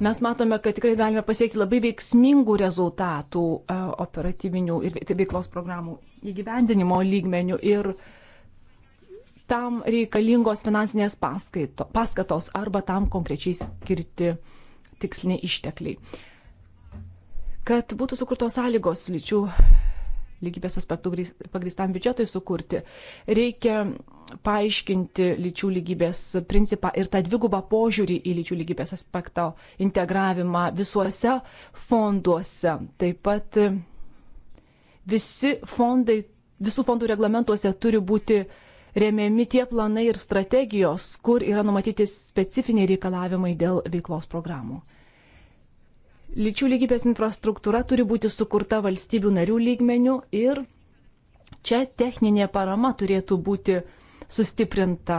mes matome, kad tikrai galime pasiekti labai veiksmingų rezultatų e, operatyvinių ir tai veiklos programų įgyvendinimo lygmenių. Ir tam reikalingos finansinės paskaito, paskatos arba tam konkrečiai skirti tiksliniai ištekliai kad būtų sukurtos sąlygos lyčių lygybės aspektų pagristam biudžetui sukurti. Reikia paaiškinti lyčių lygybės principą ir tą dvigubą požiūrį į lyčių lygybės aspekto integravimą visuose fonduose. Taip pat visi fondai, visų fondų reglamentuose turi būti remiami tie planai ir strategijos, kur yra numatyti specifiniai reikalavimai dėl veiklos programų. Lyčių lygybės infrastruktūra turi būti sukurta valstybių narių lygmenių ir čia techninė parama turėtų būti sustiprinta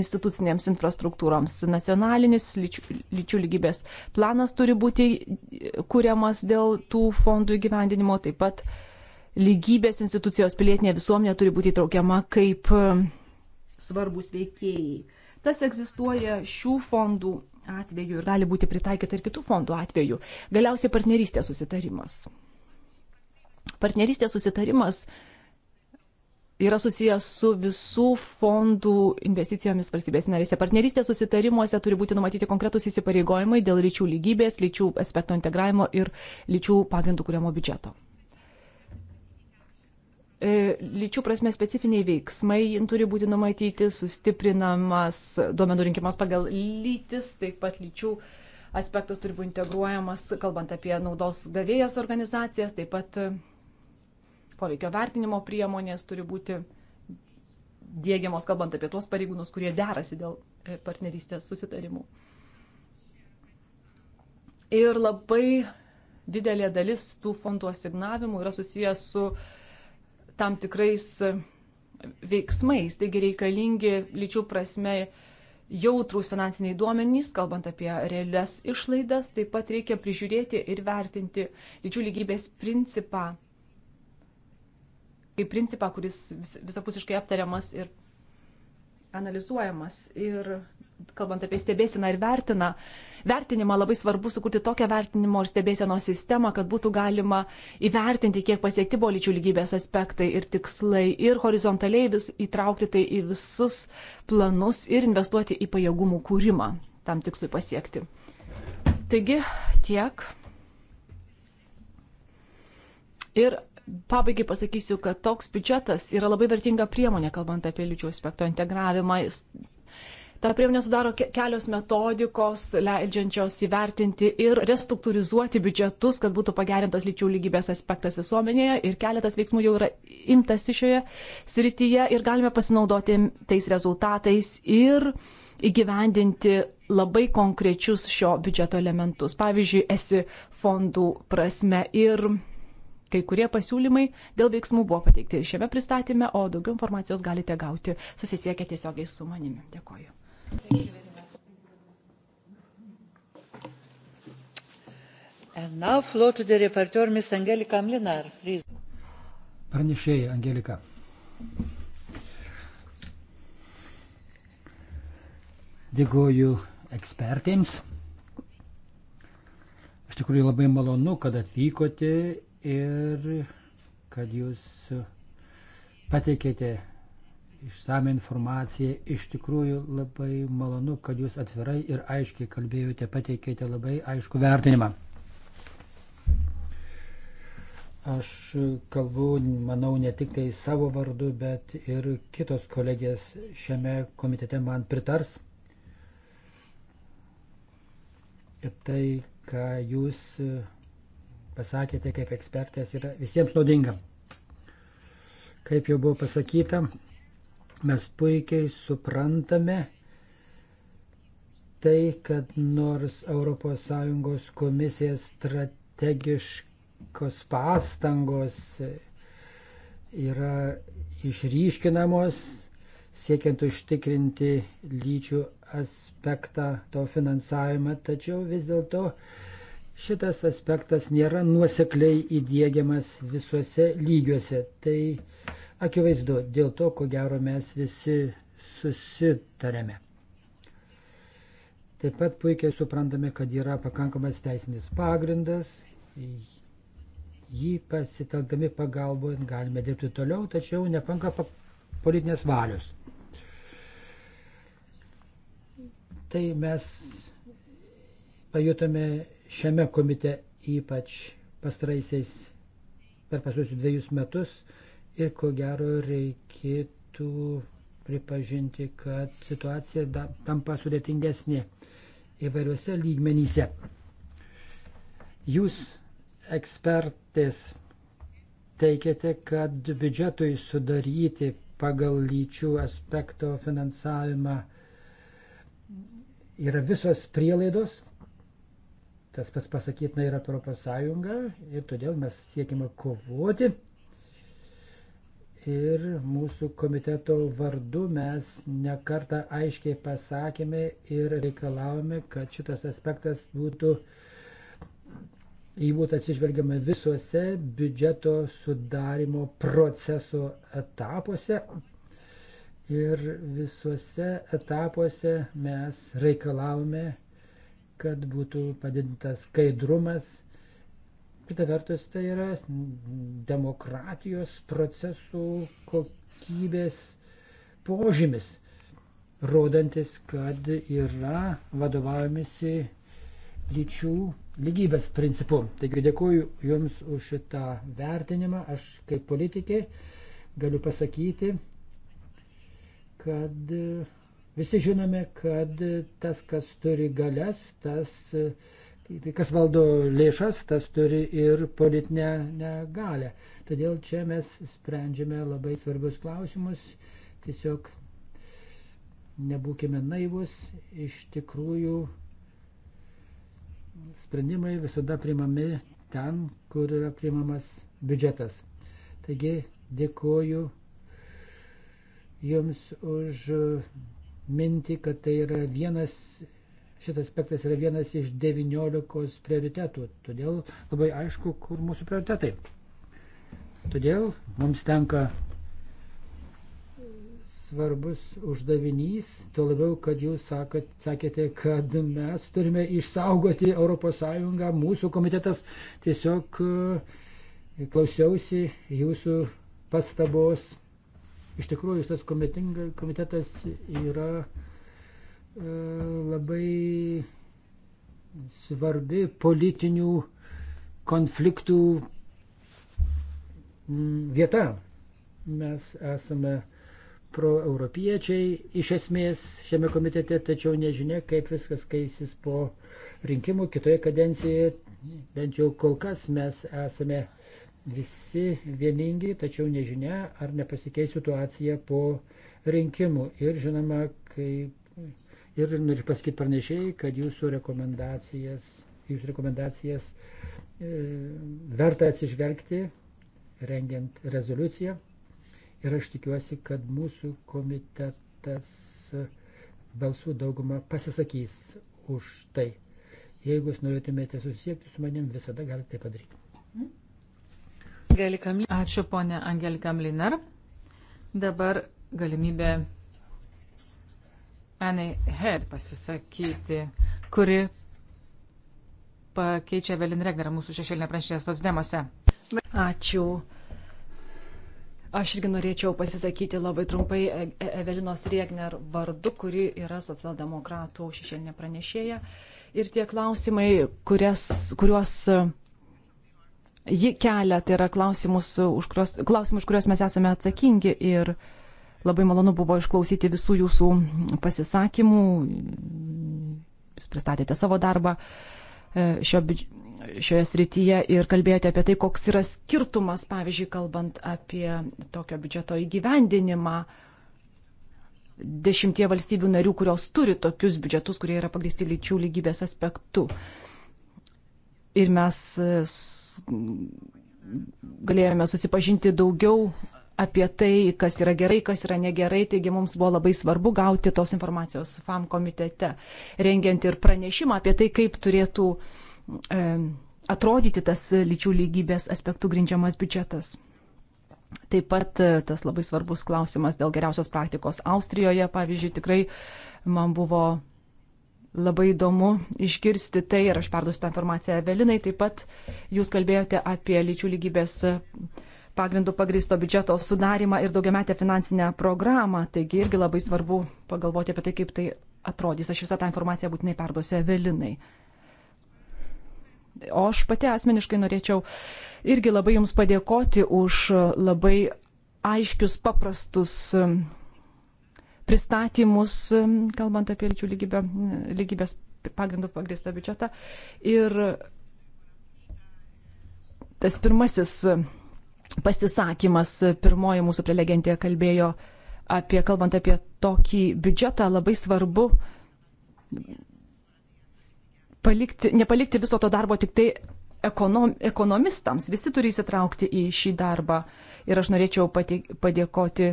institucinėms infrastruktūroms. Nacionalinis lyčių, lyčių lygybės planas turi būti kuriamas dėl tų fondų įgyvendinimo, taip pat lygybės institucijos pilietinė visuomenė turi būti įtraukiama kaip svarbus veikėjai. Tas egzistuoja šių fondų atveju ir gali būti pritaikyta ir kitų fondų atveju. Galiausiai partnerystės susitarimas. Partnerystės susitarimas yra susijęs su visų fondų investicijomis valstybės narėse. Partnerystės susitarimuose turi būti numatyti konkretus įsipareigojimai dėl lyčių lygybės, lyčių aspekto integravimo ir lyčių pagrindų kuriamo biudžeto. E, lyčių prasme specifiniai veiksmai turi būti numatyti, sustiprinamas duomenų rinkimas pagal lytis, taip pat lyčių aspektas turi būti integruojamas, kalbant apie naudos gavėjas organizacijas, taip pat e, poveikio vertinimo priemonės turi būti dėgiamos, kalbant apie tuos pareigūnus, kurie derasi dėl e, partnerystės susitarimų. Ir labai didelė dalis tų fondų asignavimų yra susijęs su uh, tam tikrais e, veiksmais. Taigi reikalingi lyčių prasme jautrus finansiniai duomenys, kalbant apie realias išlaidas, taip pat reikia prižiūrėti ir vertinti lyčių lygybės principą, kaip principą, kuris vis, visapusiškai aptariamas ir analizuojamas. Ir kalbant apie stebėsiną ir vertiną, vertinimą, labai svarbu sukurti tokią vertinimo ir stebėsienos sistemą, kad būtų galima įvertinti, kiek pasiekti buvo lyčių lygybės aspektai ir tikslai ir horizontaliai vis įtraukti tai į visus planus ir investuoti į pajėgumų kūrimą tam tikslui pasiekti. Taigi tiek. Ir pabaigai pasakysiu, kad toks biudžetas yra labai vertinga priemonė, kalbant apie lyčių aspekto integravimą, Ta priemonė sudaro kelios metodikos, leidžiančios įvertinti ir restruktūrizuoti biudžetus, kad būtų pagerintas lyčių lygybės aspektas visuomenėje ir keletas veiksmų jau yra imtasi šioje srityje ir galime pasinaudoti tais rezultatais ir įgyvendinti labai konkrečius šio biudžeto elementus. Pavyzdžiui, esi fondų prasme ir Kai kurie pasiūlymai dėl veiksmų buvo pateikti šiame pristatyme, o daugiau informacijos galite gauti susisiekę tiesiogiai su manimi. Dėkoju. Pranešėja Angelika. Dėkuoju ekspertėms. Iš tikrųjų labai malonu, kad atvykote ir kad jūs pateikėte išsame informaciją. Iš tikrųjų labai malonu, kad jūs atvirai ir aiškiai kalbėjote, pateikėte labai aišku vertinimą. Aš kalbu, manau, ne tik tai savo vardu, bet ir kitos kolegės šiame komitete man pritars. Ir tai, ką jūs pasakėte kaip ekspertės, yra visiems naudinga. Kaip jau buvo pasakyta, Mes puikiai suprantame tai, kad nors ES komisija strategiškos pastangos yra išryškinamos, siekiant užtikrinti lyčių aspektą to finansavimą, tačiau vis dėlto šitas aspektas nėra nuosekliai įdėgiamas visuose lygiuose. Tai akivaizdu, dėl to, ko gero, mes visi susitarėme. Taip pat puikiai suprantame, kad yra pakankamas teisinis pagrindas, jį pasitelkdami pagalbojant galime dirbti toliau, tačiau nepanka politinės valios. Tai mes pajutome šiame komite ypač pastaraisiais per pasusius dviejus metus, Ir ko gero reikėtų pripažinti, kad situacija da, tampa sudėtingesnė įvairiuose lygmenyse. Jūs ekspertės teikiate, kad biudžetui sudaryti pagal lyčių aspekto finansavimą yra visos prielaidos. Tas pats pasakytina yra Europos Sąjunga ir todėl mes siekime kovoti ir mūsų komiteto vardu mes nekartą aiškiai pasakėme ir reikalavome, kad šitas aspektas būtų įbūt atsižvelgiama visuose biudžeto sudarimo proceso etapuose. Ir visuose etapuose mes reikalavome, kad būtų padidintas skaidrumas Kita vertus, tai yra demokratijos procesų kokybės požymis, rodantis, kad yra vadovavimisi lyčių lygybės principu. Taigi dėkuoju Jums už šitą vertinimą. Aš kaip politikė galiu pasakyti, kad visi žinome, kad tas, kas turi galias, tas uh, Tai, tai kas valdo lėšas, tas turi ir politinę galę. Todėl čia mes sprendžiame labai svarbius klausimus. Tiesiog nebūkime naivus. Iš tikrųjų, sprendimai visada primami ten, kur yra primamas biudžetas. Taigi, dėkoju Jums už mintį, kad tai yra vienas Šitas aspektas yra vienas iš 19 prioritetų. Todėl labai aišku, kur mūsų prioritetai. Todėl mums tenka svarbus uždavinys, tuo labiau, kad jūs sakot, sakėte, kad mes turime išsaugoti ES, mūsų komitetas tiesiog e, klausiausi jūsų pastabos. Iš tikrųjų, tas komitetas yra E, labai svarbi politinių konfliktų vieta. Mes esame proeuropiečiai iš esmės šiame komitete, tačiau nežinia, kaip viskas keisis po rinkimų kitoje kadencijoje. Bent jau kol kas mes esame visi vieningi, tačiau nežinia, ar nepasikeis situacija po rinkimų. Ir žinoma, kaip Ir noriu pasakyti pranešėjai, kad jūsų rekomendacijas, jūsų rekomendacijas e, verta atsižvelgti, rengiant rezoliuciją. Ir aš tikiuosi, kad mūsų komitetas balsų daugumą pasisakys už tai. Jeigu jūs norėtumėte susiekti su manim, visada galite tai padaryti. Ačiū, ponė Angelika Mlinar. Dabar galimybė Annie Head pasisakyti, kuri pakeičia Velin Regnerą mūsų šešėlinę pranešėją socdemose. Ačiū. Aš irgi norėčiau pasisakyti labai trumpai e-, e-, Evelinos Riegner vardu, kuri yra socialdemokratų šešėlinė pranešėja. Ir tie klausimai, kurias, kuriuos ji kelia, tai yra klausimus, už kuriuos, klausimus, už kuriuos mes esame atsakingi. Ir uh, Labai malonu buvo išklausyti visų jūsų pasisakymų. Jūs pristatėte savo darbą e, šio, šioje srityje ir kalbėjote apie tai, koks yra skirtumas, pavyzdžiui, kalbant apie tokio biudžeto įgyvendinimą dešimtie valstybių narių, kurios turi tokius biudžetus, kurie yra pagristi lyčių lygybės aspektu. Ir mes galėjome susipažinti daugiau apie tai, kas yra gerai, kas yra negerai, taigi mums buvo labai svarbu gauti tos informacijos FAM komitete, rengiant ir pranešimą apie tai, kaip turėtų e, atrodyti tas lyčių lygybės aspektų grindžiamas biudžetas. Taip pat e, tas labai svarbus klausimas dėl geriausios praktikos Austrijoje, pavyzdžiui, tikrai man buvo labai įdomu išgirsti tai ir aš perduosiu tą informaciją Evelinai. Taip pat jūs kalbėjote apie lyčių lygybės pagrindų pagristo biudžeto sudarimą ir daugiametę finansinę programą. Taigi irgi labai svarbu pagalvoti apie tai, kaip tai atrodys. Aš visą tą informaciją būtinai perduosiu Evelinai. O aš pati asmeniškai norėčiau irgi labai Jums padėkoti už labai aiškius, paprastus um, pristatymus, um, kalbant apie lyčių lygybę, lygybės pagrindų pagristą biudžetą. Ir tas pirmasis pasisakymas. E, pirmoji mūsų prelegentė kalbėjo apie, kalbant apie tokį biudžetą, labai svarbu palikti, nepalikti viso to darbo tik tai ekonom, ekonomistams. Visi turi įsitraukti į šį darbą. Ir aš norėčiau pati, padėkoti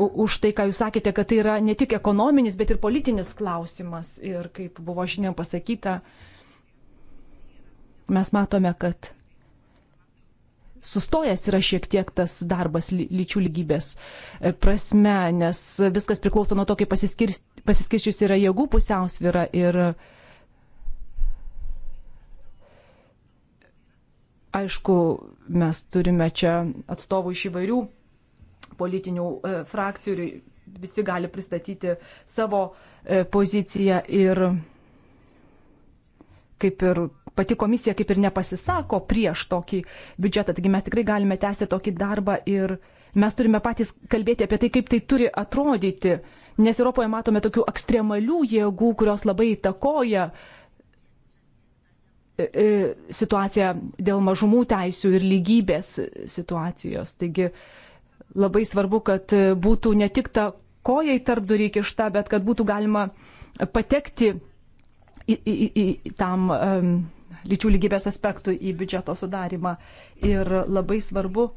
už tai, ką jūs sakėte, kad tai yra ne tik ekonominis, bet ir politinis klausimas. Ir kaip buvo šiandien pasakyta, mes matome, kad sustojęs yra šiek tiek tas darbas lyčių lygybės e, prasme, nes viskas priklauso nuo to, kaip pasiskirščius yra jėgų pusiausvyra ir aišku, mes turime čia atstovų iš įvairių politinių e, frakcijų ir visi gali pristatyti savo e, poziciją ir kaip ir pati komisija kaip ir nepasisako prieš tokį biudžetą, taigi mes tikrai galime tęsti tokį darbą ir mes turime patys kalbėti apie tai, kaip tai turi atrodyti, nes Europoje matome tokių ekstremalių jėgų, kurios labai įtakoja e, e, situaciją dėl mažumų teisių ir lygybės situacijos. Taigi labai svarbu, kad būtų ne tik ta koja į tarpdurį kišta, bet kad būtų galima patekti į, į, į, į tam um, lyčių lygybės aspektų į biudžeto sudarimą. Ir labai svarbu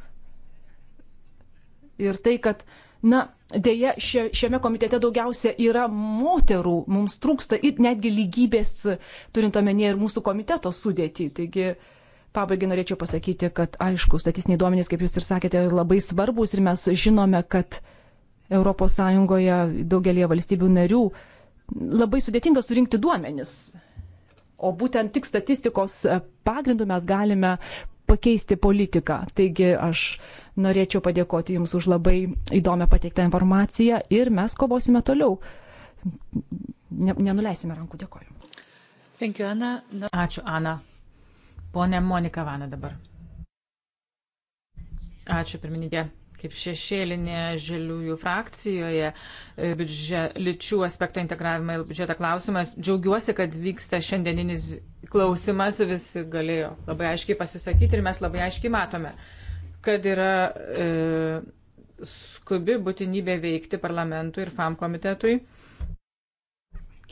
ir tai, kad Na, dėja, šia, šiame komitete daugiausia yra moterų, mums trūksta ir netgi lygybės, turint omenyje ir mūsų komiteto sudėtį. Taigi, pabaigai norėčiau pasakyti, kad aišku, statistiniai duomenys, kaip jūs ir sakėte, yra labai svarbus ir mes žinome, kad ES daugelie valstybių narių labai sudėtinga surinkti duomenis o būtent tik statistikos e, pagrindu mes galime pakeisti politiką. Taigi aš norėčiau padėkoti Jums už labai įdomią pateiktą informaciją ir mes kovosime toliau. Ne, nenuleisime rankų, dėkoju. Thank you, Anna. No... Ačiū, Ana. Pone Monika Vana dabar. Ačiū, pirmininkė kaip šešėlinė žaliųjų frakcijoje e, biudžė, lyčių aspekto integravimą į biudžetą klausimas. Džiaugiuosi, kad vyksta šiandieninis klausimas, visi galėjo labai aiškiai pasisakyti ir mes labai aiškiai matome, kad yra e, skubi būtinybė veikti parlamentui ir FAM komitetui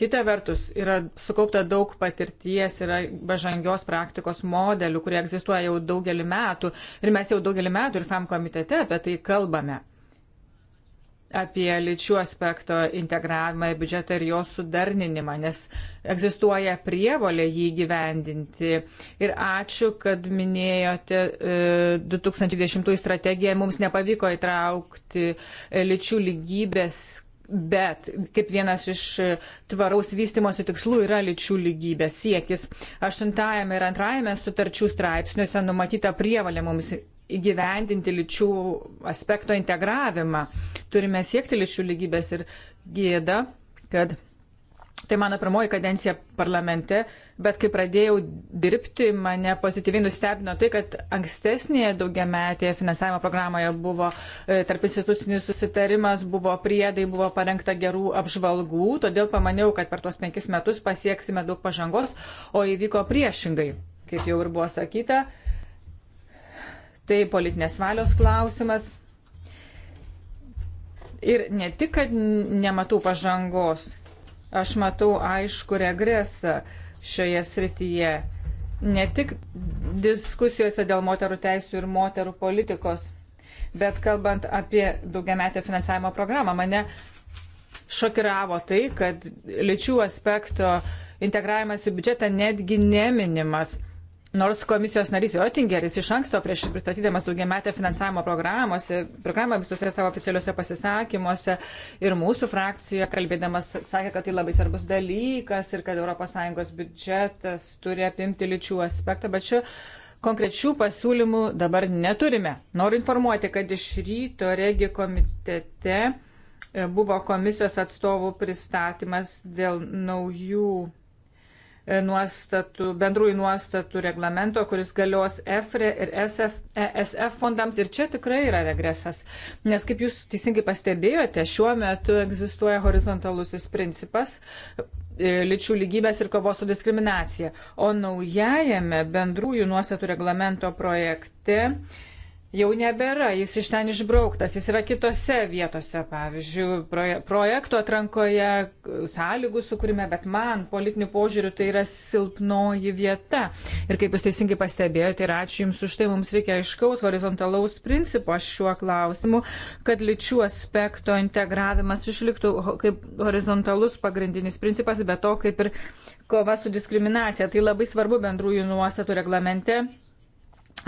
Kita vertus, yra sukaupta daug patirties, yra bažangios praktikos modelių, kurie egzistuoja jau daugelį metų ir mes jau daugelį metų ir FAM komitete apie tai kalbame apie lyčių aspekto integravimą į biudžetą ir jos sudarninimą, nes egzistuoja prievolė jį gyvendinti. Ir ačiū, kad minėjote 2010 e, strategiją, mums nepavyko įtraukti e, lyčių lygybės Bet kaip vienas iš tvaraus vystimosi tikslų yra lyčių lygybės siekis. Aštuntajame ir antrajame sutarčių straipsniuose numatyta prievalė mums įgyvendinti lyčių aspekto integravimą. Turime siekti lyčių lygybės ir gėda, kad tai mano pirmoji kadencija parlamente bet kai pradėjau dirbti, mane pozityviai nustebino tai, kad ankstesnėje daugiametėje finansavimo programoje buvo e, tarp institucinis susitarimas, buvo priedai, buvo parengta gerų apžvalgų, todėl pamaniau, kad per tuos penkis metus pasieksime daug pažangos, o įvyko priešingai, kaip jau ir buvo sakyta. Tai politinės valios klausimas. Ir ne tik, kad nematau pažangos, aš matau aišku regresą. Uh, šioje srityje. Ne tik diskusijose dėl moterų teisų ir moterų politikos, bet kalbant apie daugiametę finansavimo programą, mane šokiravo tai, kad lyčių aspekto integravimas į biudžetą netgi neminimas Nors komisijos narys Jotingeris iš anksto prieš pristatydamas daugiametę finansavimo programą visose savo oficialiuose pasisakymuose ir mūsų frakcija kalbėdamas sakė, kad tai labai svarbus dalykas ir kad ES biudžetas turi apimti lyčių aspektą, bet čia konkrečių pasiūlymų dabar neturime. Noriu informuoti, kad iš ryto regi komitete buvo komisijos atstovų pristatymas dėl naujų E, nuostatų, bendrųjų nuostatų reglamento, kuris galios EFRE ir SF, ESF fondams. Ir čia tikrai yra regresas. Nes, kaip jūs teisingai pastebėjote, šiuo metu egzistuoja horizontalusis principas e, lyčių lygybės ir kovos su diskriminacija. O naujajame bendrųjų nuostatų reglamento projekte jau nebėra, jis iš ten išbrauktas, jis yra kitose vietose, pavyzdžiui, projektų atrankoje, sąlygų sukūrime, bet man politinių požiūrių tai yra silpnoji vieta. Ir kaip jūs teisingai pastebėjote ir ačiū Jums už tai, mums reikia aiškaus horizontalaus principo šiuo klausimu, kad lyčių aspekto integravimas išliktų kaip horizontalus pagrindinis principas, bet to kaip ir kova su diskriminacija. Tai labai svarbu bendrųjų nuostatų reglamente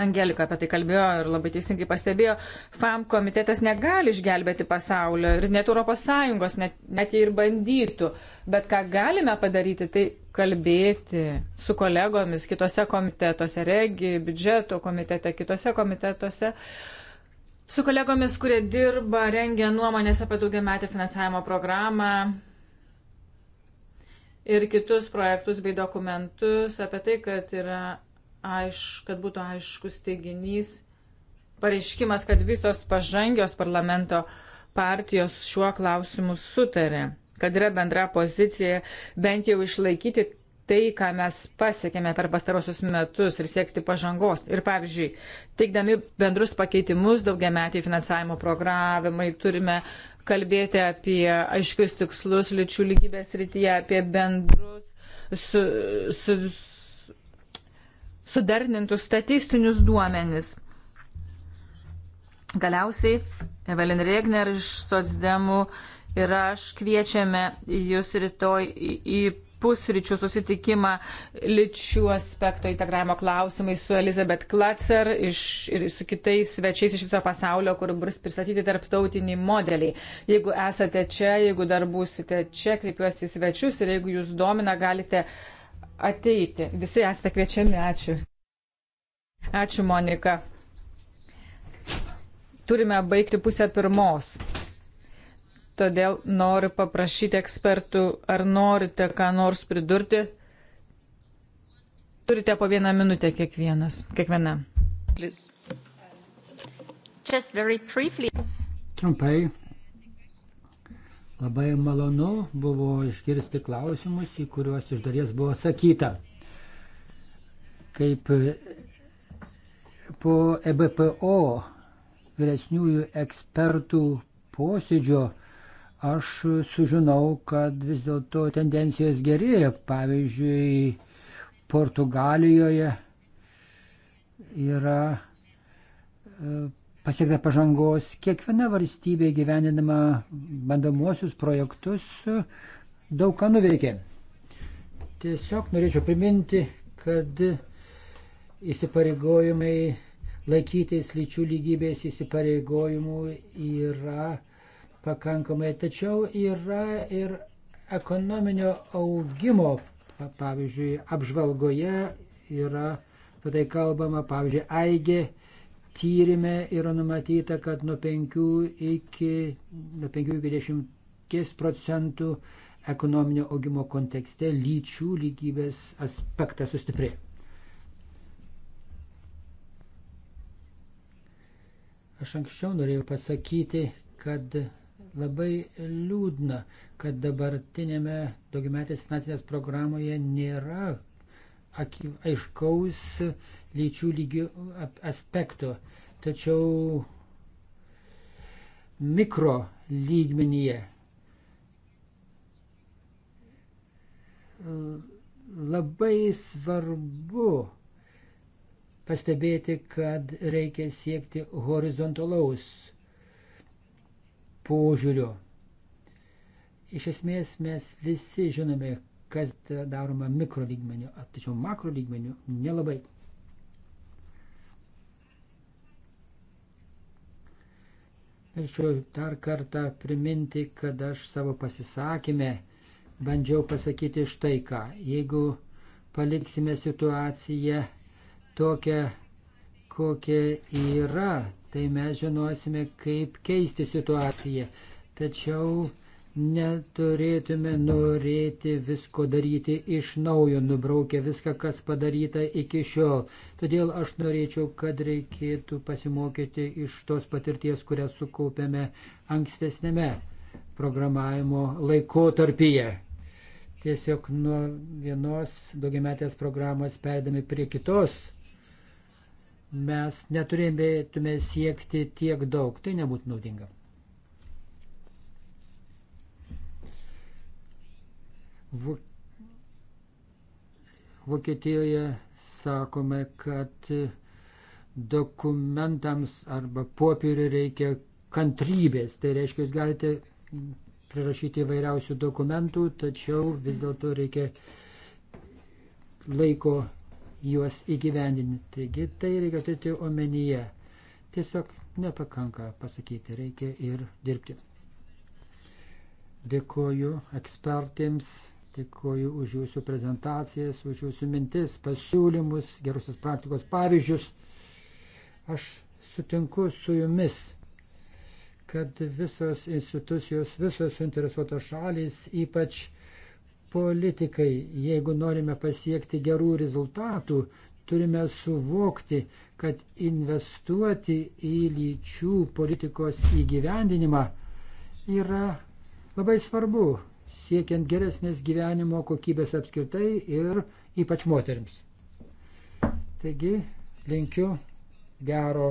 Angelika apie tai kalbėjo ir labai teisingai pastebėjo, FAM komitetas negali išgelbėti pasaulio ir net ES, net, net jei ir bandytų. Bet ką galime padaryti, tai kalbėti su kolegomis kitose komitetuose, regi, biudžeto komitete, kitose komitetuose, su kolegomis, kurie dirba, rengia nuomonės apie daugiametį finansavimo programą ir kitus projektus bei dokumentus apie tai, kad yra aiš, kad būtų aiškus teiginys, pareiškimas, kad visos pažangios parlamento partijos šiuo klausimu sutarė, kad yra bendra pozicija bent jau išlaikyti tai, ką mes pasiekėme per pastarosius metus ir siekti pažangos. Ir pavyzdžiui, teikdami bendrus pakeitimus daugiametį finansavimo programai turime kalbėti apie aiškius tikslus lyčių lygybės rytyje, apie bendrus su, su, sudarnintus statistinius duomenis. Galiausiai Evelin Regner iš Sotsdemų ir aš kviečiame jūs rytoj į pusryčių susitikimą lyčių aspekto integravimo klausimai su Elizabeth Klatzer iš, ir su kitais svečiais iš viso pasaulio, kur bus pristatyti tarptautiniai modeliai. Jeigu esate čia, jeigu dar būsite čia, kreipiuosi į svečius ir jeigu jūs domina, galite uh, ateiti. Visi esate kviečiami, ačiū. Ačiū, Monika. Turime baigti pusę pirmos. Todėl noriu paprašyti ekspertų, ar norite ką nors pridurti. Turite po vieną minutę kiekvienas, kiekviena. Trumpai Labai malonu buvo išgirsti klausimus, į kuriuos iš dalies buvo atsakyta. Kaip po EBPO vyresniųjų ekspertų posėdžio aš sužinau, kad vis dėlto tendencijos gerėja. Pavyzdžiui, Portugalijoje yra e, pasiekta pažangos. Kiekviena valstybė gyvenindama bandomuosius projektus daug ką nuveikė. Tiesiog norėčiau priminti, kad įsipareigojimai laikytis lyčių lygybės įsipareigojimų yra pakankamai, tačiau yra ir ekonominio augimo, pavyzdžiui, apžvalgoje yra apie tai kalbama, pavyzdžiui, Aigė Tyrime yra numatyta, kad nuo 5 iki, nuo 5 iki 10 procentų ekonominio augimo kontekste lyčių lygybės aspektas sustiprėjo. Aš anksčiau norėjau pasakyti, kad labai liūdna, kad dabartinėme daugiametės finansinės programoje nėra aiškaus lyčių lygių aspekto. Tačiau mikro lygmenyje labai svarbu pastebėti, kad reikia siekti horizontalaus požiūrio. Iš esmės mes visi žinome, kas daroma mikro lygmeniu, tačiau makro lygmeniu nelabai. Norėčiau dar kartą priminti, kad aš savo pasisakymę bandžiau pasakyti štai ką. Jeigu paliksime situaciją tokią, kokia yra, tai mes žinosime, kaip keisti situaciją. Tačiau Neturėtume norėti visko daryti iš naujo, nubraukę viską, kas padaryta iki šiol. Todėl aš norėčiau, kad reikėtų pasimokyti iš tos patirties, kurią sukaupėme ankstesnėme programavimo laikotarpyje. Tiesiog nuo vienos daugiametės programos perdami prie kitos mes neturėtume siekti tiek daug. Tai nebūtų naudinga. Vokietijoje sakome, kad dokumentams arba popieriui reikia kantrybės. Tai reiškia, jūs galite prirašyti įvairiausių dokumentų, tačiau vis dėlto reikia laiko juos įgyvendinti. Taigi tai reikia turėti omenyje. Tiesiog nepakanka pasakyti, reikia ir dirbti. Dėkoju ekspertėms Dėkuoju už jūsų prezentacijas, už jūsų mintis, pasiūlymus, gerusios praktikos pavyzdžius. Aš sutinku su jumis, kad visos institucijos, visos suinteresuotos šalys, ypač politikai, jeigu norime pasiekti gerų rezultatų, turime suvokti, kad investuoti į lyčių politikos įgyvendinimą yra labai svarbu siekiant geresnės gyvenimo kokybės apskritai ir ypač moteriams. Taigi, linkiu gero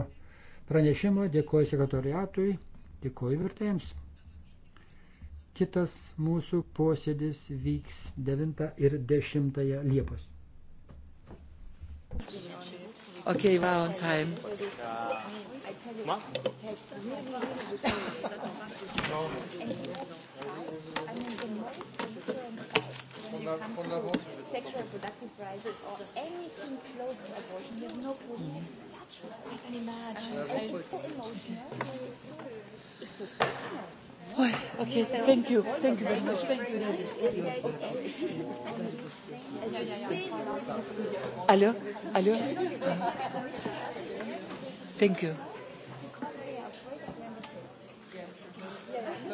pranešimo, dėkoju sekretoriatui, dėkoju vertėjams. Kitas mūsų posėdis vyks 9 ir 10 Liepos. Okay, we're on time. Moi Non. On, a, on avance. Sexual reproductive rights or anything close to abortion, there's no problem. Such I can imagine. And it's so emotional. It's so personal. Oh, okay, so thank you. Thank you very much. Thank you. Alo, alo. Thank you.